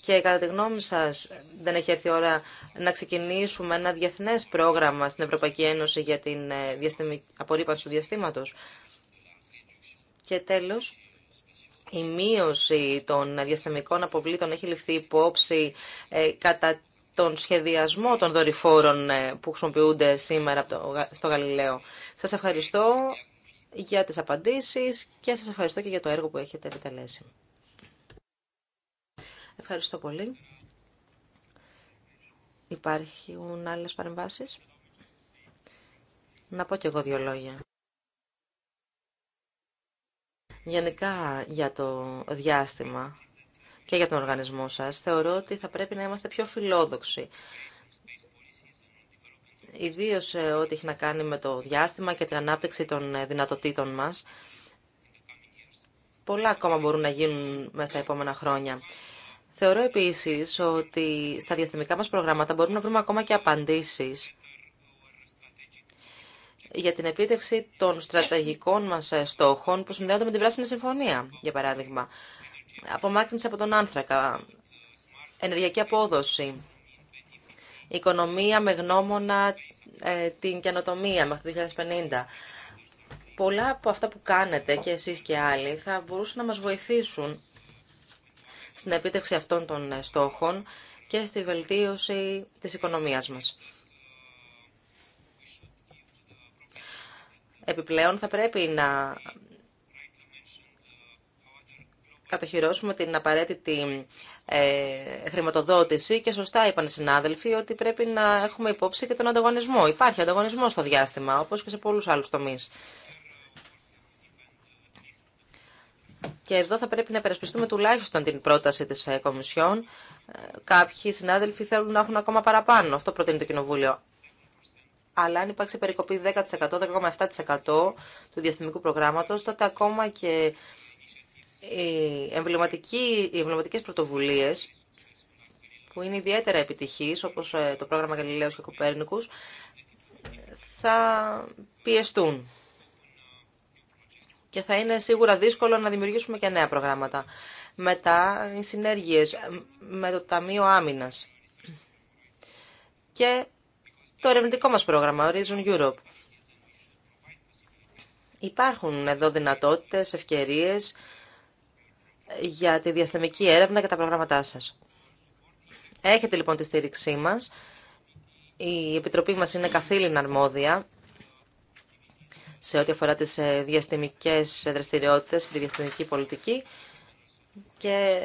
Και κατά τη γνώμη σας, δεν έχει έρθει η ώρα να ξεκινήσουμε ένα διεθνές πρόγραμμα στην Ευρωπαϊκή Ένωση για την ε, απορρίπανση του διαστήματος. Και τέλος, η μείωση των διαστημικών αποβλήτων έχει ληφθεί υπόψη κατά τον σχεδιασμό των δορυφόρων ε, που χρησιμοποιούνται σήμερα στο Γαλιλαίο. Σας ευχαριστώ για τις απαντήσεις και σας ευχαριστώ και για το έργο που έχετε επιτελέσει. Ευχαριστώ πολύ. Υπάρχουν άλλες παρεμβάσεις. Να πω και εγώ δύο λόγια. Γενικά για το διάστημα και για τον οργανισμό σας. Θεωρώ ότι θα πρέπει να είμαστε πιο φιλόδοξοι. Ιδίω ε, ό,τι έχει να κάνει με το διάστημα και την ανάπτυξη των ε, δυνατοτήτων μας. Πολλά ακόμα μπορούν να γίνουν μέσα στα επόμενα χρόνια. Θεωρώ επίσης ότι στα διαστημικά μας προγράμματα μπορούμε να βρούμε ακόμα και απαντήσεις για την επίτευξη των στρατηγικών μας ε, στόχων που συνδέονται με την Πράσινη Συμφωνία, για παράδειγμα απομάκρυνση από τον άνθρακα, ενεργειακή απόδοση, οικονομία με γνώμονα ε, την καινοτομία μέχρι το 2050. Πολλά από αυτά που κάνετε και εσείς και άλλοι θα μπορούσαν να μας βοηθήσουν στην επίτευξη αυτών των ε, στόχων και στη βελτίωση της οικονομίας μας. Επιπλέον θα πρέπει να κατοχυρώσουμε την απαραίτητη ε, χρηματοδότηση και σωστά είπαν οι συνάδελφοι ότι πρέπει να έχουμε υπόψη και τον ανταγωνισμό. Υπάρχει ανταγωνισμό στο διάστημα, όπως και σε πολλούς άλλους τομείς. Και εδώ θα πρέπει να υπερασπιστούμε τουλάχιστον την πρόταση της ε, Κομισιόν. Ε, κάποιοι συνάδελφοι θέλουν να έχουν ακόμα παραπάνω. Αυτό προτείνει το Κοινοβούλιο. Αλλά αν υπάρξει περικοπή 10%, 10,7% του διαστημικού προγράμματος, τότε ακόμα και οι εμβληματικές πρωτοβουλίες που είναι ιδιαίτερα επιτυχείς, όπως ε, το πρόγραμμα Γαλιλαίος και Κοπέρνικους, θα πιεστούν. Και θα είναι σίγουρα δύσκολο να δημιουργήσουμε και νέα προγράμματα. Μετά, οι συνέργειες με το Ταμείο Άμυνας και το ερευνητικό μας πρόγραμμα, Horizon Europe. Υπάρχουν εδώ δυνατότητες, ευκαιρίες για τη διαστημική έρευνα και τα προγράμματά σας. Έχετε λοιπόν τη στήριξή μας. Η Επιτροπή μας είναι καθήλυνα αρμόδια σε ό,τι αφορά τις ε, διαστημικές δραστηριότητες και τη διαστημική πολιτική και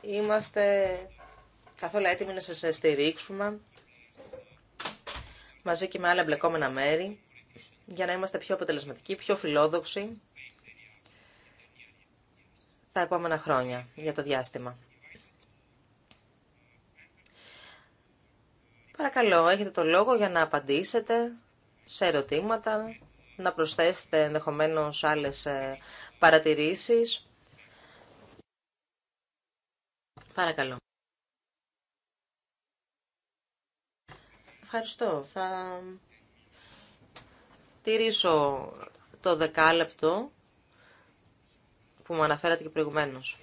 είμαστε καθόλου έτοιμοι να σας στηρίξουμε μαζί και με άλλα εμπλεκόμενα μέρη για να είμαστε πιο αποτελεσματικοί, πιο φιλόδοξοι τα επόμενα χρόνια, για το διάστημα. Παρακαλώ, έχετε το λόγο για να απαντήσετε σε ερωτήματα, να προσθέσετε ενδεχομένως άλλες ε, παρατηρήσεις. Παρακαλώ. Ευχαριστώ. Θα τηρήσω το δεκάλεπτο που μου αναφέρατε και προηγουμένως.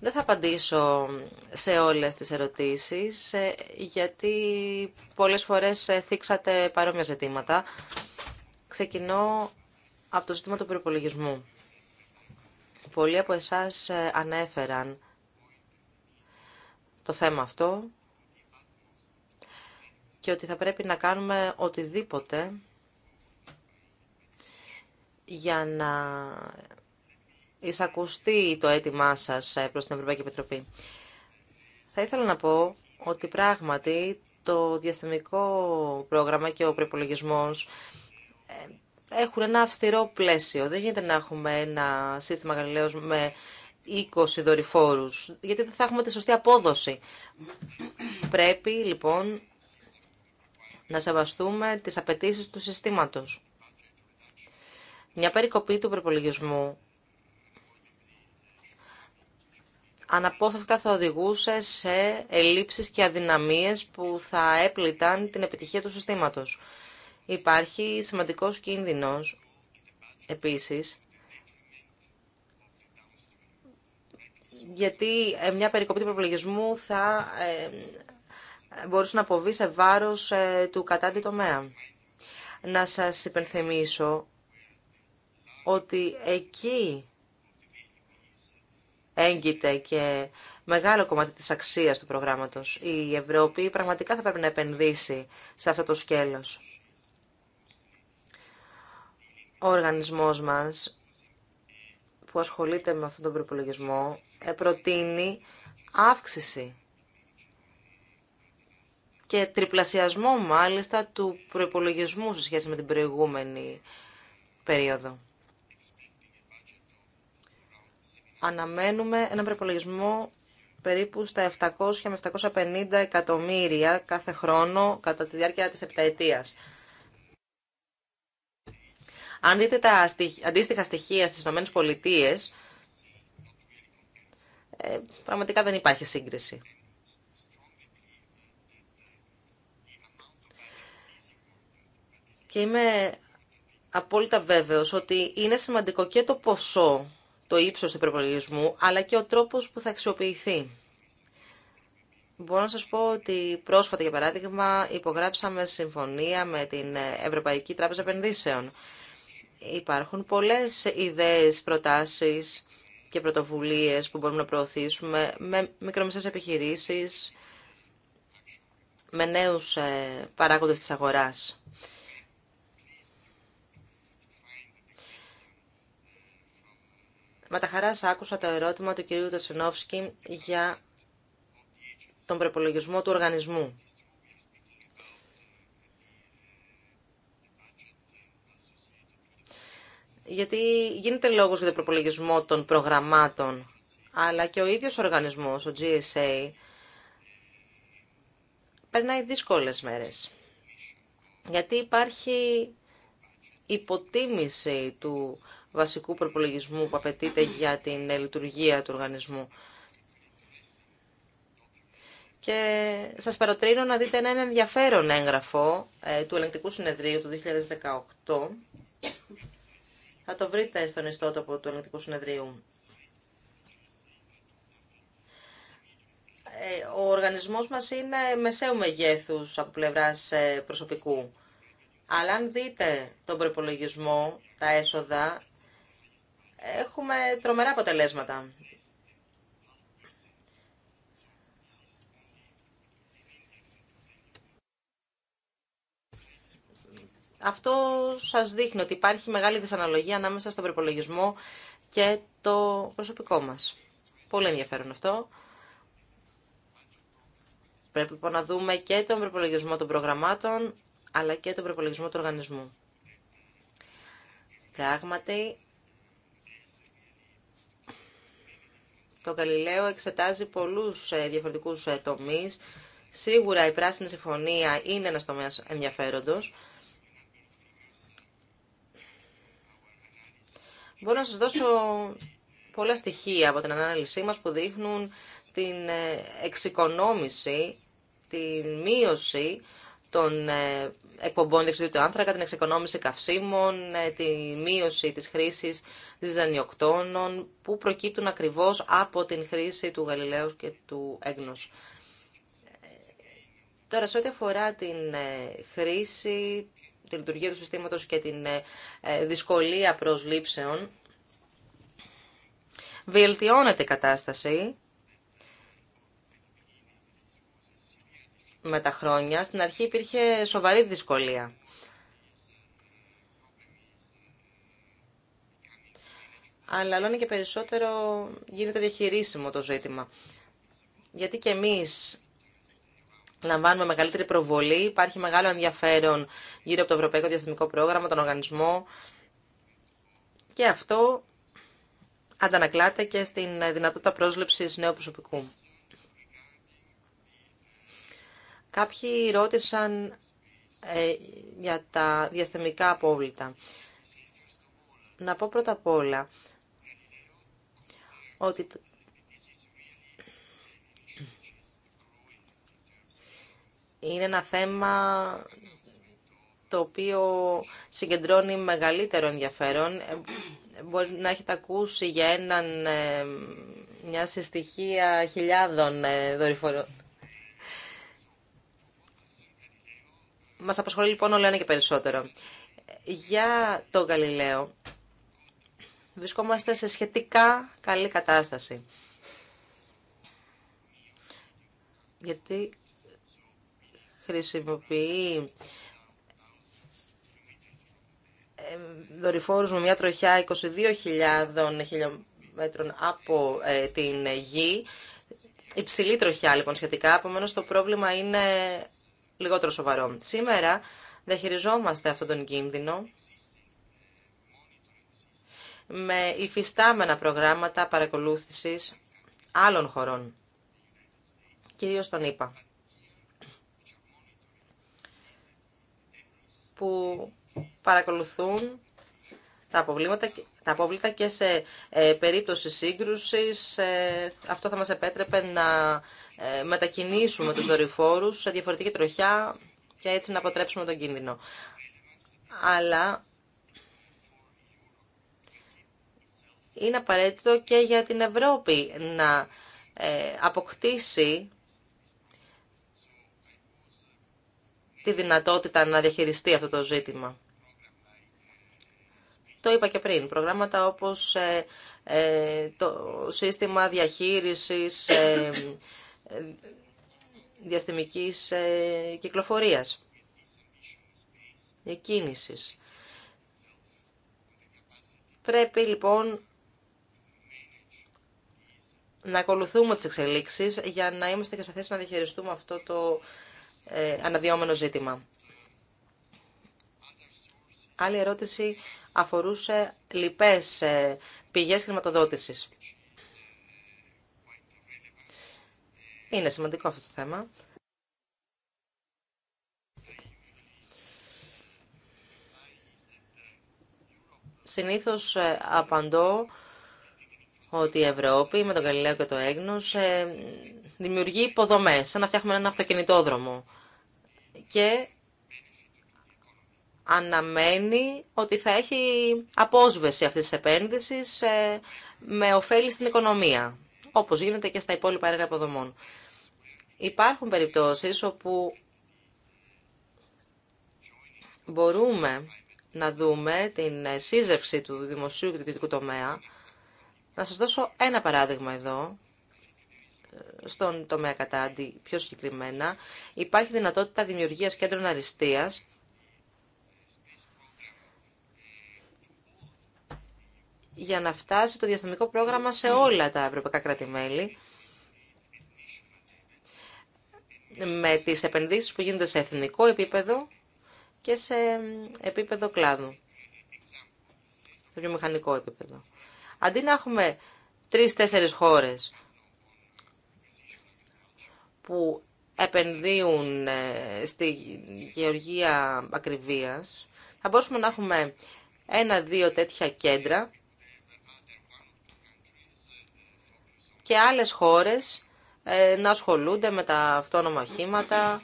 Δεν θα απαντήσω σε όλες τις ερωτήσεις, ε, γιατί πολλές φορές ε, θίξατε παρόμοια ζητήματα. Ξεκινώ από το ζήτημα του προπολογισμού. Πολλοί από εσάς ε, ανέφεραν το θέμα αυτό και ότι θα πρέπει να κάνουμε οτιδήποτε για να εισακουστεί το αίτημά σας ε, προς την Ευρωπαϊκή Επιτροπή. Θα ήθελα να πω ότι πράγματι το διαστημικό πρόγραμμα και ο προπολογισμό ε, έχουν ένα αυστηρό πλαίσιο. Δεν γίνεται να έχουμε ένα σύστημα γαλλιλαίος με 20 δορυφόρους, γιατί δεν θα έχουμε τη σωστή απόδοση. Πρέπει λοιπόν να σεβαστούμε τις απαιτήσεις του συστήματος. Μια περικοπή του προπολογισμού αναπόφευκτα θα οδηγούσε σε ελλείψεις και αδυναμίες που θα έπληταν την επιτυχία του συστήματος. Υπάρχει σημαντικός κίνδυνος, επίσης, γιατί ε, μια περικοπή του προπολογισμού θα ε, μπορούσε να αποβεί σε βάρος ε, του κατάντη τομέα. Να σας υπενθυμίσω ότι εκεί έγκυται και μεγάλο κομμάτι της αξίας του προγράμματος. Η Ευρώπη πραγματικά θα πρέπει να επενδύσει σε αυτό το σκέλος. Ο οργανισμός μας που ασχολείται με αυτόν τον προπολογισμό ε, προτείνει αύξηση και τριπλασιασμό μάλιστα του προπολογισμού σε σχέση με την προηγούμενη περίοδο. αναμένουμε έναν προπολογισμό περίπου στα 700 με 750 εκατομμύρια κάθε χρόνο κατά τη διάρκεια της επταετίας. Αν δείτε τα αντίστοιχα στοιχεία στις ΗΠΑ, ε, πραγματικά δεν υπάρχει σύγκριση. Και είμαι απόλυτα βέβαιος ότι είναι σημαντικό και το ποσό το ύψος του προπολογισμού, αλλά και ο τρόπος που θα αξιοποιηθεί. Μπορώ να σας πω ότι πρόσφατα, για παράδειγμα, υπογράψαμε συμφωνία με την Ευρωπαϊκή Τράπεζα Επενδύσεων. Υπάρχουν πολλές ιδέες, προτάσεις και πρωτοβουλίες που μπορούμε να προωθήσουμε με μικρομεσαίες επιχειρήσεις, με νέους ε, παράγοντες της αγοράς. Με τα χαράς άκουσα το ερώτημα του κυρίου Τεσενόφσκι για τον προπολογισμό του οργανισμού. Γιατί γίνεται λόγος για τον προπολογισμό των προγραμμάτων, αλλά και ο ίδιος οργανισμός, ο GSA, περνάει δύσκολες μέρες. Γιατί υπάρχει υποτίμηση του βασικού προπολογισμού που απαιτείται για την ε, λειτουργία του οργανισμού. Και σας παροτρύνω να δείτε ένα ενδιαφέρον έγγραφο ε, του Ελεγκτικού Συνεδρίου του 2018. Θα το βρείτε στον ιστότοπο του Ελεγκτικού Συνεδρίου. Ε, ο οργανισμός μας είναι μεσαίου μεγέθους από πλευράς προσωπικού. Αλλά αν δείτε τον προπολογισμό, τα έσοδα, έχουμε τρομερά αποτελέσματα. Αυτό σας δείχνει ότι υπάρχει μεγάλη δυσαναλογία ανάμεσα στον προπολογισμό και το προσωπικό μας. Πολύ ενδιαφέρον αυτό. Πρέπει λοιπόν να δούμε και τον προπολογισμό των προγραμμάτων, αλλά και τον προπολογισμό του οργανισμού. Πράγματι, Το Γαλιλαίο εξετάζει πολλούς ε, διαφορετικούς ε, τομείς. Σίγουρα η Πράσινη Συμφωνία είναι ένας τομέας ενδιαφέροντος. Μπορώ να σας δώσω πολλά στοιχεία από την ανάλυση μας που δείχνουν την ε, εξοικονόμηση, την μείωση των εκπομπών διεξοδίου του άνθρακα, την εξοικονόμηση καυσίμων, ε, τη μείωση της χρήσης ζυζανιοκτώνων που προκύπτουν ακριβώς από την χρήση του Γαλιλαίου και του Έγνους. Τώρα, σε ό,τι αφορά την ε, χρήση, τη λειτουργία του συστήματος και την ε, δυσκολία προσλήψεων, βελτιώνεται η κατάσταση με τα χρόνια, στην αρχή υπήρχε σοβαρή δυσκολία. Αλλά όλο και περισσότερο γίνεται διαχειρίσιμο το ζήτημα. Γιατί και εμείς λαμβάνουμε μεγαλύτερη προβολή, υπάρχει μεγάλο ενδιαφέρον γύρω από το Ευρωπαϊκό Διαστημικό Πρόγραμμα, τον οργανισμό και αυτό αντανακλάται και στην δυνατότητα πρόσληψης νέου προσωπικού. Κάποιοι ρώτησαν ε, για τα διαστημικά απόβλητα. Να πω πρώτα απ' όλα ότι είναι ένα θέμα το οποίο συγκεντρώνει μεγαλύτερο ενδιαφέρον. Ε, μπορεί να έχετε ακούσει για ε, μια συστοιχία χιλιάδων δορυφορών Μας απασχολεί λοιπόν όλο ένα και περισσότερο. Για το Γαλιλαίο βρισκόμαστε σε σχετικά καλή κατάσταση. Γιατί χρησιμοποιεί δορυφόρους με μια τροχιά 22.000 χιλιόμετρων από ε, την γη. Υψηλή τροχιά λοιπόν σχετικά, επομένω το πρόβλημα είναι λιγότερο σοβαρό. Σήμερα διαχειριζόμαστε αυτόν τον κίνδυνο με υφιστάμενα προγράμματα παρακολούθησης άλλων χωρών, κυρίως τον είπα. που παρακολουθούν τα αποβλήματα τα απόβλητα και σε ε, περίπτωση σύγκρουσης ε, αυτό θα μας επέτρεπε να ε, μετακινήσουμε τους δορυφόρους σε διαφορετική τροχιά και έτσι να αποτρέψουμε τον κίνδυνο. Αλλά είναι απαραίτητο και για την Ευρώπη να αποκτήσει τη δυνατότητα να διαχειριστεί αυτό το ζήτημα. Το είπα και πριν, προγράμματα όπως ε, ε, το σύστημα διαχείρισης ε, διαστημικής κυκλοφορίας, διακίνησης. Πρέπει λοιπόν να ακολουθούμε τις εξελίξεις για να είμαστε και σε θέση να διαχειριστούμε αυτό το αναδυόμενο ζήτημα. Άλλη ερώτηση αφορούσε λοιπές ε, πηγές χρηματοδότησης. Είναι σημαντικό αυτό το θέμα. Συνήθως ε, απαντώ ότι η Ευρώπη με τον Γαλιλαίο και το Έγνος ε, δημιουργεί υποδομές, σαν να φτιάχνουμε έναν αυτοκινητόδρομο. Και αναμένει ότι θα έχει απόσβεση αυτής της επένδυσης ε, με ωφέλη στην οικονομία, όπως γίνεται και στα υπόλοιπα έργα αποδομών. Υπάρχουν περιπτώσεις όπου μπορούμε να δούμε την σύζευξη του δημοσίου και του ιδιωτικού τομέα. Να σας δώσω ένα παράδειγμα εδώ, στον τομέα κατά αντί πιο συγκεκριμένα. Υπάρχει δυνατότητα δημιουργίας κέντρων αριστείας, για να φτάσει το διαστημικό πρόγραμμα σε όλα τα ευρωπαϊκά κράτη-μέλη με τις επενδύσεις που γίνονται σε εθνικό επίπεδο και σε επίπεδο κλάδου, σε βιομηχανικό επίπεδο. Αντί να έχουμε τρεις-τέσσερις χώρες που επενδύουν ε, στη γεωργία ακριβίας, θα μπορούσαμε να έχουμε ένα-δύο τέτοια κέντρα και άλλες χώρες ε, να ασχολούνται με τα αυτόνομα οχήματα,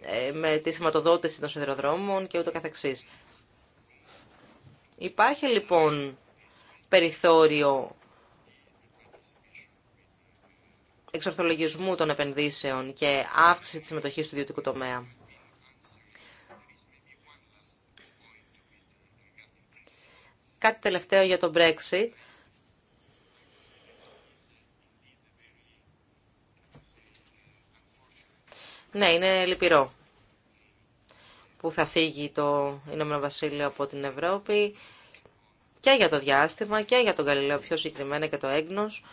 ε, με τη σηματοδότηση των σιδηροδρόμων και ούτω καθεξής. Υπάρχει λοιπόν περιθώριο εξορθολογισμού των επενδύσεων και αύξηση της συμμετοχής του ιδιωτικού τομέα. Κάτι τελευταίο για το Brexit. Ναι, είναι λυπηρό που θα φύγει το Ηνωμένο Βασίλειο από την Ευρώπη και για το διάστημα και για τον Γαλιλαίο πιο συγκεκριμένα και το έγνος.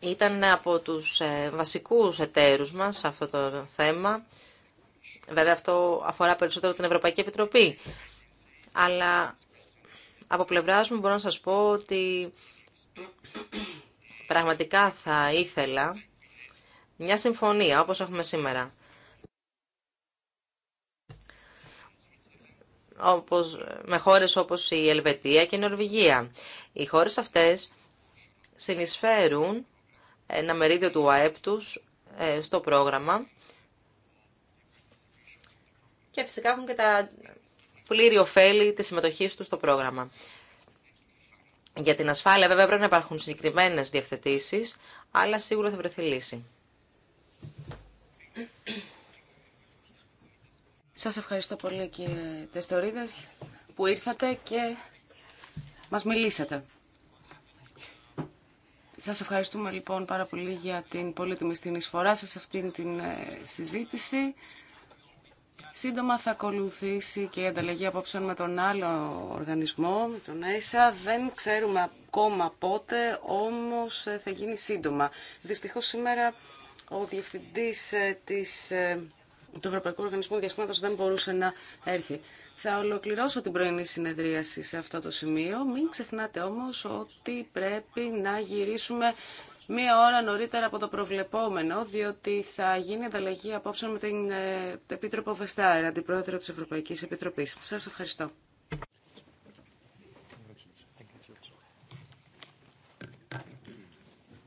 Ήταν από τους ε, βασικούς εταίρους μας αυτό το θέμα. Βέβαια αυτό αφορά περισσότερο την Ευρωπαϊκή Επιτροπή. Αλλά από πλευράς μου μπορώ να σας πω ότι πραγματικά θα ήθελα μια συμφωνία όπως έχουμε σήμερα. Όπως, με χώρες όπως η Ελβετία και η Νορβηγία. Οι χώρες αυτές συνεισφέρουν ένα μερίδιο του ΟΑΕΠ τους ε, στο πρόγραμμα και φυσικά έχουν και τα πλήρη ωφέλη της συμμετοχής τους στο πρόγραμμα. Για την ασφάλεια βέβαια πρέπει να υπάρχουν συγκεκριμένες διευθετήσεις, αλλά σίγουρα θα βρεθεί λύση. Σας ευχαριστώ πολύ κύριε Τεστορίδες που ήρθατε και μας μιλήσατε. Σας ευχαριστούμε λοιπόν πάρα πολύ για την πολύτιμη εισφορά σας σε αυτήν την ε, συζήτηση. Σύντομα θα ακολουθήσει και η ανταλλαγή απόψεων με τον άλλο οργανισμό, τον ΕΙΣΑ. Δεν ξέρουμε ακόμα πότε, όμως ε, θα γίνει σύντομα. Δυστυχώς σήμερα ο διευθυντή ε, ε, του Ευρωπαϊκού Οργανισμού Διαστήματος δεν μπορούσε να έρθει. Θα ολοκληρώσω την πρωινή συνεδρίαση σε αυτό το σημείο. Μην ξεχνάτε όμως ότι πρέπει να γυρίσουμε μία ώρα νωρίτερα από το προβλεπόμενο, διότι θα γίνει ανταλλαγή απόψε με την ε, Επίτροπο Βεστάρα, την Πρόεδρο της Ευρωπαϊκής Επιτροπής. Σας ευχαριστώ.